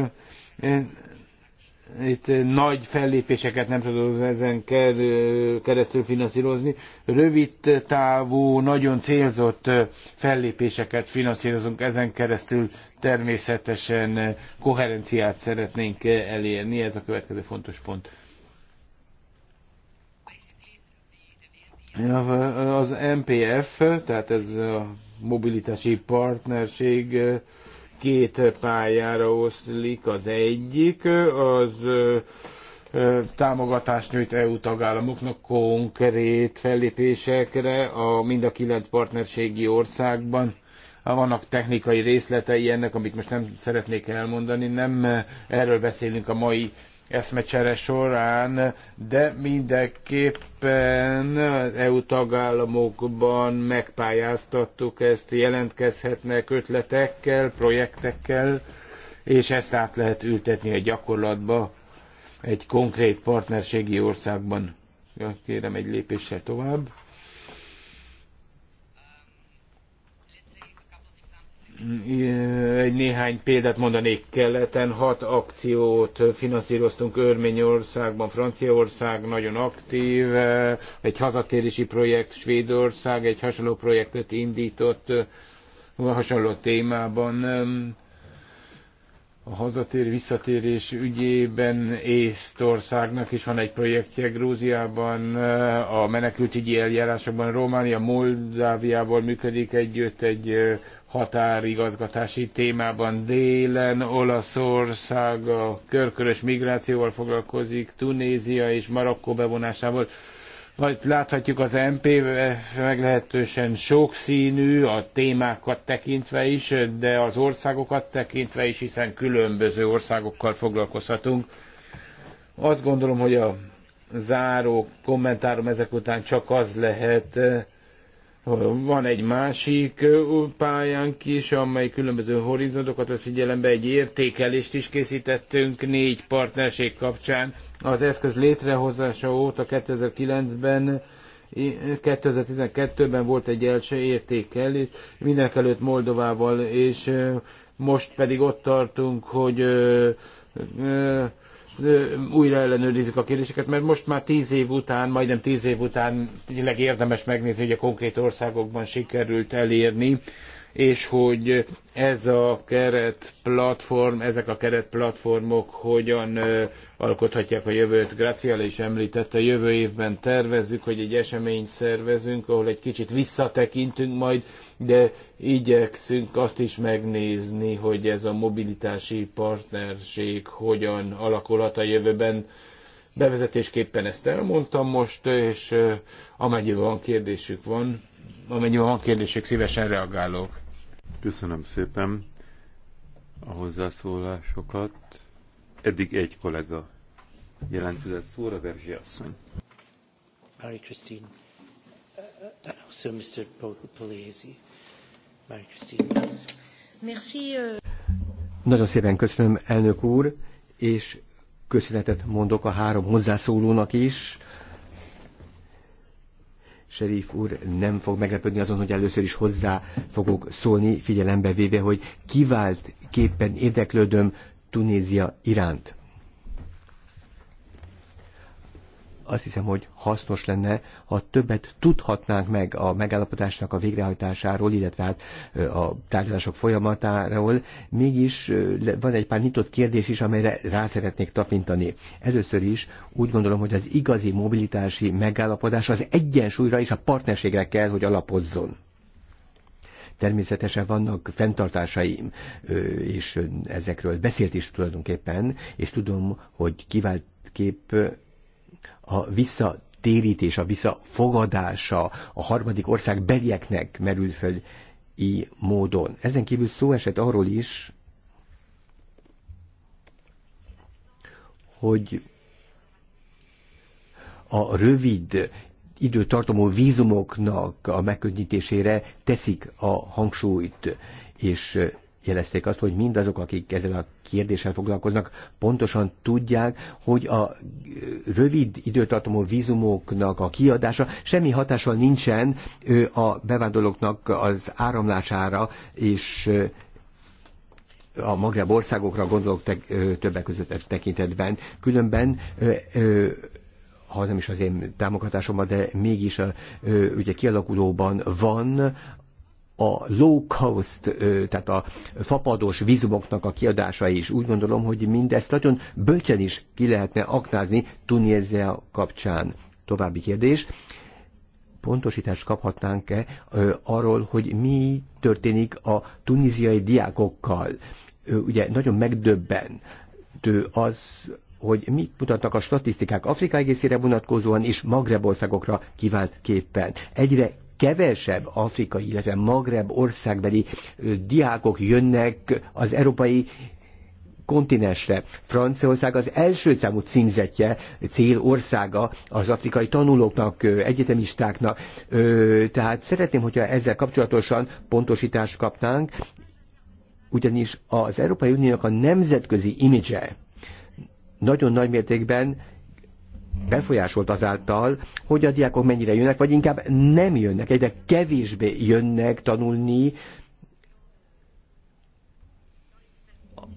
Speaker 2: itt eh, nagy fellépéseket nem tudod ezen eh, keresztül finanszírozni. Rövid távú, nagyon célzott eh, fellépéseket finanszírozunk ezen keresztül. Természetesen koherenciát szeretnénk elérni, ez a következő fontos pont. Az MPF, tehát ez a mobilitási partnerség két pályára oszlik. Az egyik az támogatást nyújt EU tagállamoknak konkrét fellépésekre a mind a kilenc partnerségi országban. Vannak technikai részletei ennek, amit most nem szeretnék elmondani, nem erről beszélünk a mai eszmecsere során, de mindenképpen az EU tagállamokban megpályáztattuk ezt, jelentkezhetnek ötletekkel, projektekkel, és ezt át lehet ültetni a gyakorlatba egy konkrét partnerségi országban. Kérem egy lépéssel tovább. egy néhány példát mondanék keleten. Hat akciót finanszíroztunk Örményországban, Franciaország nagyon aktív, egy hazatérési projekt Svédország, egy hasonló projektet indított hasonló témában. A hazatér visszatérés ügyében Észtországnak is van egy projektje Grúziában, a menekültügyi eljárásokban Románia, Moldáviával működik együtt egy határigazgatási témában. Délen Olaszország a körkörös migrációval foglalkozik, Tunézia és Marokkó bevonásával. Majd láthatjuk az MP meglehetősen sokszínű, a témákat tekintve is, de az országokat tekintve is, hiszen különböző országokkal foglalkozhatunk. Azt gondolom, hogy a záró kommentárom ezek után csak az lehet, van egy másik pályánk is, amely különböző horizontokat vesz figyelembe, egy értékelést is készítettünk négy partnerség kapcsán. Az eszköz létrehozása óta 2009-ben 2012-ben volt egy első értékelés, mindenek előtt Moldovával, és most pedig ott tartunk, hogy újra ellenőrizzük a kérdéseket, mert most már tíz év után, majdnem tíz év után tényleg érdemes megnézni, hogy a konkrét országokban sikerült elérni és hogy ez a keret platform, ezek a keret platformok hogyan alkothatják a jövőt. Graciela is említette, jövő évben tervezzük, hogy egy eseményt szervezünk, ahol egy kicsit visszatekintünk majd, de igyekszünk azt is megnézni, hogy ez a mobilitási partnerség hogyan alakulhat a jövőben. Bevezetésképpen ezt elmondtam most, és amennyiben van kérdésük van, amennyiben van kérdésük, szívesen reagálok.
Speaker 3: Köszönöm szépen a hozzászólásokat. Eddig egy kollega jelentkezett szóra, Verzsi asszony.
Speaker 1: Mary Christine, uh, also uh, Mr. Pugliesi. Mary Christine. Merci. Uh, Nagyon szépen köszönöm, elnök úr, és köszönetet mondok a három hozzászólónak is Serif úr nem fog meglepődni azon, hogy először is hozzá fogok szólni, figyelembe véve, hogy kivált képpen érdeklődöm Tunézia iránt. azt hiszem, hogy hasznos lenne, ha többet tudhatnánk meg a megállapodásnak a végrehajtásáról, illetve hát a tárgyalások folyamatáról. Mégis van egy pár nyitott kérdés is, amelyre rá szeretnék tapintani. Először is úgy gondolom, hogy az igazi mobilitási megállapodás az egyensúlyra és a partnerségre kell, hogy alapozzon. Természetesen vannak fenntartásaim, és ezekről beszélt is tulajdonképpen, és tudom, hogy kivált kép a visszatérítés, a visszafogadása a harmadik ország belieknek merül fel így módon. Ezen kívül szó esett arról is, hogy a rövid időtartamú vízumoknak a megkönnyítésére teszik a hangsúlyt, és jelezték azt, hogy mindazok, akik ezzel a kérdéssel foglalkoznak, pontosan tudják, hogy a rövid időtartamú vízumoknak a kiadása semmi hatással nincsen a bevándorlóknak az áramlására, és a Magreb országokra gondolok te, többek között e tekintetben. Különben ö, ö, ha nem is az én támogatásomban, de mégis a, ö, ugye kialakulóban van a low cost, tehát a fapados vízumoknak a kiadása is. Úgy gondolom, hogy mindezt nagyon bölcsen is ki lehetne aknázni Tunézia kapcsán. További kérdés pontosítást kaphatnánk-e arról, hogy mi történik a tunéziai diákokkal. ugye nagyon megdöbben Tő az, hogy mit mutatnak a statisztikák Afrika egészére vonatkozóan és Magreb országokra kiváltképpen. Egyre kevesebb afrikai, illetve magreb országbeli diákok jönnek az európai kontinensre. Franciaország az első számú címzetje, cél országa az afrikai tanulóknak, egyetemistáknak. Tehát szeretném, hogyha ezzel kapcsolatosan pontosítást kapnánk, ugyanis az Európai Uniónak a nemzetközi imidzse nagyon nagy mértékben befolyásolt azáltal, hogy a diákok mennyire jönnek, vagy inkább nem jönnek, egyre kevésbé jönnek tanulni,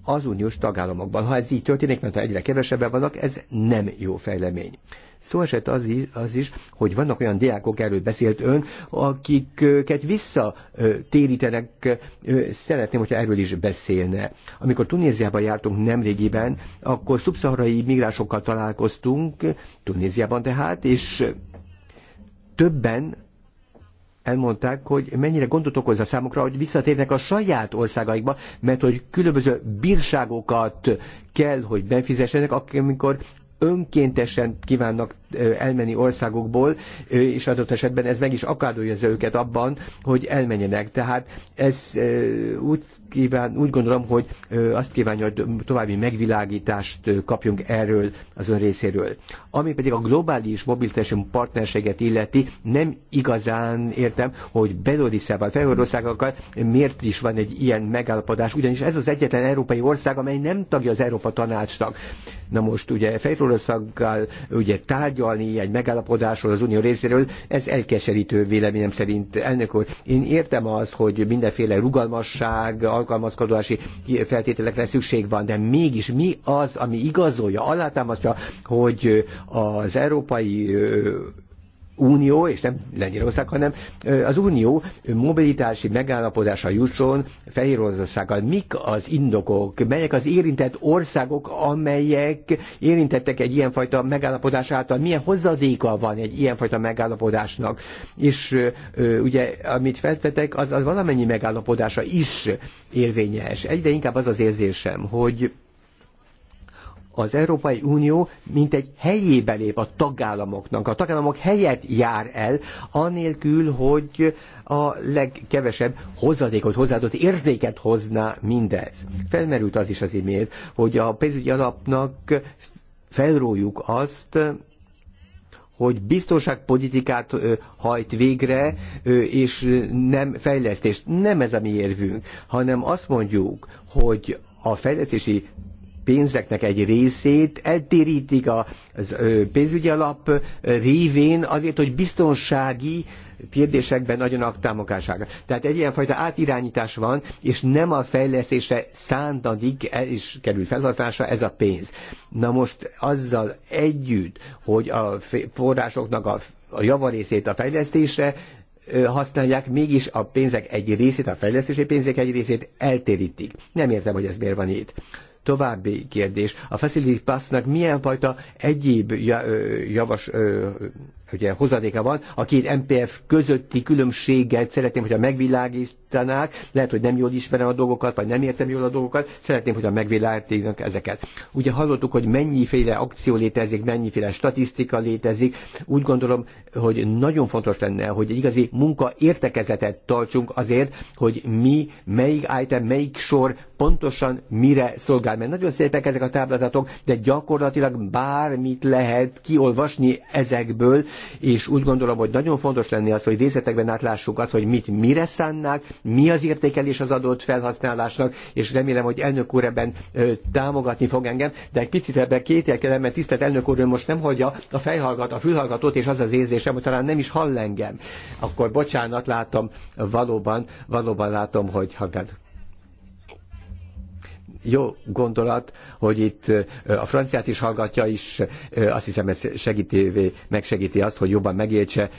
Speaker 1: az uniós tagállamokban. Ha ez így történik, mert ha egyre kevesebben vannak, ez nem jó fejlemény. Szó esett az az is, hogy vannak olyan diákok, erről beszélt ön, akiket visszatérítenek, szeretném, hogyha erről is beszélne. Amikor Tunéziában jártunk nemrégiben, akkor szubszaharai migránsokkal találkoztunk, Tunéziában tehát, és többen elmondták, hogy mennyire gondot okoz a számukra, hogy visszatérnek a saját országaikba, mert hogy különböző bírságokat kell, hogy befizessenek, amikor önkéntesen kívánnak elmenni országokból, és adott esetben ez meg is akadályozza őket abban, hogy elmenjenek. Tehát ez úgy, kíván, úgy gondolom, hogy azt kívánja, hogy további megvilágítást kapjunk erről az ön részéről. Ami pedig a globális mobilitású partnerséget illeti, nem igazán értem, hogy Belorisszával, Fehérországokkal miért is van egy ilyen megállapodás, ugyanis ez az egyetlen európai ország, amely nem tagja az Európa Tanácsnak. Na most ugye Fehér Oroszországgal ugye tárgyalni egy megállapodásról az unió részéről, ez elkeserítő véleményem szerint. Elnök úr, én értem azt, hogy mindenféle rugalmasság, alkalmazkodási feltételekre szükség van, de mégis mi az, ami igazolja, alátámasztja, hogy az európai Unió, és nem Lengyelország, hanem az Unió mobilitási megállapodása jusson Fehéroroszországgal. Mik az indokok, melyek az érintett országok, amelyek érintettek egy ilyenfajta megállapodás által, milyen hozadéka van egy ilyenfajta megállapodásnak, és ugye amit feltetek, az, az valamennyi megállapodása is érvényes. Egyre inkább az az érzésem, hogy az Európai Unió mint egy helyébe lép a tagállamoknak. A tagállamok helyet jár el, anélkül, hogy a legkevesebb hozadékot, hozzáadott értéket hozná mindez. Felmerült az is az imént, hogy a pénzügyi alapnak felrójuk azt, hogy biztonságpolitikát hajt végre, és nem fejlesztést. Nem ez a mi érvünk, hanem azt mondjuk, hogy a fejlesztési pénzeknek egy részét eltérítik a pénzügyi alap révén azért, hogy biztonsági kérdésekben agyanak támogatására. Tehát egy ilyenfajta átirányítás van, és nem a fejlesztésre szántadik e- és kerül felhasználásra ez a pénz. Na most azzal együtt, hogy a forrásoknak a, a javarészét a fejlesztésre használják, mégis a pénzek egy részét, a fejlesztési pénzek egy részét eltérítik. Nem értem, hogy ez miért van itt. További kérdés, a Facility Passnak milyen fajta egyéb javas ugye hozadéka van, a két MPF közötti különbséget szeretném, hogyha megvilágítanák, lehet, hogy nem jól ismerem a dolgokat, vagy nem értem jól a dolgokat, szeretném, hogyha megvilágítanak ezeket. Ugye hallottuk, hogy mennyiféle akció létezik, mennyiféle statisztika létezik, úgy gondolom, hogy nagyon fontos lenne, hogy egy igazi munka értekezetet tartsunk azért, hogy mi, melyik item, melyik sor pontosan mire szolgál. Mert nagyon szépek ezek a táblázatok, de gyakorlatilag bármit lehet kiolvasni ezekből, és úgy gondolom, hogy nagyon fontos lenni az, hogy részletekben átlássuk azt, hogy mit mire szánnák, mi az értékelés az adott felhasználásnak, és remélem, hogy elnök úr ebben ö, támogatni fog engem, de egy picit ebben kételkedem, mert tisztelt elnök úr, most nem hagyja a fejhallgat, a fülhallgatót, és az az érzésem, hogy talán nem is hall engem. Akkor bocsánat, látom, valóban, valóban látom, hogy hagad jó gondolat, hogy itt a franciát is hallgatja, és azt hiszem ez segítévé, megsegíti azt, hogy jobban megértse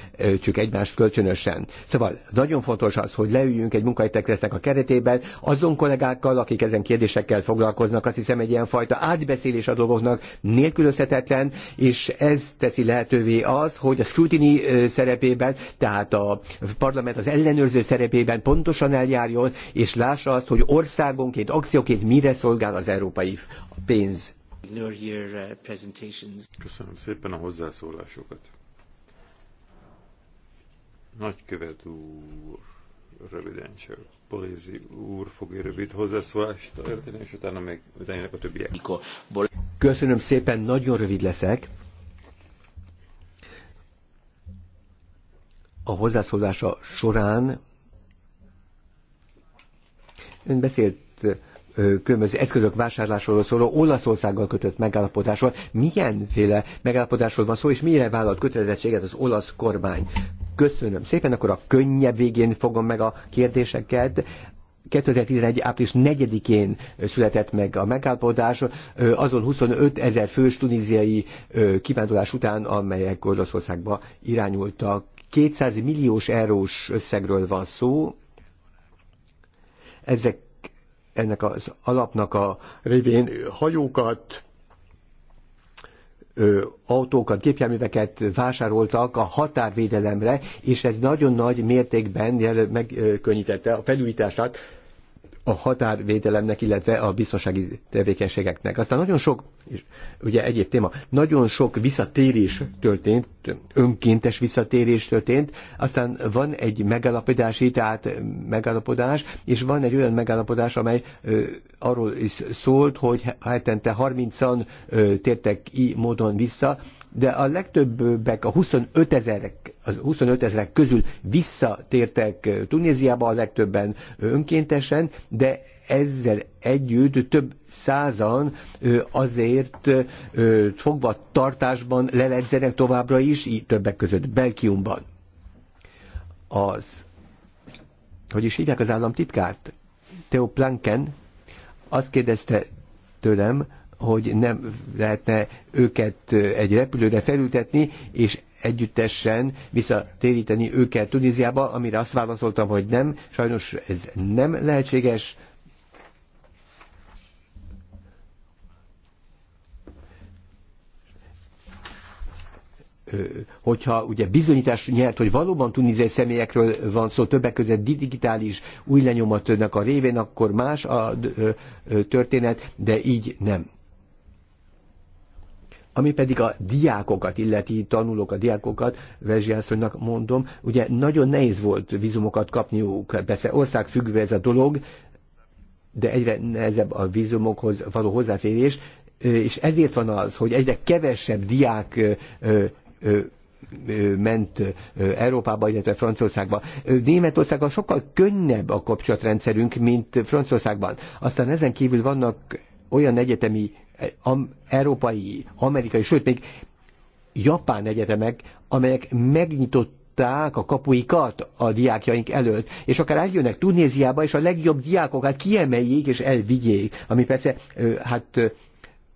Speaker 1: csak egymást kölcsönösen. Szóval nagyon fontos az, hogy leüljünk egy munkahelytekletnek a keretében, azon kollégákkal, akik ezen kérdésekkel foglalkoznak, azt hiszem egy fajta átbeszélés a dolgoknak nélkülözhetetlen, és ez teszi lehetővé az, hogy a scrutiny szerepében, tehát a parlament az ellenőrző szerepében pontosan eljárjon, és lássa azt, hogy országonként, akcióként mire mire szolgál az európai pénz?
Speaker 3: Köszönöm szépen a hozzászólásokat. Nagykövet úr, röviden csak. Polézi úr fogja rövid hozzászólást tartani, és utána még utána a többiek.
Speaker 1: Köszönöm szépen, nagyon rövid leszek. A hozzászólása során ön beszélt különböző eszközök vásárlásáról szóló Olaszországgal kötött megállapodásról. Milyenféle megállapodásról van szó, és mire vállalt kötelezettséget az olasz kormány? Köszönöm szépen, akkor a könnyebb végén fogom meg a kérdéseket. 2011. április 4-én született meg a megállapodás, azon 25 ezer fős tunéziai kivándorlás után, amelyek Olaszországba irányultak. 200 milliós eurós összegről van szó. Ezek ennek az alapnak a révén hajókat, autókat, gépjárműveket vásároltak a határvédelemre, és ez nagyon nagy mértékben megkönnyítette a felújítását a határvédelemnek, illetve a biztonsági tevékenységeknek. Aztán nagyon sok, és ugye egyéb téma, nagyon sok visszatérés történt, önkéntes visszatérés történt, aztán van egy megállapodási, tehát megállapodás, és van egy olyan megállapodás, amely ö, arról is szólt, hogy hetente 30-an tértek így módon vissza, de a legtöbbek a 25 ezerek, az 25 ezerek közül visszatértek Tunéziába a legtöbben önkéntesen, de ezzel együtt több százan azért fogva tartásban leledzenek továbbra is, így többek között Belgiumban. Az, hogy is hívják az államtitkárt? Theo Planken azt kérdezte tőlem, hogy nem lehetne őket egy repülőre felültetni, és együttesen visszatéríteni őket Tunéziába, amire azt válaszoltam, hogy nem, sajnos ez nem lehetséges. hogyha ugye bizonyítás nyert, hogy valóban tunizai személyekről van szó, többek között digitális új lenyomatnak a révén, akkor más a történet, de így nem. Ami pedig a diákokat illeti, tanulók a diákokat, Vezsiászonynak mondom, ugye nagyon nehéz volt vízumokat kapniuk, persze országfüggő ez a dolog, de egyre nehezebb a vízumokhoz való hozzáférés, és ezért van az, hogy egyre kevesebb diák ment Európába, illetve Franciaországba. Németországban sokkal könnyebb a kapcsolatrendszerünk, mint Franciaországban. Aztán ezen kívül vannak olyan egyetemi európai, amerikai, sőt még japán egyetemek, amelyek megnyitott megnyitották a kapuikat a diákjaink előtt, és akár eljönnek Tunéziába, és a legjobb diákokat kiemeljék és elvigyék, ami persze hát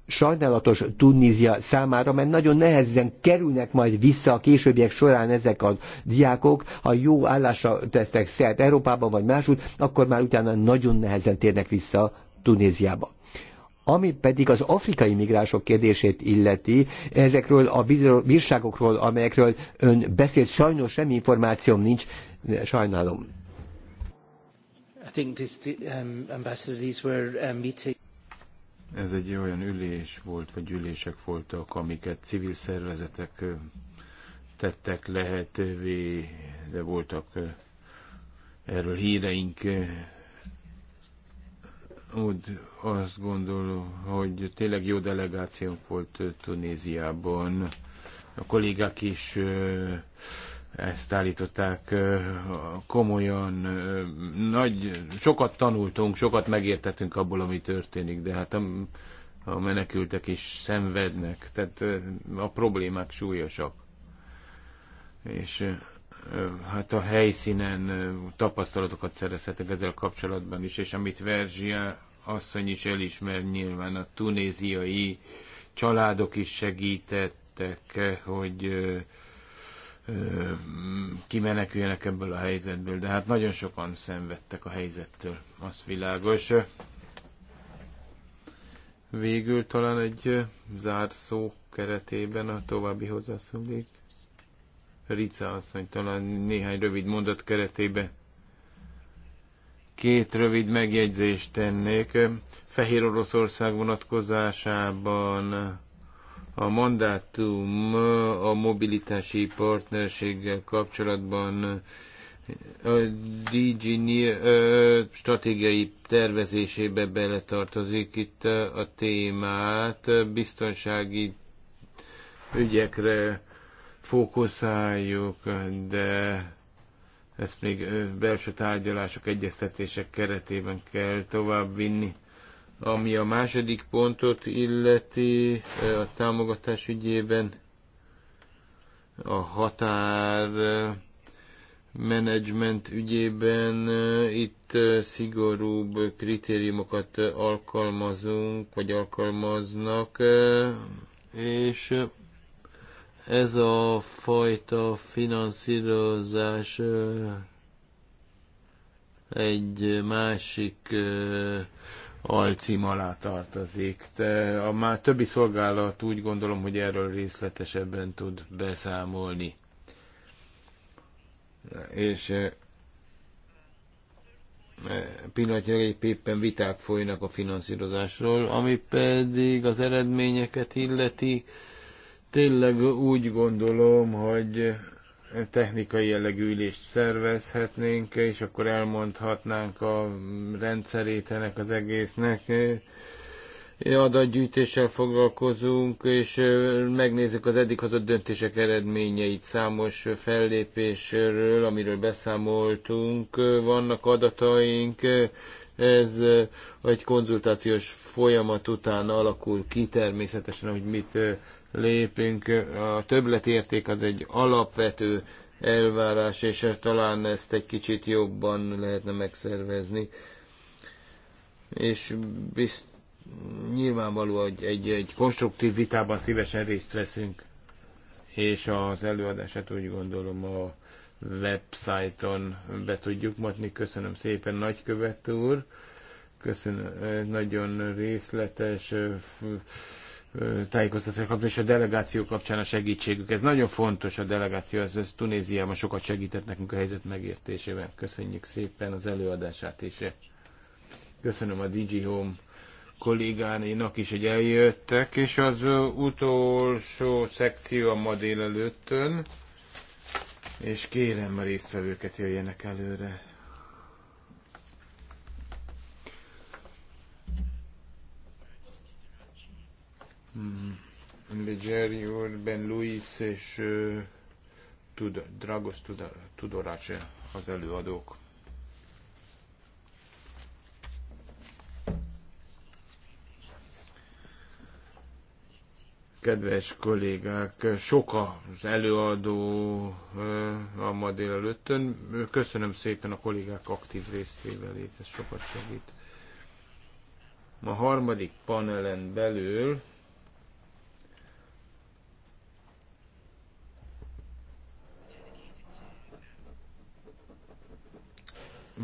Speaker 1: sajnálatos Tunézia számára, mert nagyon nehezen kerülnek majd vissza a későbbiek során ezek a diákok, ha jó állásra tesznek szert Európában vagy máshogy, akkor már utána nagyon nehezen térnek vissza Tunéziába. Ami pedig az afrikai migránsok kérdését illeti, ezekről a bírságokról, amelyekről ön beszélt, sajnos semmi információm nincs, sajnálom. Ez egy olyan ülés
Speaker 2: volt, vagy ülések voltak, amiket civil szervezetek tettek lehetővé, de voltak erről híreink, úgy azt gondolom, hogy tényleg jó delegációnk volt Tunéziában. A kollégák is ezt állították komolyan. Nagy, sokat tanultunk, sokat megértettünk abból, ami történik, de hát a, a menekültek is szenvednek, tehát a problémák súlyosak. És hát a helyszínen tapasztalatokat szerezhetek ezzel kapcsolatban is, és amit Verzsia asszony is elismer, nyilván a tunéziai családok is segítettek, eh, hogy kimeneküljenek ebből a helyzetből, de hát nagyon sokan szenvedtek a helyzettől, az világos. Végül talán egy zárszó keretében a további hozzászólék. Rica asszony talán néhány rövid mondat keretébe két rövid megjegyzést tennék. Fehér Oroszország vonatkozásában a mandátum a mobilitási partnerséggel kapcsolatban a DG stratégiai tervezésébe beletartozik itt a témát, biztonsági ügyekre fókuszáljuk, de ezt még belső tárgyalások, egyeztetések keretében kell tovább vinni. Ami a második pontot illeti a támogatás ügyében, a határ menedzsment ügyében itt szigorúbb kritériumokat alkalmazunk, vagy alkalmaznak, és ez a fajta finanszírozás egy másik alcím alá tartozik. A már többi szolgálat úgy gondolom, hogy erről részletesebben tud beszámolni. És pillanatnyilag egy éppen viták folynak a finanszírozásról, ami pedig az eredményeket illeti, Tényleg úgy gondolom, hogy technikai jellegű ülést szervezhetnénk, és akkor elmondhatnánk a rendszerét ennek az egésznek. Adatgyűjtéssel foglalkozunk, és megnézzük az eddig hozott döntések eredményeit számos fellépésről, amiről beszámoltunk. Vannak adataink, ez egy konzultációs folyamat után alakul ki természetesen, hogy mit lépünk. A többletérték az egy alapvető elvárás, és talán ezt egy kicsit jobban lehetne megszervezni. És bizt, nyilvánvaló, hogy egy, egy konstruktív vitában szívesen részt veszünk, és az előadását úgy gondolom a websájton be tudjuk matni. Köszönöm szépen, nagykövet úr! Köszönöm, nagyon részletes tájékoztatásra kapcsolatban, és a delegáció kapcsán a segítségük. Ez nagyon fontos a delegáció, ez, ez Tunéziában sokat segített nekünk a helyzet megértésében. Köszönjük szépen az előadását, és köszönöm a Digi Home kollégáinak is, hogy eljöttek, és az utolsó szekció a ma délelőttön, és kérem a résztvevőket jöjjenek előre. Hmm. Legeri úr, Ben Luis és Tud Dragos Tudorace az előadók. Kedves kollégák, sok az előadó a ma délelőttön. Köszönöm szépen a kollégák aktív résztvételét, ez sokat segít. A harmadik panelen belül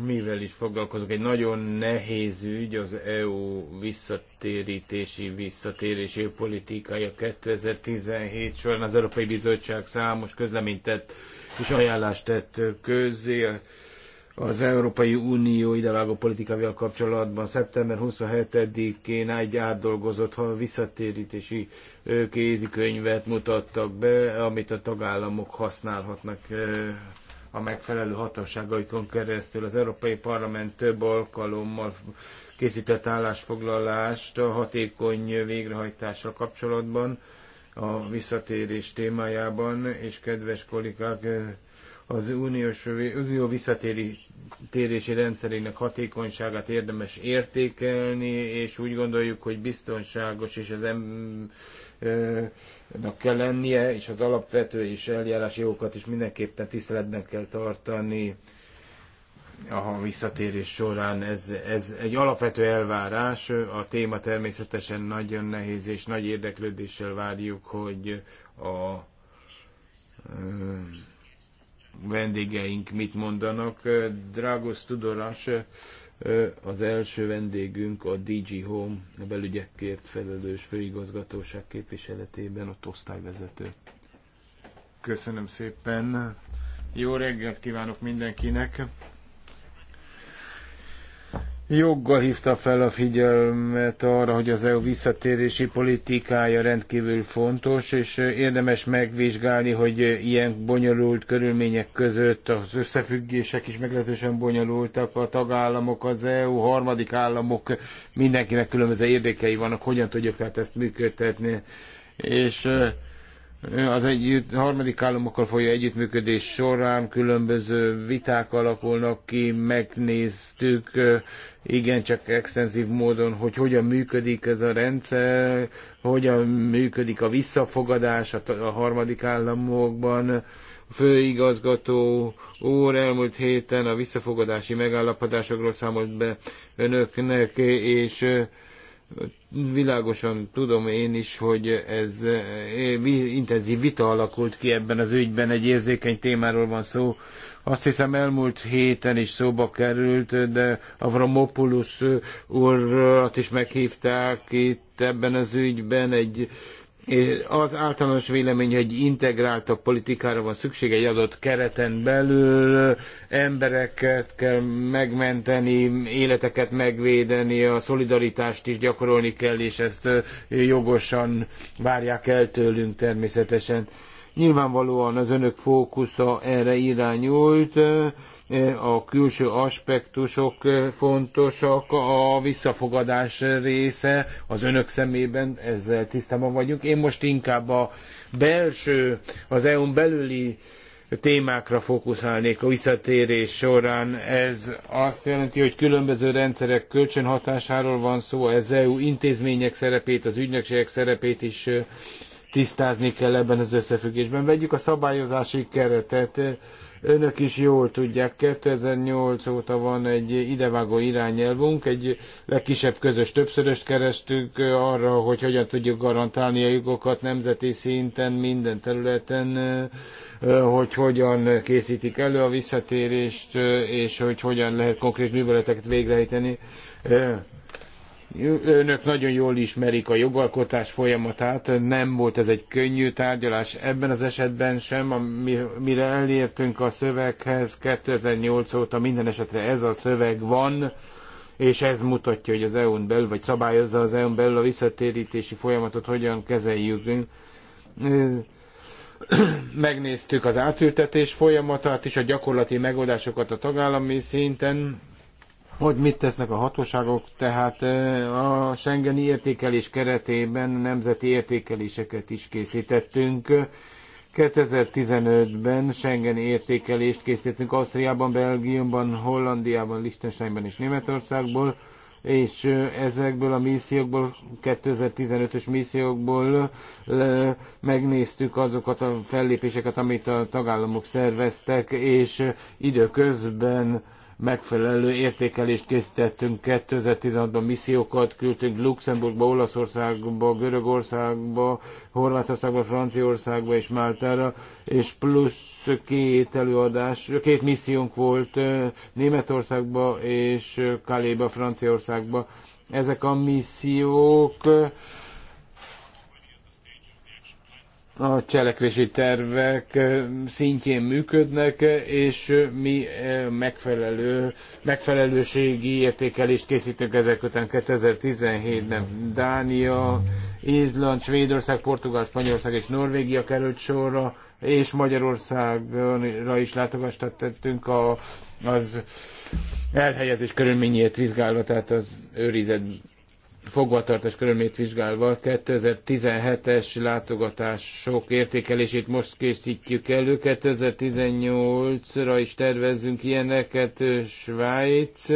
Speaker 2: mivel is foglalkozok Egy nagyon nehéz ügy az EU visszatérítési, visszatérési politikája 2017 során az Európai Bizottság számos közleményt tett és ajánlást tett közzé az Európai Unió idevágó politikával kapcsolatban szeptember 27-én egy átdolgozott ha visszatérítési kézikönyvet mutattak be, amit a tagállamok használhatnak a megfelelő hatóságaikon keresztül. Az Európai Parlament több alkalommal készített állásfoglalást a hatékony végrehajtásra kapcsolatban, a visszatérés témájában, és kedves kollégák, az uniós, unió visszatérési rendszerének hatékonyságát érdemes értékelni, és úgy gondoljuk, hogy biztonságos és az em, kell lennie, és az alapvető és eljárási jogokat is mindenképpen tiszteletben kell tartani a visszatérés során. Ez, ez egy alapvető elvárás. A téma természetesen nagyon nehéz, és nagy érdeklődéssel várjuk, hogy a vendégeink mit mondanak. Dragos Tudoras az első vendégünk a DG Home, a belügyekért felelős főigazgatóság képviseletében a osztályvezető. Köszönöm szépen. Jó reggelt kívánok mindenkinek joggal hívta fel a figyelmet arra, hogy az EU visszatérési politikája rendkívül fontos, és érdemes megvizsgálni, hogy ilyen bonyolult körülmények között az összefüggések is meglehetősen bonyolultak, a tagállamok, az EU, harmadik államok, mindenkinek különböző érdekei vannak, hogyan tudjuk tehát ezt működtetni. És az együtt, harmadik államokkal folyó együttműködés során különböző viták alakulnak ki, megnéztük igen csak extenzív módon, hogy hogyan működik ez a rendszer, hogyan működik a visszafogadás a harmadik államokban, főigazgató úr elmúlt héten a visszafogadási megállapodásokról számolt be önöknek, és Világosan tudom én is, hogy ez eh, intenzív vita alakult ki ebben az ügyben, egy érzékeny témáról van szó. Azt hiszem elmúlt héten is szóba került, de Avramopoulos eh, urat is meghívták itt ebben az ügyben, egy az általános vélemény, hogy integráltabb politikára van szükség egy adott kereten belül, embereket kell megmenteni, életeket megvédeni, a szolidaritást is gyakorolni kell, és ezt jogosan várják el tőlünk természetesen. Nyilvánvalóan az önök fókusza erre irányult, a külső aspektusok eh, fontosak, a visszafogadás része az önök szemében, ezzel tisztában vagyunk. Én most inkább a belső, az EU-n belüli témákra fókuszálnék a visszatérés során. Ez azt jelenti, hogy különböző rendszerek kölcsönhatásáról van szó, ez EU intézmények szerepét, az ügynökségek szerepét is eh, tisztázni kell ebben az összefüggésben. Vegyük a szabályozási keretet. Önök is jól tudják, 2008 óta van egy idevágó irányelvünk, egy legkisebb közös többszöröst keresztük arra, hogy hogyan tudjuk garantálni a jogokat nemzeti szinten, minden területen, hogy hogyan készítik elő a visszatérést, és hogy hogyan lehet konkrét műveleteket végrehajtani Önök nagyon jól ismerik a jogalkotás folyamatát, nem volt ez egy könnyű tárgyalás ebben az esetben sem, mire elértünk a szöveghez 2008 óta minden esetre ez a szöveg van, és ez mutatja, hogy az EU-n belül, vagy szabályozza az EU-n belül a visszatérítési folyamatot, hogyan kezeljük. Megnéztük az átültetés folyamatát is, a gyakorlati megoldásokat a tagállami szinten, hogy mit tesznek a hatóságok, tehát eh, a Schengeni értékelés keretében nemzeti értékeléseket is készítettünk. 2015-ben Schengen értékelést készítettünk Ausztriában, Belgiumban, Hollandiában, Liechtensteinben és Németországból, és eh, ezekből a missziókból, 2015-ös missziókból eh, megnéztük azokat a fellépéseket, amit a tagállamok szerveztek, és időközben megfelelő értékelést készítettünk. 2016-ban missziókat küldtünk Luxemburgba, Olaszországba, Görögországba, Horvátországba, Franciaországba és Máltára, és plusz két előadás, két missziónk volt Németországba és Kaléba, Franciaországba. Ezek a missziók a cselekvési tervek szintjén működnek, és mi megfelelő, megfelelőségi értékelést készítünk ezek után 2017-ben. Dánia, Izland, Svédország, Portugál, Spanyolország és Norvégia került sorra, és Magyarországra is látogatást tettünk a, az elhelyezés körülményét vizsgálva, tehát az őrizet fogvatartás körülményt vizsgálva 2017-es látogatások értékelését most készítjük elő, 2018-ra is tervezünk ilyeneket Svájc,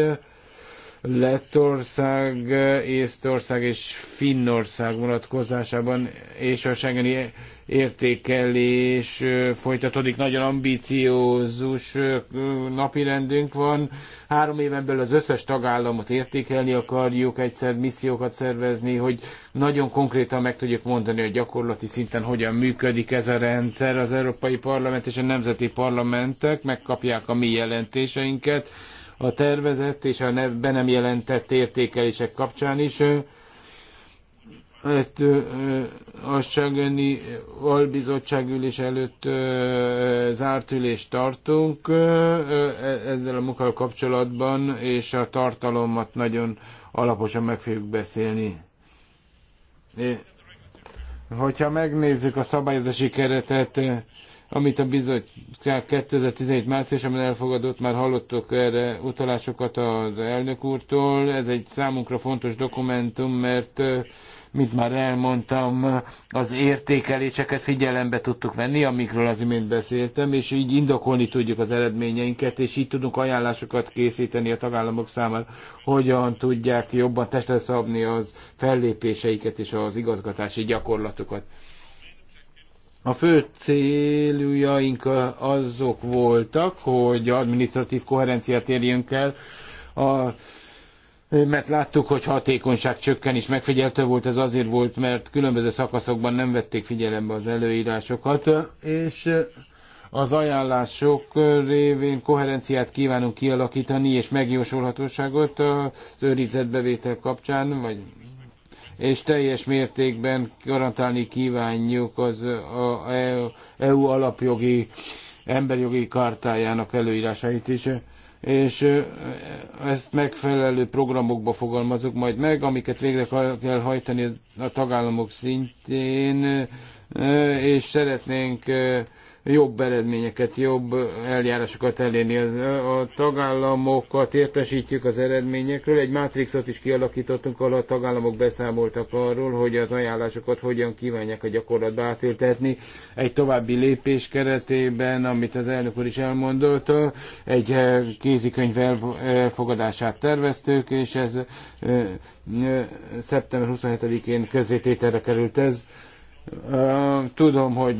Speaker 2: Lettország, Észtország és Finnország vonatkozásában, és a Schengeni értékelés folytatódik, nagyon ambiciózus napirendünk van. Három éven belül az összes tagállamot értékelni akarjuk, egyszer missziókat szervezni, hogy nagyon konkrétan meg tudjuk mondani, hogy gyakorlati szinten hogyan működik ez a rendszer. Az Európai Parlament és a Nemzeti Parlamentek megkapják a mi jelentéseinket, a tervezett és a be nem jelentett értékelések kapcsán is. Ezt a Sagöni Albizottság ülés előtt zárt ülést tartunk e- ezzel a munkával kapcsolatban, és a tartalomat nagyon alaposan meg fogjuk beszélni. Hogyha megnézzük a szabályozási keretet, amit a bizottság 2017 márciusában elfogadott, már hallottok erre utalásokat az elnök úrtól. Ez egy számunkra fontos dokumentum, mert mint már elmondtam, az értékeléseket figyelembe tudtuk venni, amikről az imént beszéltem, és így indokolni tudjuk az eredményeinket, és így tudunk ajánlásokat készíteni a tagállamok számára, hogyan tudják jobban testre szabni az fellépéseiket és az igazgatási gyakorlatokat. A fő céljaink azok voltak, hogy administratív koherenciát érjünk el, a, mert láttuk, hogy hatékonyság csökken is megfigyelte volt, ez azért volt, mert különböző szakaszokban nem vették figyelembe az előírásokat, és az ajánlások révén koherenciát kívánunk kialakítani, és megjósolhatóságot az őrizetbevétel kapcsán, vagy és teljes mértékben garantálni kívánjuk az a EU alapjogi emberjogi kártájának előírásait is és ezt megfelelő programokba fogalmazok majd meg, amiket végre kell hajtani a tagállamok szintén és szeretnénk jobb eredményeket, jobb eljárásokat elérni. A tagállamokat értesítjük az eredményekről. Egy mátrixot is kialakítottunk, ahol a tagállamok beszámoltak arról, hogy az ajánlásokat hogyan kívánják a gyakorlatba átültetni. Egy további lépés keretében, amit az elnök úr is elmondott, egy kézikönyv elfogadását terveztük, és ez szeptember 27-én közzétételre került ez Tudom, hogy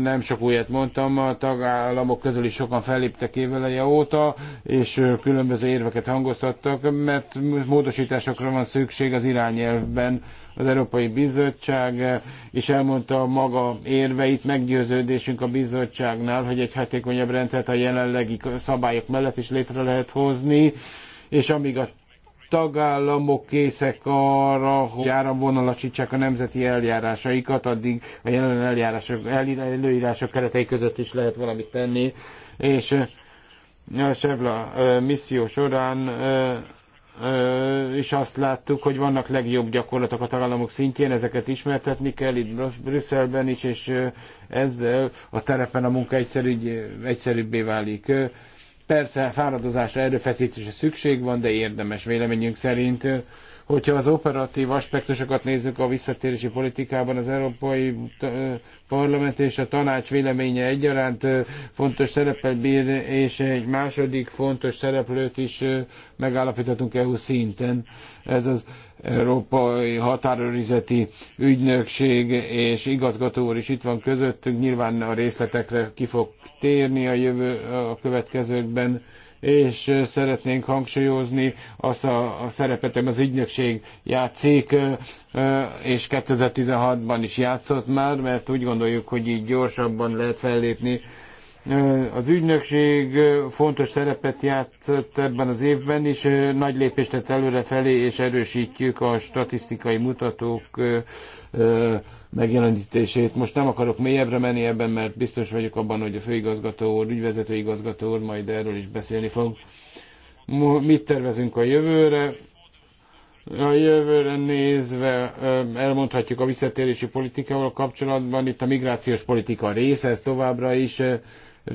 Speaker 2: nem sok újat mondtam, a tagállamok közül is sokan felléptek éveleje óta, és különböző érveket hangoztattak, mert módosításokra van szükség az irányelvben. Az Európai Bizottság és elmondta a maga érveit, meggyőződésünk a bizottságnál, hogy egy hatékonyabb rendszert a jelenlegi szabályok mellett is létre lehet hozni, és amíg a tagállamok készek arra, hogy áramvonalasítsák a nemzeti eljárásaikat, addig a jelen eljárások, előírások keretei között is lehet valamit tenni, és a Sevla misszió során és azt láttuk, hogy vannak legjobb gyakorlatok a tagállamok szintjén, ezeket ismertetni kell itt Brüsszelben is, és ezzel a terepen a munka egyszerű, egyszerűbbé válik. Persze fáradozásra, erőfeszítésre szükség van, de érdemes véleményünk szerint. Hogyha az operatív aspektusokat nézzük a visszatérési politikában, az Európai eh, Parlament és a Tanács véleménye egyaránt eh, fontos szerepel bír, és egy második fontos szereplőt is eh, megállapíthatunk EU szinten. Ez az Európai Határőrizeti Ügynökség és igazgató úr is itt van közöttünk, nyilván a részletekre ki fog térni a jövő a következőkben és szeretnénk hangsúlyozni azt a, a szerepet, az ügynökség játszik, és 2016-ban is játszott már, mert úgy gondoljuk, hogy így gyorsabban lehet fellépni az ügynökség fontos szerepet játszott ebben az évben, is nagy lépést tett előrefelé, és erősítjük a statisztikai mutatók megjelenítését. Most nem akarok mélyebbre menni ebben, mert biztos vagyok abban, hogy a főigazgató úr, ügyvezető igazgató úr majd erről is beszélni fog. Mit tervezünk a jövőre? A jövőre nézve elmondhatjuk a visszatérési politikával kapcsolatban, itt a migrációs politika része, ez továbbra is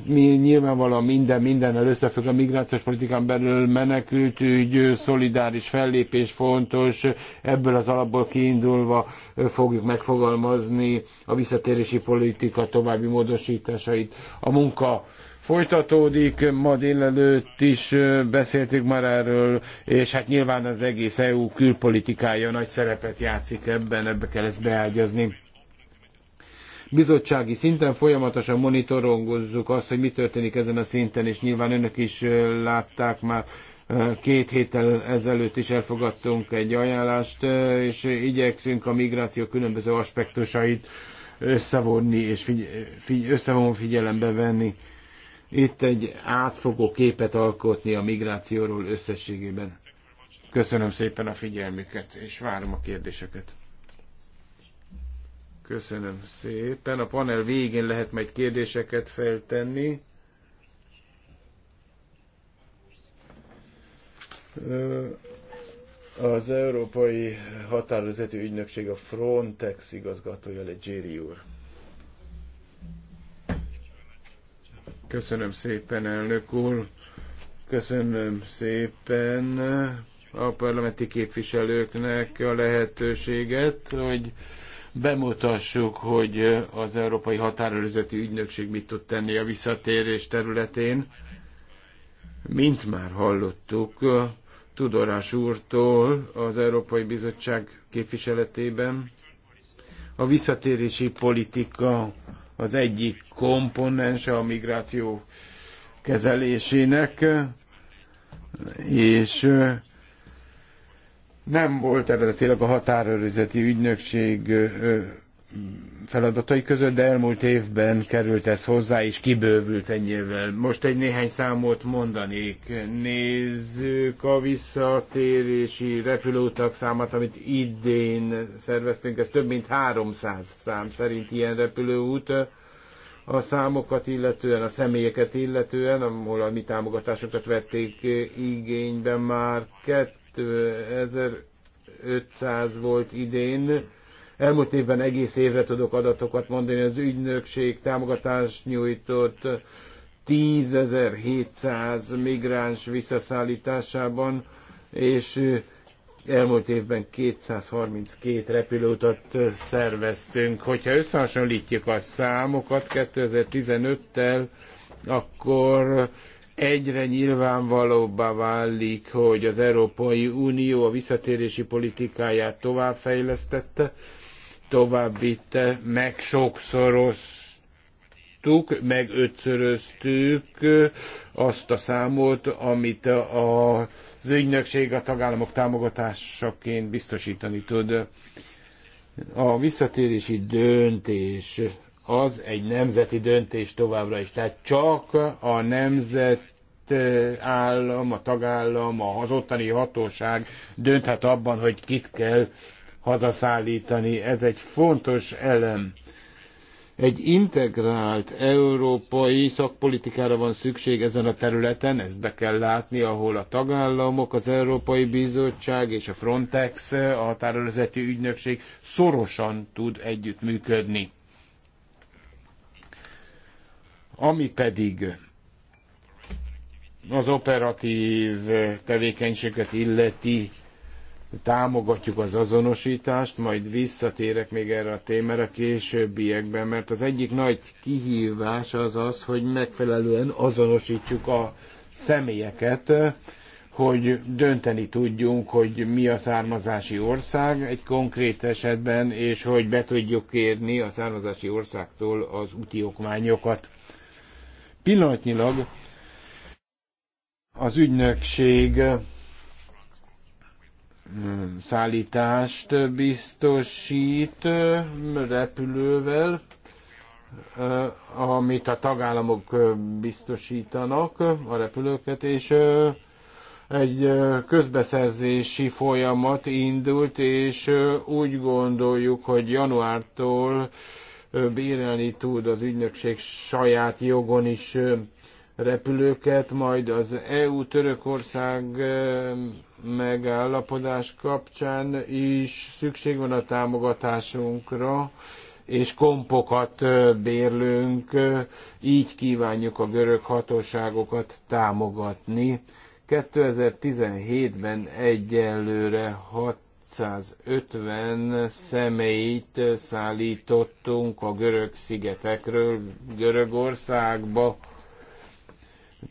Speaker 2: mi nyilvánvalóan minden mindennel összefügg a migrációs politikán belül menekült ügy, szolidáris fellépés fontos, ebből az alapból kiindulva fogjuk megfogalmazni a visszatérési politika további módosításait. A munka folytatódik, ma délelőtt is beszéltük már erről, és hát nyilván az egész EU külpolitikája nagy szerepet játszik ebben, ebbe kell ezt beágyazni bizottsági szinten folyamatosan monitorozzuk azt, hogy mi történik ezen a szinten, és nyilván önök is látták már, két héttel ezelőtt is elfogadtunk egy ajánlást, és igyekszünk a migráció különböző aspektusait összevonni és figy- figy- összevon figyelembe venni. Itt egy átfogó képet alkotni a migrációról összességében. Köszönöm szépen a figyelmüket, és várom a kérdéseket. Köszönöm szépen. A panel végén lehet majd kérdéseket feltenni. Az Európai Határozati Ügynökség a Frontex igazgatója Legéri úr. Köszönöm szépen, elnök úr. Köszönöm szépen a parlamenti képviselőknek a lehetőséget, hogy bemutassuk, hogy az Európai határőrzeti Ügynökség mit tud tenni a visszatérés területén. Mint már hallottuk Tudorás úrtól az Európai Bizottság képviseletében, a visszatérési politika az egyik komponense a migráció kezelésének, és nem volt eredetileg a határőrizeti ügynökség feladatai között, de elmúlt évben került ez hozzá, és kibővült ennyivel. Most egy néhány számot mondanék. Nézzük a visszatérési repülőtak számát, amit idén szerveztünk, ez több mint 300 szám szerint ilyen repülőút. A számokat illetően, a személyeket illetően, ahol a mi támogatásokat vették igénybe már 2500 volt idén. Elmúlt évben egész évre tudok adatokat mondani, az ügynökség támogatást nyújtott 10.700 migráns visszaszállításában, és elmúlt évben 232 repülőutat szerveztünk. Hogyha összehasonlítjuk a számokat 2015-tel, akkor egyre nyilvánvalóbbá válik, hogy az Európai Unió a visszatérési politikáját továbbfejlesztette, továbbitte, meg sokszoroztuk, meg ötszöröztük azt a számot, amit az ügynökség a tagállamok támogatásaként biztosítani tud. A visszatérési döntés az egy nemzeti döntés továbbra is. Tehát csak a nemzet állam, a tagállam, az ottani hatóság dönthet abban, hogy kit kell hazaszállítani. Ez egy fontos elem. Egy integrált európai szakpolitikára van szükség ezen a területen, ezt be kell látni, ahol a tagállamok, az Európai Bizottság és a Frontex, a határőrzeti ügynökség szorosan tud együttműködni. Ami pedig az operatív tevékenységet illeti, támogatjuk az azonosítást, majd visszatérek még erre a témára későbbiekben, mert az egyik nagy kihívás az az, hogy megfelelően azonosítsuk a személyeket, hogy dönteni tudjunk, hogy mi a származási ország egy konkrét esetben, és hogy be tudjuk kérni a származási országtól az úti okmányokat. Pillanatnyilag az ügynökség szállítást biztosít repülővel, amit a tagállamok biztosítanak, a repülőket, és egy közbeszerzési folyamat indult, és úgy gondoljuk, hogy januártól bírálni tud az ügynökség saját jogon is repülőket, majd az EU-Törökország eh, megállapodás kapcsán is szükség van a támogatásunkra, és kompokat eh, bérlünk, eh, így kívánjuk a görög hatóságokat támogatni. 2017-ben egyelőre 650 személyt szállítottunk a görög szigetekről Görögországba.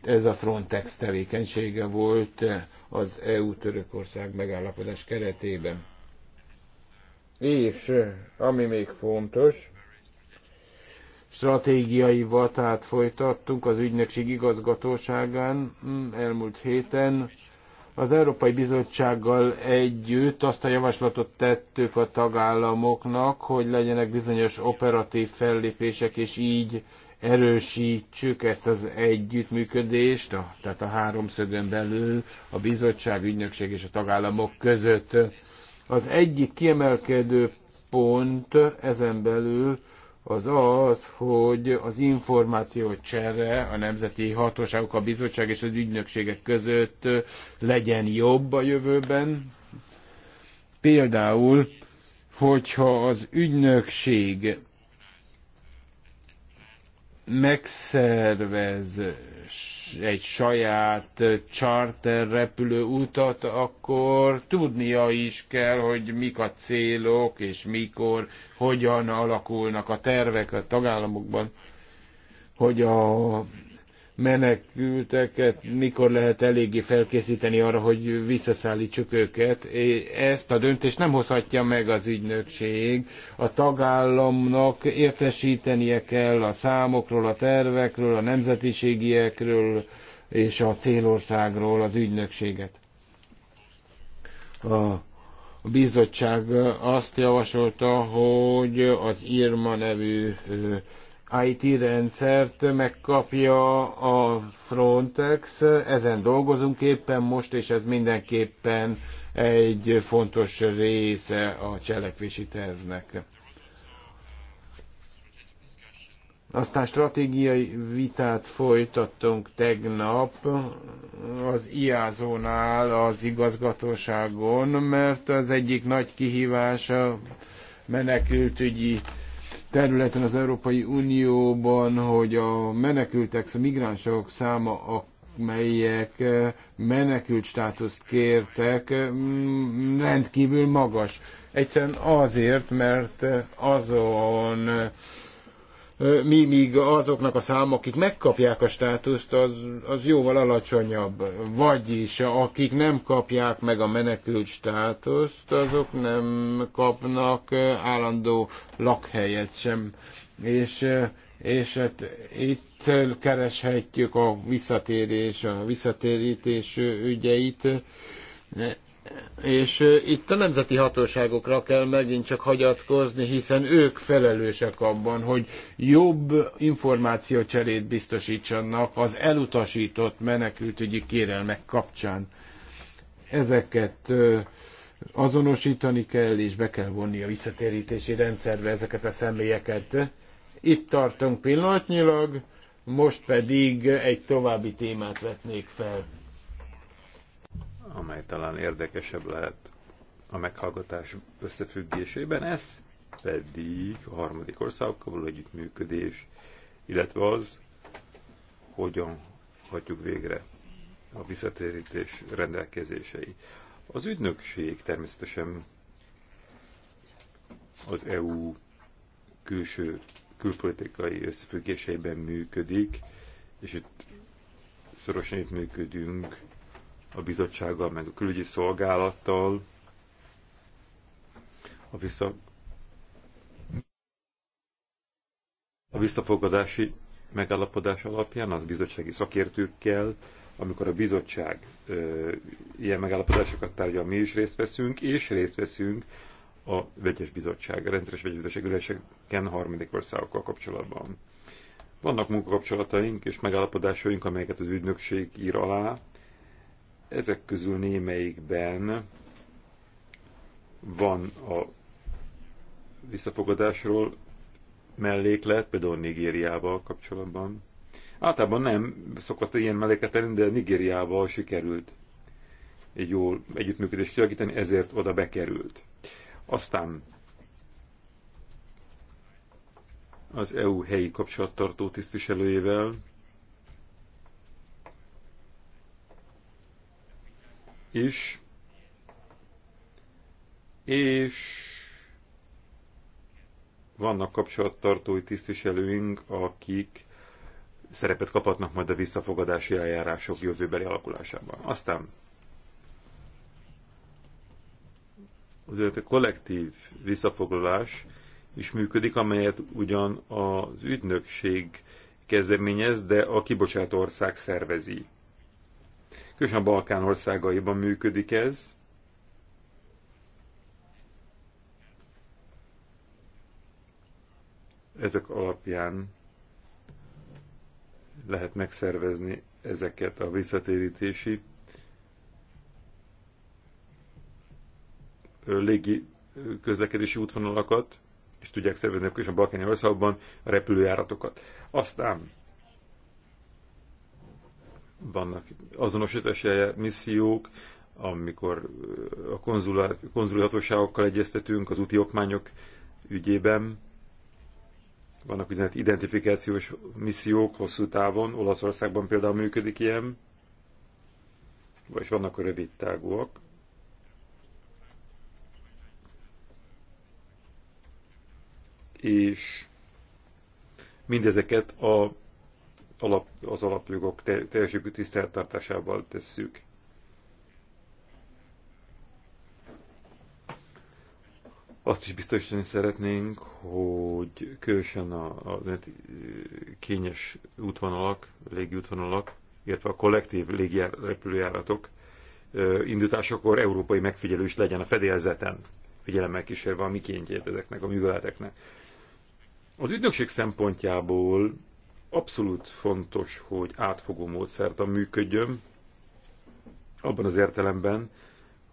Speaker 2: Ez a Frontex tevékenysége volt az EU-Törökország megállapodás keretében. És eh, ami még fontos, stratégiai vatát folytattunk az ügynökség igazgatóságán mm, elmúlt héten. Az Európai Bizottsággal együtt azt a javaslatot tettük a tagállamoknak, hogy legyenek bizonyos operatív fellépések, és így erősítsük ezt az együttműködést, a, tehát a háromszögön belül a bizottság, ügynökség és a tagállamok között. Az egyik kiemelkedő pont ezen belül az az, hogy az információ csere a nemzeti hatóságok, a bizottság és az ügynökségek között legyen jobb a jövőben. Például, hogyha az ügynökség megszervez egy saját charter repülő utat, akkor tudnia is kell, hogy mik a célok, és mikor, hogyan alakulnak a tervek a tagállamokban, hogy a menekülteket mikor lehet eléggé felkészíteni arra, hogy visszaszállítsuk őket. Ezt a döntést nem hozhatja meg az ügynökség. A tagállamnak értesítenie kell a számokról, a tervekről, a nemzetiségiekről és a célországról az ügynökséget. A bizottság azt javasolta, hogy az IRMA nevű IT rendszert megkapja a Frontex, ezen dolgozunk éppen most, és ez mindenképpen egy fontos része a cselekvési tervnek. Aztán stratégiai vitát folytattunk tegnap az IAZO-nál, az igazgatóságon, mert az egyik nagy kihívás a menekültügyi területen az Európai Unióban, hogy a menekültek, a migránsok száma, amelyek eh, menekült státuszt kértek, eh, mm, rendkívül magas. Egyszerűen azért, mert eh, azon mi míg azoknak a szám, akik megkapják a státuszt, az, az jóval alacsonyabb. Vagyis akik nem kapják meg a menekült státuszt, azok nem kapnak állandó lakhelyet sem. És, és hát itt kereshetjük a visszatérés, a visszatérítés ügyeit és itt a nemzeti hatóságokra kell megint csak hagyatkozni, hiszen ők felelősek abban, hogy jobb információcserét biztosítsanak az elutasított menekültügyi kérelmek kapcsán. Ezeket azonosítani kell, és be kell vonni a visszatérítési rendszerbe ezeket a személyeket. Itt tartunk pillanatnyilag, most pedig egy további
Speaker 3: témát vetnék fel amely talán érdekesebb lehet a meghallgatás összefüggésében, ez pedig a harmadik országokkal való együttműködés, illetve az, hogyan hagyjuk végre a visszatérítés rendelkezései. Az ügynökség természetesen az EU külső külpolitikai összefüggéseiben működik, és itt szorosan itt működünk a bizottsággal, meg a külügyi szolgálattal, a, vissza, a visszafogadási megállapodás alapján, az bizottsági szakértőkkel, amikor a bizottság ö, ilyen megállapodásokat tárgyal, mi is részt veszünk, és részt veszünk a vegyes bizottság, a rendszeres vegyes bizottság üléseken harmadik országokkal kapcsolatban. Vannak munkakapcsolataink és megállapodásaink, amelyeket az ügynökség ír alá, ezek közül némelyikben van a visszafogadásról melléklet, például Nigériával kapcsolatban. Általában nem szokott ilyen melléket lenni, de Nigériával sikerült egy jó együttműködést kialakítani, ezért oda bekerült. Aztán az EU helyi kapcsolattartó tisztviselőjével is, és vannak kapcsolattartói tisztviselőink, akik szerepet kaphatnak majd a visszafogadási eljárások jövőbeli alakulásában. Aztán az a kollektív visszafoglalás is működik, amelyet ugyan az ügynökség kezdeményez, de a kibocsátó ország szervezi. Különösen a Balkán országaiban működik ez. Ezek alapján lehet megszervezni ezeket a visszatérítési légi közlekedési útvonalakat, és tudják szervezni a Balkányi országban a repülőjáratokat. Aztán vannak azonosítási missziók, amikor a konzuli hatóságokkal egyeztetünk az úti okmányok ügyében. Vannak úgynevezett identifikációs missziók hosszú távon, Olaszországban például működik ilyen, vagy vannak a rövid távúak. És mindezeket a alap, az alapjogok teljes jogú tiszteltartásával tesszük. Azt is biztosítani szeretnénk, hogy különösen a, a kényes útvonalak, légi útvonalak, illetve a kollektív légirepülőjáratok indításakor európai megfigyelő is legyen a fedélzeten, figyelemmel kísérve a mikéntjét ezeknek a műveleteknek. Az ügynökség szempontjából Abszolút fontos, hogy átfogó módszertan működjön, abban az értelemben,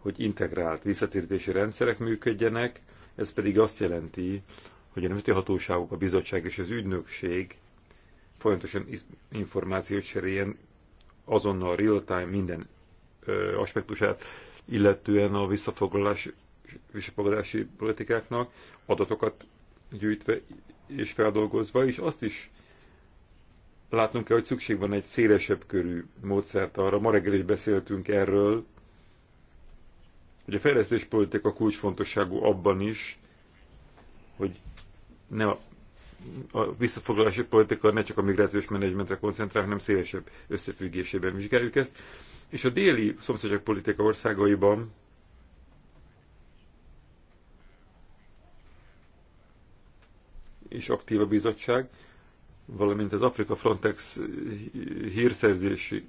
Speaker 3: hogy integrált visszatérítési rendszerek működjenek, ez pedig azt jelenti, hogy a nemzeti hatóságok, a bizottság és az ügynökség folyamatosan információt cseréljen azonnal real-time minden ö, aspektusát, illetően a visszafoglalás, visszafoglalási politikáknak adatokat gyűjtve és feldolgozva, és azt is látnunk kell, hogy szükség van egy szélesebb körű módszert arra. Ma reggel is beszéltünk erről, hogy a fejlesztéspolitika kulcsfontosságú abban is, hogy ne a, a visszafoglalási politika ne csak a migrációs menedzsmentre koncentrál, hanem szélesebb összefüggésében vizsgáljuk ezt. És a déli szomszédság politika országaiban és aktív a bizottság, valamint az Afrika Frontex hírszerzési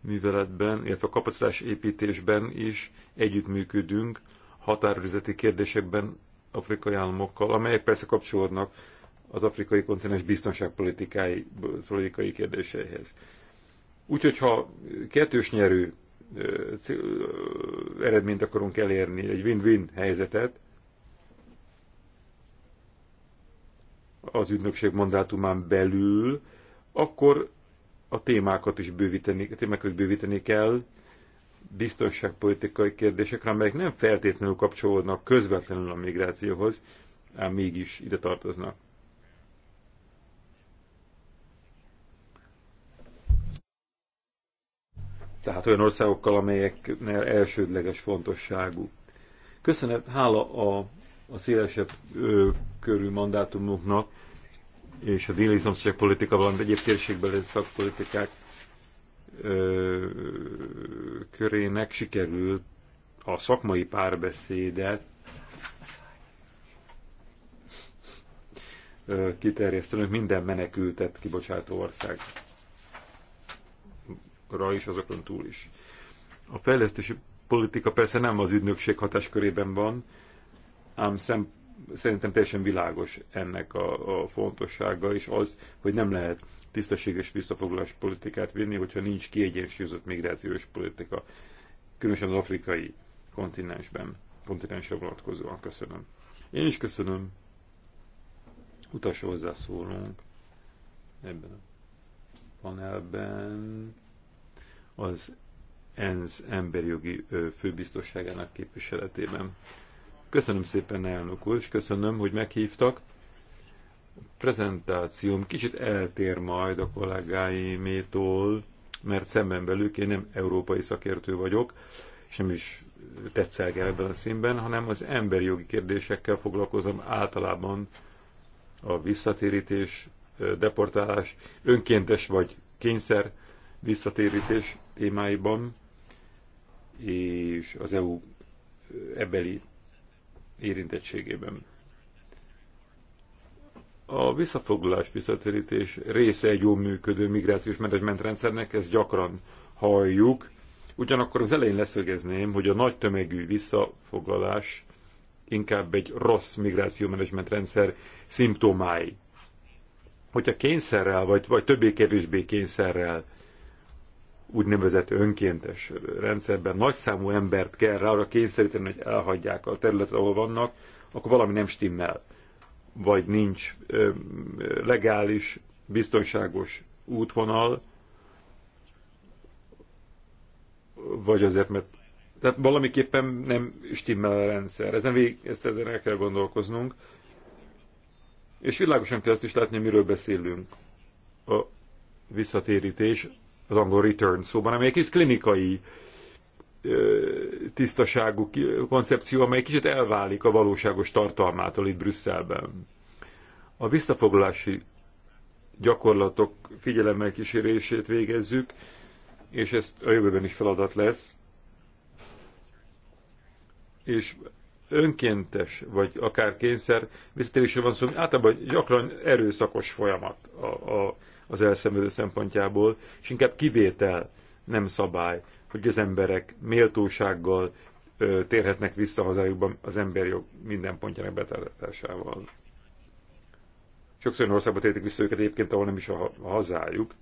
Speaker 3: műveletben, illetve a kapacitás építésben is együttműködünk határőrizeti kérdésekben afrikai államokkal, amelyek persze kapcsolódnak az afrikai kontinens biztonságpolitikai politikai kérdéseihez. Úgyhogy, ha kettős nyerő eredményt akarunk elérni, egy win-win helyzetet, az ügynökség mandátumán belül, akkor a témákat is bővíteni, a témákat bővíteni kell, biztonságpolitikai kérdésekre, amelyek nem feltétlenül kapcsolódnak közvetlenül a migrációhoz, ám mégis ide tartoznak. Tehát olyan országokkal, amelyeknél elsődleges fontosságú. Köszönet, hála a a szélesebb ö, körű mandátumunknak és a déli szomszédság politika, valamint egyéb térségbeli szakpolitikák ö, körének sikerült a szakmai párbeszédet kiterjesztenünk minden menekültet kibocsátó országra is, azokon túl is. A fejlesztési politika persze nem az ügynökség hatáskörében van, ám szem, szerintem teljesen világos ennek a, a fontossága, és az, hogy nem lehet tisztességes visszafoglalás politikát vinni, hogyha nincs kiegyensúlyozott migrációs politika, különösen az afrikai kontinensben, kontinensre vonatkozóan. Köszönöm. Én is köszönöm. Utas hozzászólunk ebben a panelben az ENSZ emberjogi főbiztosságának képviseletében. Köszönöm szépen, elnök úr, és köszönöm, hogy meghívtak. A prezentációm kicsit eltér majd a kollégáimétól, mert szemben velük én nem európai szakértő vagyok, és nem is tetszelgel ebben a színben, hanem az emberi jogi kérdésekkel foglalkozom általában a visszatérítés, deportálás, önkéntes vagy kényszer visszatérítés témáiban, és az EU ebeli érintettségében. A visszafoglalás visszatérítés része egy jól működő migrációs menedzsmentrendszernek, ezt gyakran halljuk. Ugyanakkor az elején leszögezném, hogy a nagy tömegű visszafoglalás inkább egy rossz migrációmenedzsment rendszer szimptomái. Hogyha kényszerrel, vagy, vagy többé-kevésbé kényszerrel úgynevezett önkéntes rendszerben nagyszámú embert kell rá arra kényszeríteni, hogy elhagyják a területet, ahol vannak, akkor valami nem stimmel, vagy nincs ö, legális, biztonságos útvonal, vagy azért, mert tehát valamiképpen nem stimmel a rendszer. Ezen vég, ezt ezen el kell gondolkoznunk. És világosan kell azt is látni, miről beszélünk. A visszatérítés az angol return szóban, amely egy klinikai tisztaságú koncepció, amely kicsit elválik a valóságos tartalmától itt Brüsszelben. A visszafoglalási gyakorlatok figyelemmel kísérését végezzük, és ezt a jövőben is feladat lesz. És önkéntes, vagy akár kényszer visszatérésről van szó, általában gyakran erőszakos folyamat a, a az elszenvedő szempontjából, és inkább kivétel, nem szabály, hogy az emberek méltósággal ö, térhetnek vissza hazájukban az jog minden pontjának betartásával. Sokszor olyan országba tértek vissza őket egyébként, ahol nem is a, a hazájuk.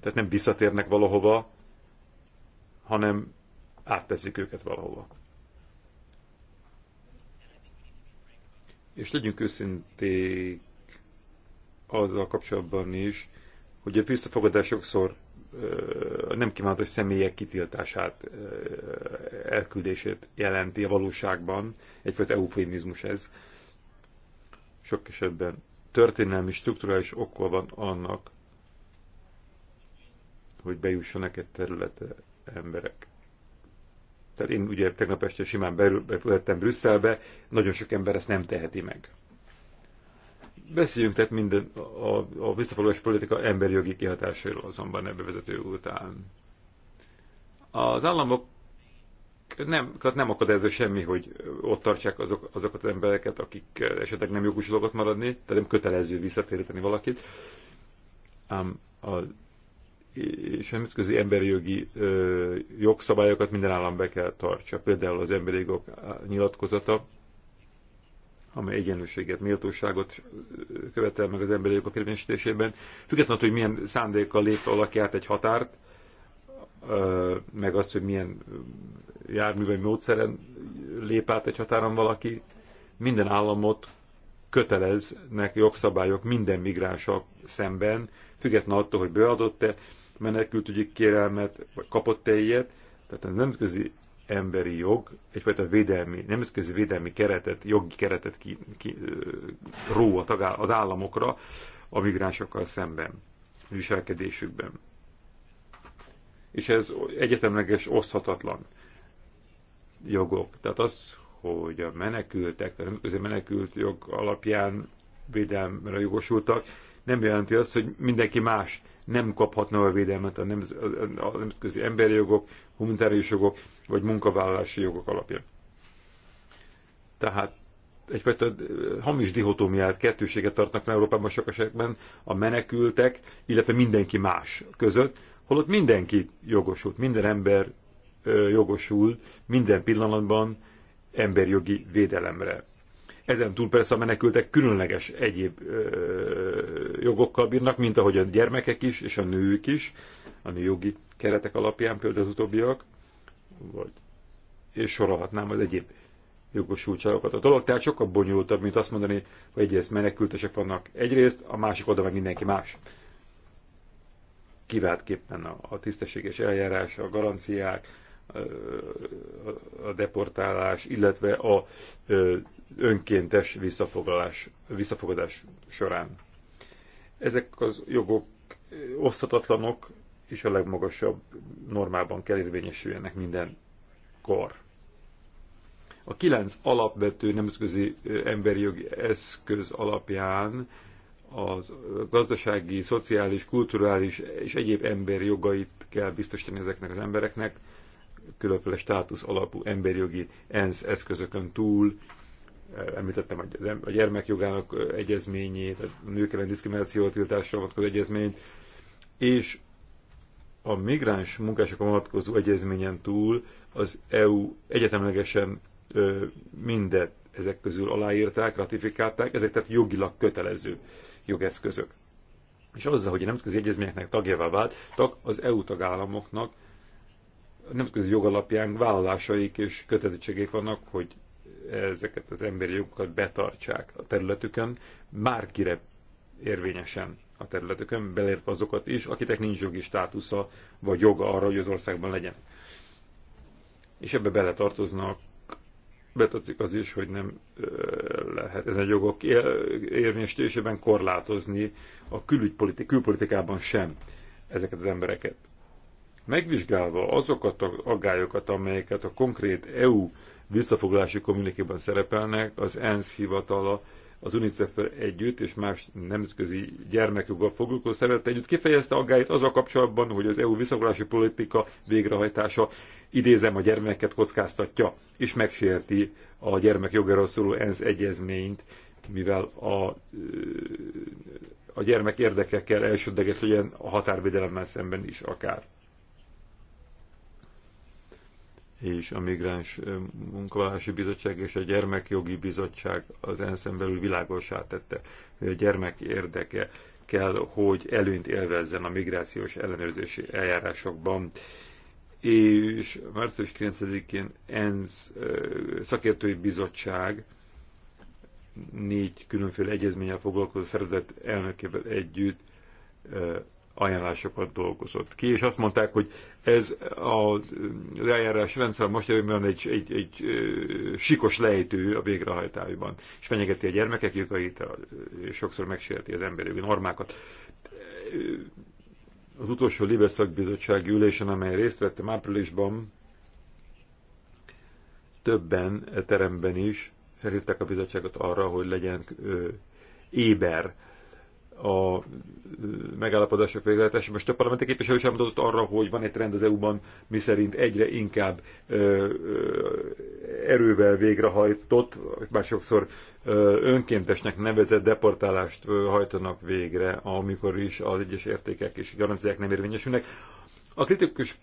Speaker 3: Tehát nem visszatérnek valahova, hanem átteszik őket valahova. És legyünk őszinték, azzal kapcsolatban is, hogy a visszafogadás sokszor nem kívánatos személyek kitiltását, elküldését jelenti a valóságban. Egyfajta eufémizmus ez. Sok esetben történelmi, strukturális okkal van annak, hogy bejussanak egy területe emberek. Tehát én ugye tegnap este simán belettem Brüsszelbe, nagyon sok ember ezt nem teheti meg. Beszéljünk tehát minden a, a visszafoglalási politika emberjogi kihatásairól azonban ebbe vezető után. Az államok nem, nem akad ezzel semmi, hogy ott tartsák azok, azokat az embereket, akik esetleg nem jogosulókat maradni, tehát nem kötelező visszatéríteni valakit. Ám a, és a nemzetközi emberi jogi ö, jogszabályokat minden állam be kell tartsa. Például az emberi jogok nyilatkozata amely egyenlőséget, méltóságot követel meg az emberi jogok érvényesítésében. Függetlenül, hogy milyen szándékkal lép valaki át egy határt, meg az, hogy milyen vagy módszeren lép át egy határon valaki, minden államot köteleznek jogszabályok minden migránsak szemben, függetlenül attól, hogy beadott-e menekültügyi kérelmet, vagy kapott-e ilyet. Tehát a nemzetközi emberi jog egyfajta védelmi, nemzetközi védelmi keretet, jogi keretet ki, ki, ró az államokra a migránsokkal szemben, viselkedésükben. És ez egyetemleges, oszthatatlan jogok. Tehát az, hogy a menekültek, a nemzetközi menekült jog alapján védelmre jogosultak, nem jelenti azt, hogy mindenki más nem kaphatna a védelmet a, nemzetközi emberi jogok, humanitárius jogok vagy munkavállalási jogok alapján. Tehát egyfajta hamis dihotómiát, kettőséget tartnak fel Európában sok esetben a menekültek, illetve mindenki más között, holott mindenki jogosult, minden ember jogosult minden pillanatban emberjogi védelemre. Ezen túl persze a menekültek különleges egyéb ö, jogokkal bírnak, mint ahogy a gyermekek is, és a nők is, a jogi keretek alapján például az utóbbiak, vagy, és sorolhatnám az egyéb jogosultságokat. A dolog tehát sokkal bonyolultabb, mint azt mondani, hogy egyrészt menekültesek vannak egyrészt, a másik oda meg mindenki más. Kiváltképpen a, a tisztességes eljárás, a garanciák, a deportálás, illetve a önkéntes visszafoglalás, visszafogadás során. Ezek az jogok osztatatlanok, és a legmagasabb normában kell érvényesüljenek kor. A kilenc alapvető nemzetközi emberi jogi eszköz alapján a gazdasági, szociális, kulturális és egyéb emberi jogait kell biztosítani ezeknek az embereknek, különféle státusz alapú emberi jogi ENSZ eszközökön túl, említettem a gyermekjogának egyezményét, a nők ellen diszkrimináció tiltásra vonatkozó egyezményt, és a migráns munkásokra vonatkozó egyezményen túl az EU egyetemlegesen mindet ezek közül aláírták, ratifikálták, ezek tehát jogilag kötelező jogeszközök. És azzal, hogy a nemzetközi egyezményeknek tagjává vált, tag az EU tagállamoknak a nemzetközi jogalapján vállalásaik és kötelezettségeik vannak, hogy ezeket az emberi jogokat betartsák a területükön, bárkire érvényesen a területükön, belértve azokat is, akiknek nincs jogi státusza, vagy joga arra, hogy az országban legyen. És ebbe beletartoznak, betartozik az is, hogy nem lehet ezen jogok érvényesítésében korlátozni a külpolitikában sem ezeket az embereket. Megvizsgálva azokat a aggályokat, amelyeket a konkrét EU visszafoglalási kommunikében szerepelnek, az ENSZ hivatala az unicef együtt és más nemzetközi gyermekjoggal foglalkozó szervezet együtt kifejezte aggályt azzal kapcsolatban, hogy az EU visszafoglalási politika végrehajtása idézem a gyermeket kockáztatja és megsérti a gyermekjogáról szóló ENSZ egyezményt, mivel a, a gyermek érdekekkel elsődleges legyen a határvédelemmel szemben is akár és a Migráns Munkavállalási Bizottság és a Gyermekjogi Bizottság az ensz belül világosá tette, hogy a gyermek érdeke kell, hogy előnyt élvezzen a migrációs ellenőrzési eljárásokban. És március 9-én ENSZ szakértői bizottság négy különféle egyezménnyel foglalkozó szervezet elnökével együtt ajánlásokat dolgozott ki, és azt mondták, hogy ez a, az eljárás rendszer most jövőben egy, egy, egy sikos lejtő a végrehajtásban, és fenyegeti a gyermekek jogait, és sokszor megsérti az emberi normákat. Az utolsó Libeszak bizottság ülésen, amely részt vettem áprilisban, többen e teremben is felhívták a bizottságot arra, hogy legyen ö, éber a megállapodások végletesen. Most a parlamenti képviselő sem mutatott arra, hogy van egy trend az EU-ban, miszerint egyre inkább ö, ö, erővel végrehajtott, már sokszor ö, önkéntesnek nevezett deportálást ö, hajtanak végre, amikor is az egyes értékek és garanciák nem érvényesülnek. A kritikus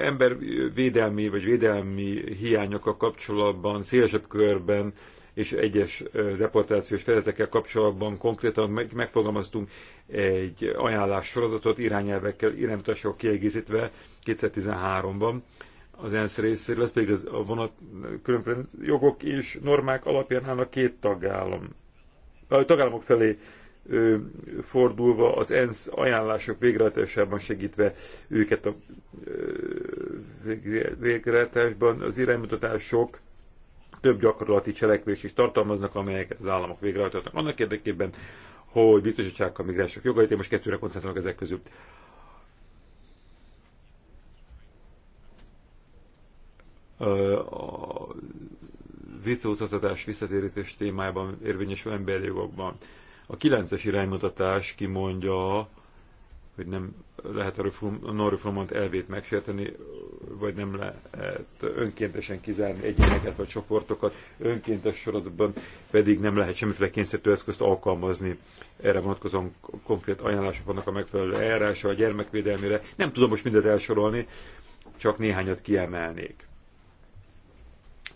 Speaker 3: embervédelmi vagy védelmi hiányokkal kapcsolatban szélesebb körben és egyes deportációs fedetekkel kapcsolatban konkrétan meg, megfogalmaztunk egy ajánlás sorozatot irányelvekkel, irányutasok kiegészítve 2013-ban az ENSZ részéről, ez pedig az, a vonat különböző jogok és normák alapján állnak két tagállam. A tagállamok felé ö, fordulva az ENSZ ajánlások végrehajtásában segítve őket a végrehajtásban, az iránymutatások több gyakorlati cselekvés is tartalmaznak, amelyeket az államok végrehajtottak annak érdekében, hogy biztosítsák a migránsok jogait. Én most kettőre koncentrálok ezek közül. A visszautaztatás visszatérítés témájában érvényesül emberi jogokban. A kilences iránymutatás kimondja, hogy nem lehet a non-reformant elvét megsérteni, vagy nem lehet önkéntesen kizárni egyéneket vagy csoportokat, önkéntes sorozatban pedig nem lehet semmiféle kényszerítő eszközt alkalmazni. Erre vonatkozóan konkrét ajánlások vannak a megfelelő eljárása, a gyermekvédelmére. Nem tudom most mindet elsorolni, csak néhányat kiemelnék.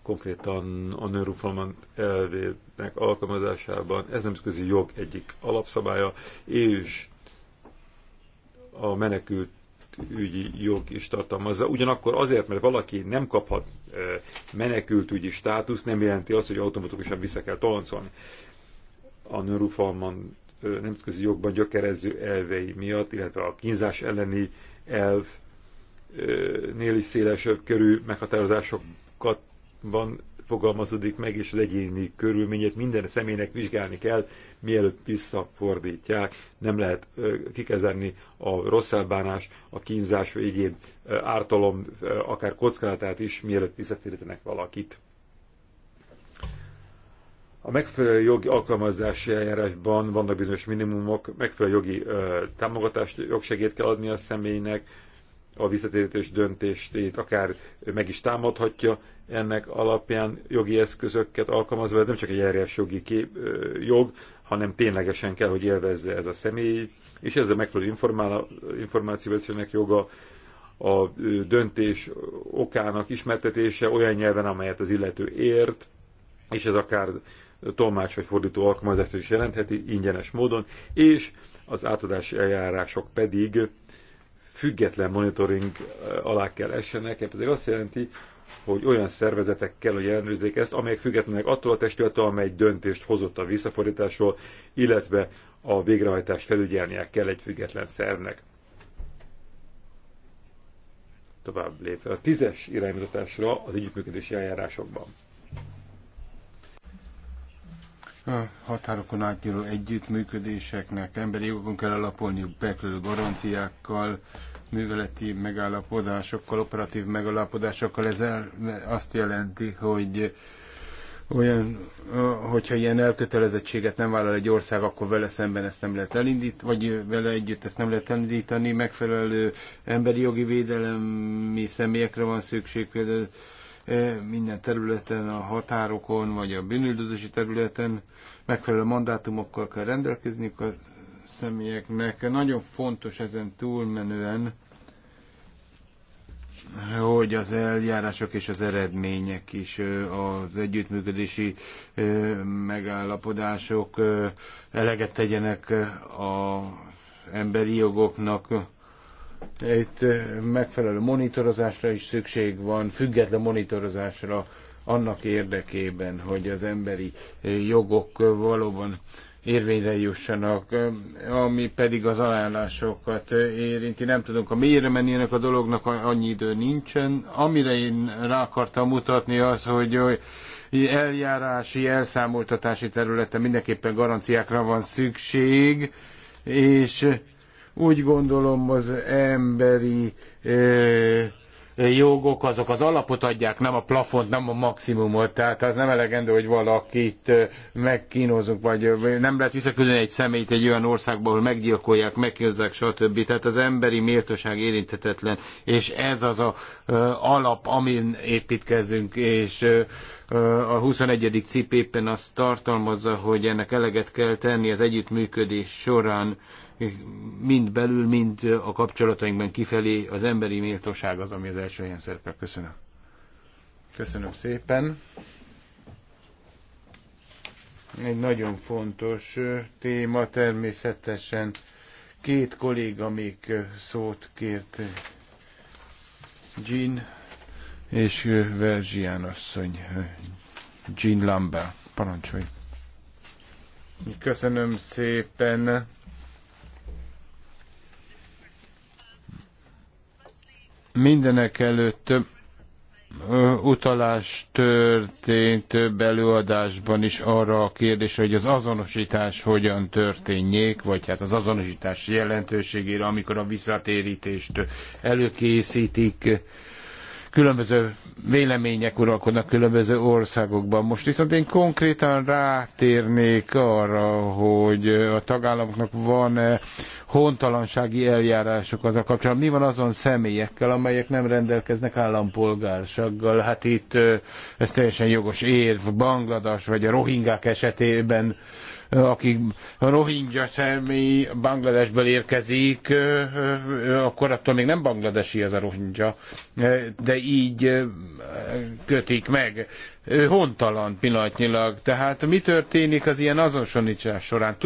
Speaker 3: Konkrétan a non-reformant elvének alkalmazásában ez nemzetközi jog egyik alapszabálya, és a menekült ügyi jog is tartalmazza. Ugyanakkor azért, mert valaki nem kaphat menekült ügyi státuszt, nem jelenti azt, hogy automatikusan vissza kell toloncolni. A Nőrufalman nemzetközi jogban gyökerező elvei miatt, illetve a kínzás elleni elv nél is szélesebb körű meghatározásokat van fogalmazódik meg, és az egyéni körülményét minden személynek vizsgálni kell, mielőtt visszafordítják. Nem lehet kikezenni a rossz elbánás, a kínzás, vagy egyéb ártalom, akár kockázatát is, mielőtt visszatérítenek valakit. A megfelelő jogi alkalmazási eljárásban vannak bizonyos minimumok, megfelelő jogi ö, támogatást, jogsegét kell adni a személynek, a visszatérítés döntését akár meg is támadhatja, ennek alapján jogi eszközöket alkalmazva, ez nem csak egy eljárás jogi kép, jog, hanem ténylegesen kell, hogy élvezze ez a személy, és ezzel megfelelő információvezetőnek joga a döntés okának ismertetése olyan nyelven, amelyet az illető ért, és ez akár tolmács vagy fordító alkalmazást is jelentheti ingyenes módon, és az átadási eljárások pedig független monitoring alá kell essenek, ez pedig azt jelenti, hogy olyan szervezetek kell, hogy ellenőrizzék ezt, amelyek függetlenek attól a testülettől, amely döntést hozott a visszafordításról, illetve a végrehajtást felügyelnie kell egy független szervnek. Tovább lépve a tízes iránymutatásra az együttműködési eljárásokban.
Speaker 1: A
Speaker 2: határokon átnyúló együttműködéseknek emberi jogokon kell alapolniuk, beklő garanciákkal, műveleti megállapodásokkal, operatív megállapodásokkal. Ez el, azt jelenti, hogy olyan, hogyha ilyen elkötelezettséget nem vállal egy ország, akkor vele szemben ezt nem lehet elindítani, vagy vele együtt ezt nem lehet elindítani, megfelelő emberi jogi védelemi személyekre van szükség, például e, minden területen, a határokon, vagy a bűnüldözési területen megfelelő mandátumokkal kell rendelkezni személyeknek. Nagyon fontos ezen túlmenően, hogy az eljárások és az eredmények is, az együttműködési megállapodások eleget tegyenek az emberi jogoknak. Itt megfelelő monitorozásra is szükség van, független monitorozásra annak érdekében, hogy az emberi jogok valóban érvényre jussanak, ami pedig az ajánlásokat érinti. Nem tudunk a mélyre menni ennek a dolognak, annyi idő nincsen. Amire én rá akartam mutatni az, hogy eljárási, elszámoltatási területen mindenképpen garanciákra van szükség, és úgy gondolom az emberi eh, jogok azok az alapot adják, nem a plafont, nem a maximumot. Tehát az nem elegendő, hogy valakit megkínozunk, vagy nem lehet visszaküldeni egy személyt egy olyan országba, ahol meggyilkolják, megkínozzák stb. Tehát az emberi méltóság érintetetlen, és ez az a alap, amin építkezünk, és a 21. cikk éppen azt tartalmazza, hogy ennek eleget kell tenni az együttműködés során, mind belül, mind a kapcsolatainkban kifelé az emberi méltóság az, ami az első helyen szerepel. Köszönöm. Köszönöm szépen. Egy nagyon fontos téma természetesen. Két kolléga még szót kért. Jean és Verzsián asszony, Jean Lambert, parancsolj. Köszönöm szépen. Mindenek előtt utalás történt több előadásban is arra a kérdésre, hogy az azonosítás hogyan történjék, vagy hát az azonosítás jelentőségére, amikor a visszatérítést előkészítik különböző vélemények uralkodnak különböző országokban. Most viszont én konkrétan rátérnék arra, hogy a tagállamoknak van -e hontalansági eljárások az a kapcsolatban. Mi van azon személyekkel, amelyek nem rendelkeznek állampolgársággal? Hát itt ez teljesen jogos érv, Banglades vagy a rohingák esetében aki rohingya személy Bangladesből érkezik, akkor attól még nem bangladesi ez a rohingya, de így kötik meg. Ő hontalan pillanatnyilag. Tehát mi történik az ilyen azonosítás során?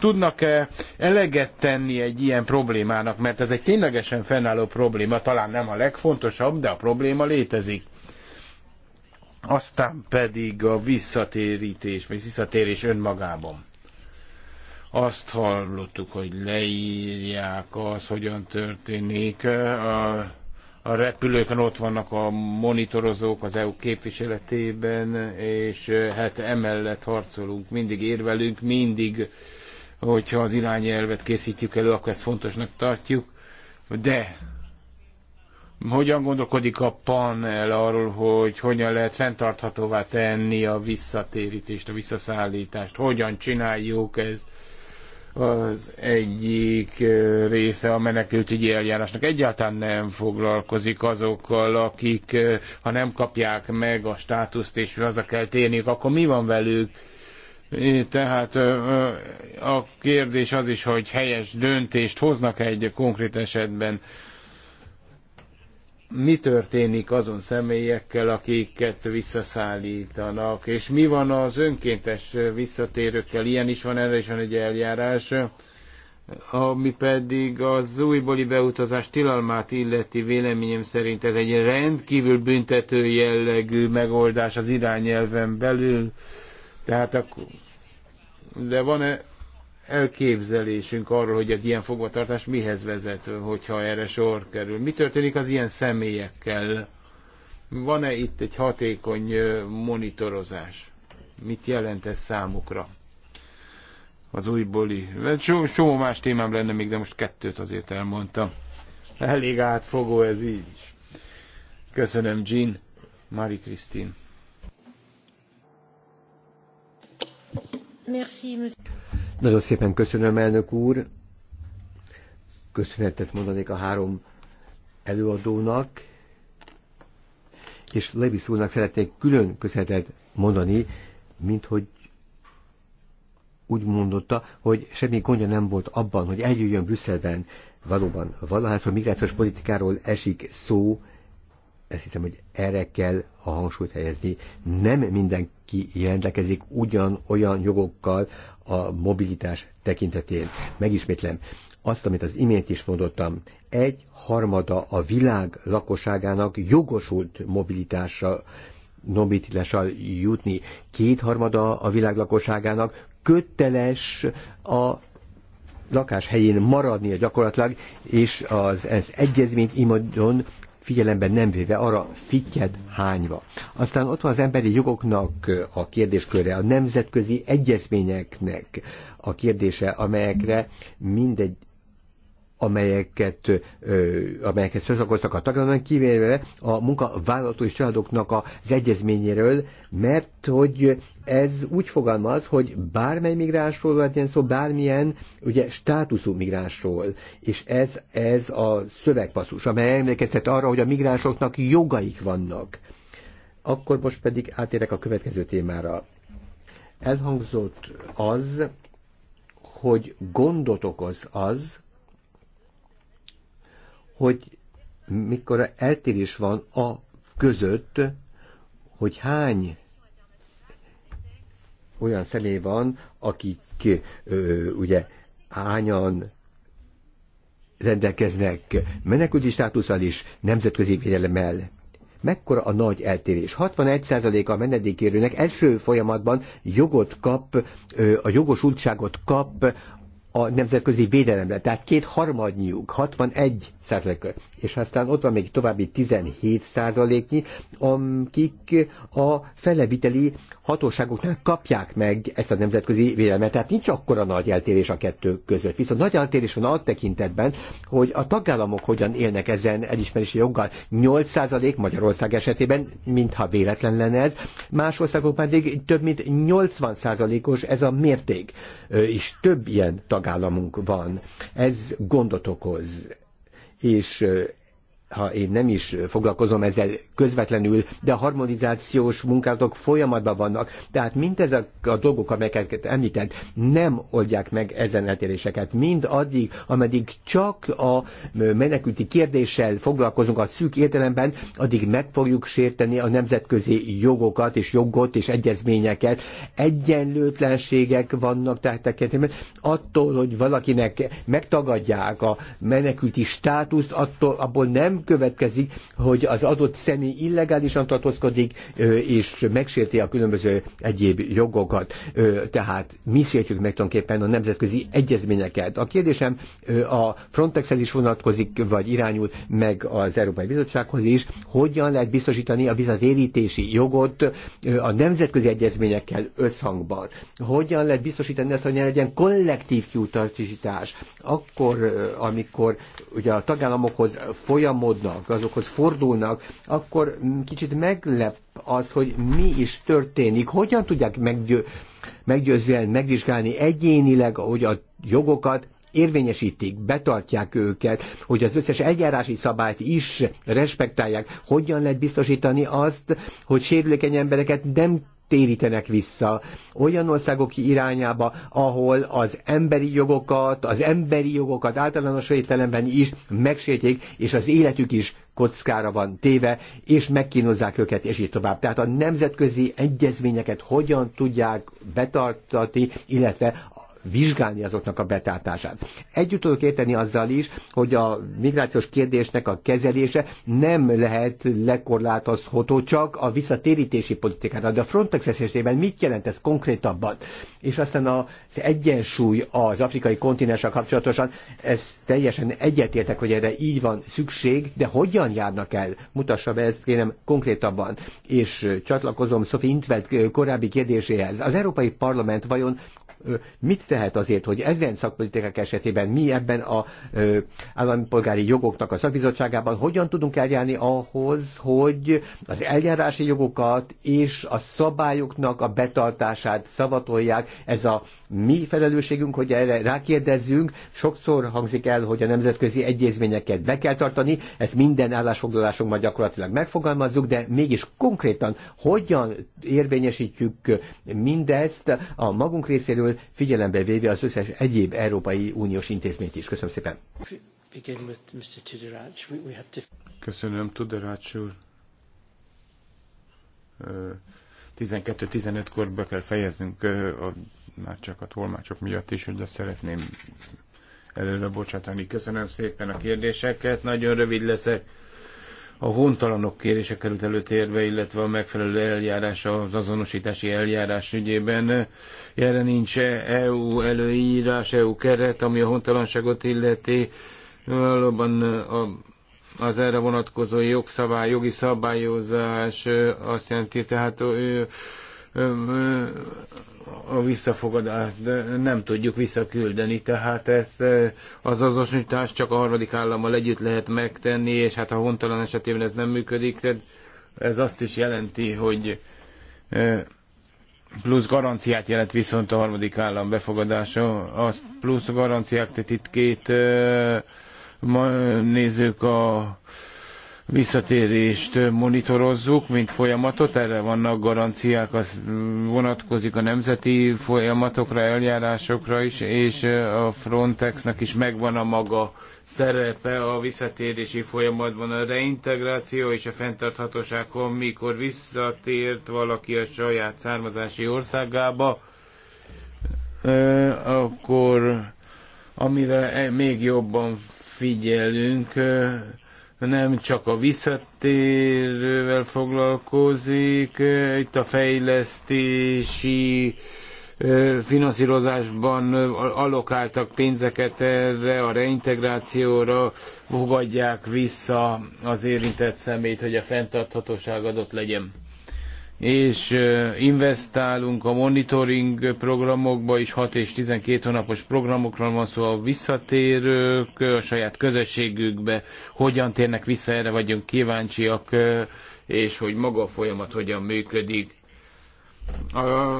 Speaker 2: Tudnak-e eleget tenni egy ilyen problémának? Mert ez egy ténylegesen fennálló probléma, talán nem a legfontosabb, de a probléma létezik aztán pedig a visszatérítés, vagy visszatérés önmagában. Azt hallottuk, hogy leírják az, hogyan történik. A, a repülőkön ott vannak a monitorozók az EU képviseletében, és hát emellett harcolunk, mindig érvelünk, mindig, hogyha az irányelvet készítjük elő, akkor ezt fontosnak tartjuk. De hogyan gondolkodik a panel arról, hogy hogyan lehet fenntarthatóvá tenni a visszatérítést, a visszaszállítást? Hogyan csináljuk ezt? az egyik része a menekültügyi eljárásnak egyáltalán nem foglalkozik azokkal, akik ha nem kapják meg a státuszt és haza kell térniük, akkor mi van velük? Tehát a kérdés az is, hogy helyes döntést hoznak -e egy konkrét esetben mi történik azon személyekkel, akiket visszaszállítanak, és mi van az önkéntes visszatérőkkel, ilyen is van, erre is van egy eljárás, ami pedig az újbóli beutazás tilalmát illeti véleményem szerint ez egy rendkívül büntető jellegű megoldás az irányelven belül, tehát akkor de van-e elképzelésünk arról, hogy egy ilyen fogvatartás mihez vezet, hogyha erre sor kerül. Mi történik az ilyen személyekkel? Van-e itt egy hatékony monitorozás? Mit jelent ez számukra? Az újbóli. So, Csomó más témám lenne még, de most kettőt azért elmondtam. Elég átfogó ez így is. Köszönöm, Jean.
Speaker 1: Mari Krisztin. Nagyon szépen köszönöm, elnök úr. Köszönetet mondanék a három előadónak, és Levis úrnak szeretnék külön köszönetet mondani, mint hogy úgy mondotta, hogy semmi gondja nem volt abban, hogy eljöjjön Brüsszelben valóban valahányszor migrációs politikáról esik szó, ezt hiszem, hogy erre kell a hangsúlyt helyezni. Nem mindenki rendelkezik ugyan olyan jogokkal a mobilitás tekintetén. Megismétlem, azt, amit az imént is mondottam, egy harmada a világ lakosságának jogosult mobilitásra mobilitással jutni. Kétharmada a világ lakosságának köteles a lakáshelyén maradnia gyakorlatilag, és az ENSZ egyezményt imádon figyelemben nem véve, arra fittyet hányva. Aztán ott van az emberi jogoknak eh, a kérdésköre, a nemzetközi egyezményeknek a kérdése, amelyekre mindegy amelyeket, amelyeket szakoztak a tagállamok, kivéve a munkavállaló és családoknak az egyezményéről, mert hogy ez úgy fogalmaz, hogy bármely migránsról legyen szó, bármilyen ugye, státuszú migránsról, és ez, ez a szövegpasszus, amely emlékeztet arra, hogy a migránsoknak jogaik vannak. Akkor most pedig átérek a következő témára. Elhangzott az, hogy gondot okoz az, hogy mikor eltérés van a között, hogy hány olyan személy van, akik ö, ugye hányan rendelkeznek menekülti státuszal is, nemzetközi védelemmel. Mekkora a nagy eltérés? 61%-a a menedékérőnek első folyamatban jogot kap, a jogosultságot kap a nemzetközi védelemre. Tehát két harmadnyuk, 61 százalék. És aztán ott van még további 17 százaléknyi, akik a feleviteli hatóságoknál kapják meg ezt a nemzetközi vélemet. Tehát nincs akkora nagy eltérés a kettő között. Viszont nagy eltérés van a tekintetben, hogy a tagállamok hogyan élnek ezen elismerési joggal. 8 százalék Magyarország esetében, mintha véletlen lenne ez, más országok pedig több mint 80 százalékos ez a mérték. És több ilyen tagállamunk van. Ez gondot okoz és ha én nem is foglalkozom ezzel közvetlenül, de a harmonizációs munkálatok folyamatban vannak. Tehát mindezek a dolgok, amelyeket említett, nem oldják meg ezen eltéréseket. Mind addig, ameddig csak a menekülti kérdéssel foglalkozunk a szűk értelemben, addig meg fogjuk sérteni a nemzetközi jogokat és jogot és egyezményeket. Egyenlőtlenségek vannak tehát tekintetben. Attól, hogy valakinek megtagadják a menekülti státuszt, attól abból nem következik, hogy az adott személy illegálisan tartózkodik, és megsérti a különböző egyéb jogokat. Tehát mi sértjük meg tulajdonképpen a nemzetközi egyezményeket. A kérdésem a Frontexhez is vonatkozik, vagy irányul meg az Európai Bizottsághoz is, hogyan lehet biztosítani a visszatérítési jogot a nemzetközi egyezményekkel összhangban. Hogyan lehet biztosítani ezt, hogy ne legyen kollektív kiutasítás, akkor, amikor ugye a tagállamokhoz folyamodik, panaszkodnak, azokhoz fordulnak, akkor kicsit meglep az, hogy mi is történik, hogyan tudják meggyő, meggyőzően megvizsgálni egyénileg, hogy a jogokat érvényesítik, betartják őket, hogy az összes eljárási szabályt is respektálják. Hogyan lehet biztosítani azt, hogy sérülékeny embereket nem térítenek vissza olyan országok irányába, ahol az emberi jogokat, az emberi jogokat általános értelemben is megsértjék, és az életük is kockára van téve, és megkínozzák őket, és így tovább. Tehát a nemzetközi egyezményeket hogyan tudják betartatni, illetve vizsgálni azoknak a betátását. Együtt tudok érteni azzal is, hogy a migrációs kérdésnek a kezelése nem lehet lekorlátozható csak a visszatérítési politikára. De a Frontex esetében mit jelent ez konkrétabban? És aztán az egyensúly az afrikai kontinenssel kapcsolatosan, ez teljesen egyetértek, hogy erre így van szükség, de hogyan járnak el? Mutassa be ezt kérem konkrétabban. És csatlakozom Sophie Intveld korábbi kérdéséhez. Az Európai Parlament vajon mit tehet azért, hogy ezen szakpolitikák esetében mi ebben a állampolgári jogoknak a szakbizottságában hogyan tudunk eljárni ahhoz, hogy az eljárási jogokat és a szabályoknak a betartását szavatolják. Ez a mi felelősségünk, hogy erre rákérdezzünk. Sokszor hangzik el, hogy a nemzetközi egyezményeket be kell tartani, ezt minden állásfoglalásunkban gyakorlatilag megfogalmazzuk, de mégis konkrétan hogyan érvényesítjük mindezt a magunk részéről részéről, figyelembe véve az összes egyéb Európai Uniós intézményt is. Köszönöm szépen. Köszönöm, Tudorács úr.
Speaker 2: 12-15-kor be kell fejeznünk, már csak a tolmácsok miatt is, hogy azt szeretném előre bocsátani. Köszönöm szépen a kérdéseket, nagyon rövid leszek a hontalanok kérése került előtérbe, illetve a megfelelő eljárás az azonosítási eljárás ügyében. Erre nincs -e EU előírás, EU keret, ami a hontalanságot illeti. Valóban a az erre vonatkozó jogszabály, jogi szabályozás azt jelenti, tehát a visszafogadást nem tudjuk visszaküldeni, tehát ezt e, az azonosítást csak a harmadik állammal együtt lehet megtenni, és hát a hontalan esetében ez nem működik, tehát ez azt is jelenti, hogy e, plusz garanciát jelent viszont a harmadik állam befogadása, az plusz garanciák, tehát itt két e, ma nézzük a visszatérést monitorozzuk, mint folyamatot, erre vannak garanciák, az vonatkozik a nemzeti folyamatokra, eljárásokra is, és a Frontexnek is megvan a maga szerepe a visszatérési folyamatban, a reintegráció és a fenntarthatóságon, mikor visszatért valaki a saját származási országába, akkor amire még jobban figyelünk, nem csak a visszatérővel foglalkozik, itt a fejlesztési finanszírozásban alokáltak pénzeket erre, a reintegrációra, fogadják vissza az érintett szemét, hogy a fenntarthatóság adott legyen és investálunk a monitoring programokba is, 6 és 12 hónapos programokra van szó, a visszatérők a saját közösségükbe, hogyan térnek vissza, erre vagyunk kíváncsiak, és hogy maga a folyamat hogyan működik.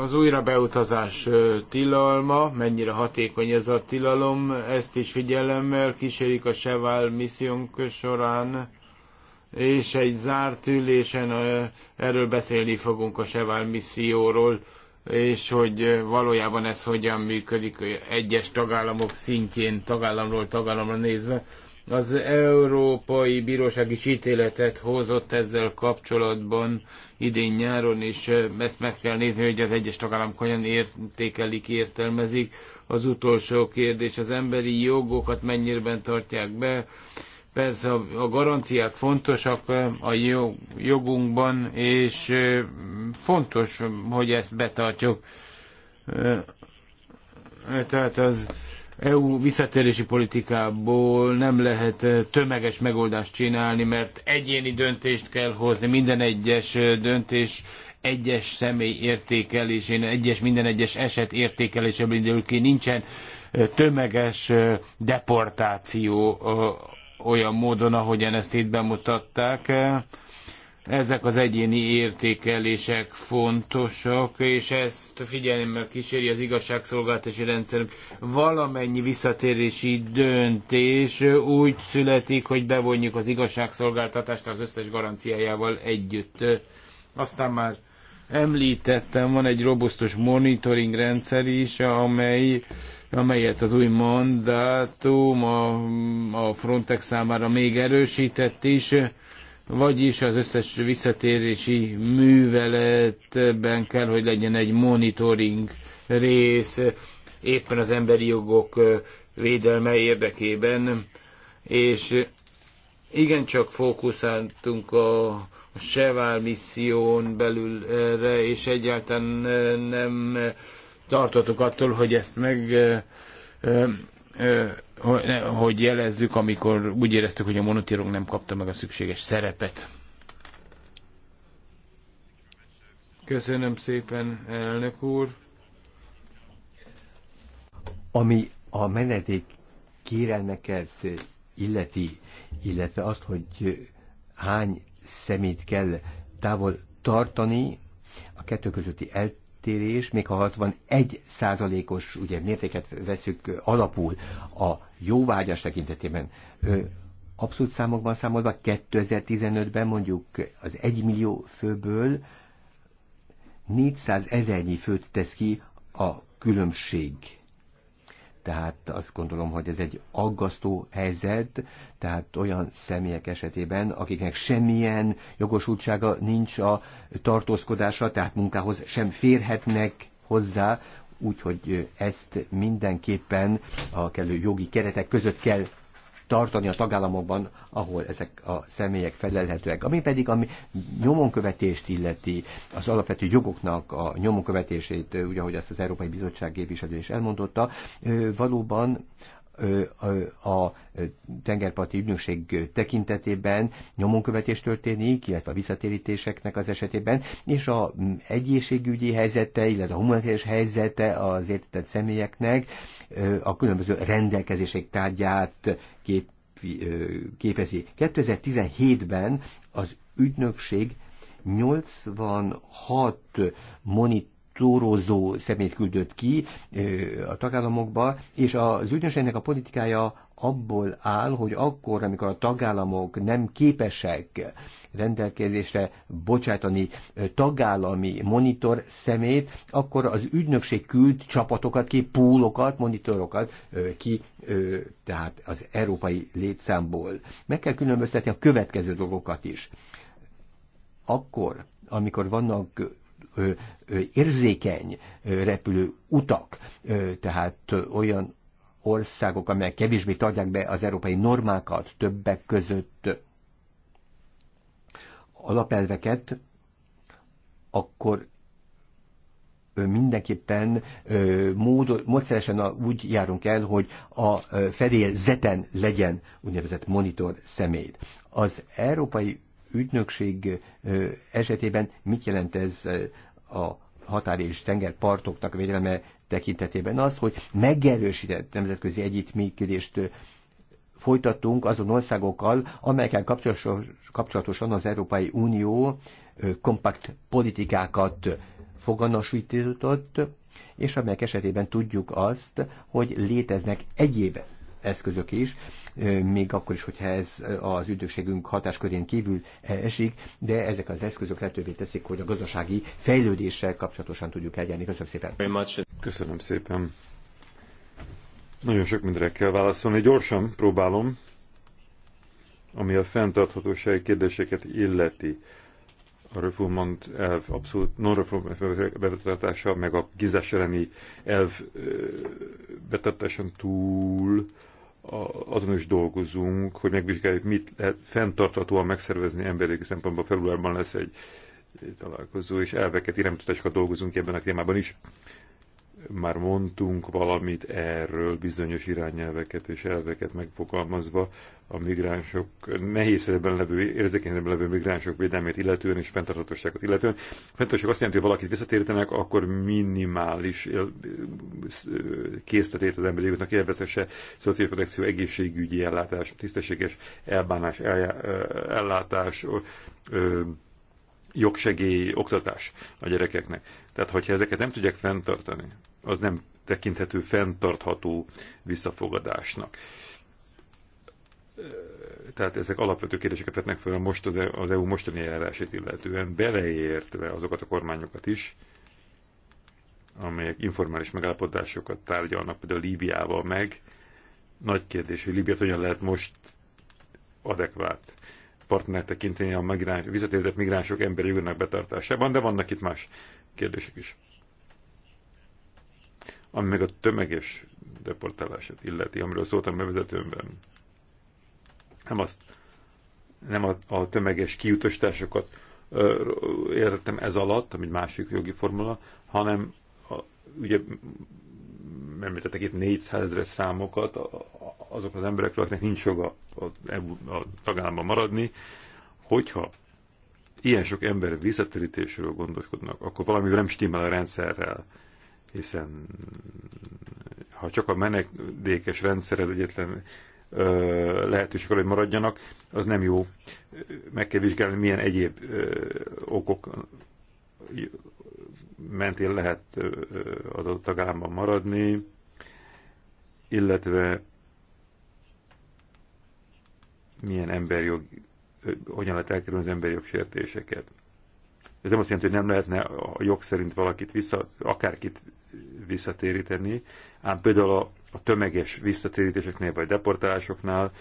Speaker 2: Az újrabeutazás tilalma, mennyire hatékony ez a tilalom, ezt is figyelemmel kísérik a Seval missziónk során és egy zárt ülésen erről beszélni fogunk a Seval misszióról, és hogy valójában ez hogyan működik egyes tagállamok szintjén, tagállamról tagállamra nézve. Az Európai Bíróság is ítéletet hozott ezzel kapcsolatban idén nyáron, és ezt meg kell nézni, hogy az egyes tagállamok hogyan értékelik, értelmezik. Az utolsó kérdés, az emberi jogokat mennyiben tartják be, Persze a garanciák fontosak a jogunkban, és fontos, hogy ezt betartjuk. Tehát az EU visszatérési politikából nem lehet tömeges megoldást csinálni, mert egyéni döntést kell hozni, minden egyes döntés egyes személy értékelésén, egyes, minden egyes eset értékelésében indul ki, nincsen tömeges deportáció olyan módon, ahogyan ezt itt bemutatták. Ezek az egyéni értékelések fontosak, és ezt figyelemmel kíséri az igazságszolgáltási rendszerünk. Valamennyi visszatérési döntés úgy születik, hogy bevonjuk az igazságszolgáltatást az összes garanciájával együtt. Aztán már említettem, van egy robusztus monitoring rendszer is, amely amelyet az új mandátum a, a Frontex számára még erősített is, vagyis az összes visszatérési műveletben kell, hogy legyen egy monitoring rész, éppen az emberi jogok védelme érdekében, és igencsak fókuszáltunk a Seval misszión belül erre, és egyáltalán nem tartotok attól, hogy ezt meg hogy jelezzük, amikor úgy éreztük, hogy a monotírunk nem kapta meg a szükséges szerepet. Köszönöm szépen, elnök úr.
Speaker 1: Ami a menedék kérelmeket illeti, illetve azt, hogy hány szemét kell távol tartani, a kettő közötti eltérés, eltérés, még ha 61 százalékos ugye, mértéket veszük alapul a jóvágyas tekintetében, abszolút számokban számolva 2015-ben mondjuk az 1 millió főből 400 ezernyi főt tesz ki a különbség tehát azt gondolom, hogy ez egy aggasztó helyzet, tehát olyan személyek esetében, akiknek semmilyen jogosultsága nincs a tartózkodásra, tehát munkához sem férhetnek hozzá, úgyhogy ezt mindenképpen a kellő jogi keretek között kell tartani a tagállamokban, ahol ezek a személyek felelhetőek. Ami pedig a nyomonkövetést illeti, az alapvető jogoknak a nyomonkövetését, ugye ahogy ezt az Európai Bizottság képviselő is elmondotta, valóban a tengerparti ügynökség tekintetében nyomonkövetés történik, illetve a visszatérítéseknek az esetében, és a egészségügyi helyzete, illetve a humanitárius helyzete az értetett személyeknek a különböző rendelkezések tárgyát kép, képezi. 2017-ben az ügynökség 86 monitor túrózó szemét küldött ki a tagállamokba, és az ügynökségnek a politikája abból áll, hogy akkor, amikor a tagállamok nem képesek rendelkezésre bocsátani tagállami monitor szemét, akkor az ügynökség küld csapatokat ki, púlokat, monitorokat ki, tehát az európai létszámból. Meg kell különböztetni a következő dolgokat is. Akkor, amikor vannak érzékeny repülő utak, tehát olyan országok, amelyek kevésbé tartják be az európai normákat többek között alapelveket, akkor mindenképpen mód, módszeresen úgy járunk el, hogy a fedélzeten legyen úgynevezett monitor személy. Az Európai ügynökség esetében mit jelent ez a határ és tenger partoknak védelme tekintetében az, hogy megerősített nemzetközi együttműködést folytattunk azon országokkal, amelyekkel kapcsolatosan az Európai Unió kompakt politikákat foganasított, és amelyek esetében tudjuk azt, hogy léteznek egyéb eszközök is, még akkor is, hogyha ez az üdvösségünk hatáskörén kívül esik, de ezek az eszközök lehetővé teszik, hogy a gazdasági fejlődéssel kapcsolatosan tudjuk eljárni. Köszönöm
Speaker 3: szépen. Köszönöm szépen. Nagyon sok mindre kell válaszolni. Gyorsan próbálom, ami a fenntarthatósági kérdéseket illeti. A reformant elv abszolút non-reform betartása, meg a gizás elleni elv betartáson túl azon is dolgozunk, hogy megvizsgáljuk, mit lehet fenntarthatóan megszervezni emberi szempontból. Februárban lesz egy találkozó, és elveket, iránymutatásokat dolgozunk ebben a témában is már mondtunk valamit erről, bizonyos irányelveket és elveket megfogalmazva a migránsok nehéz helyzetben levő, érzékenyben levő migránsok védelmét illetően és fenntarthatóságot illetően. Fenntarthatóság azt jelenti, hogy valakit visszatérítenek, akkor minimális késztetét az emberi jutnak élvezhesse szociálprotekció, egészségügyi ellátás, tisztességes elbánás, ellátás, jogsegély, oktatás a gyerekeknek. Tehát, hogyha ezeket nem tudják fenntartani, az nem tekinthető fenntartható visszafogadásnak. Tehát ezek alapvető kérdéseket vetnek fel most az EU e mostani eljárását illetően, beleértve azokat a kormányokat is, amelyek informális megállapodásokat tárgyalnak, például Líbiával meg. Nagy kérdés, hogy Líbiát hogyan lehet most adekvát partner tekinteni a migráns, visszatérített migránsok emberi jogának betartásában, de vannak itt más kérdések is ami meg a tömeges deportálását illeti, amiről szóltam bevezetőmben. Nem azt, nem a, a tömeges kiutasításokat értettem ez alatt, amit másik jogi formula, hanem a, ugye említettek itt 400 ezres számokat azok az emberek akiknek nincs joga a, a, e a tagállamban maradni, hogyha ilyen sok ember visszatérítésről gondoskodnak, akkor valami nem stimmel a rendszerrel hiszen ha csak a menedékes rendszered egyetlen ö, lehetőség, hogy maradjanak, az nem jó. Meg kell vizsgálni, milyen egyéb ö, okok mentén lehet az adott tagállamban maradni, illetve milyen emberjog, hogyan lehet elkerülni az emberjog sértéseket. Ez nem azt jelenti, hogy nem lehetne a jog szerint valakit vissza, akárkit visszatéríteni, ám például a, a tömeges visszatérítéseknél vagy deportálásoknál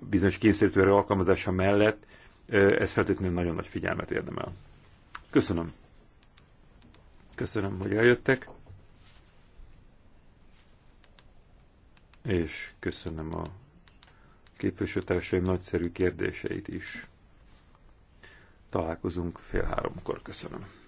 Speaker 3: bizonyos kényszerítőerő alkalmazása mellett ez feltétlenül nagyon nagy figyelmet érdemel. Köszönöm. Köszönöm, hogy eljöttek. És köszönöm a képviselőtársaim nagyszerű kérdéseit is. Találkozunk fél háromkor. Köszönöm.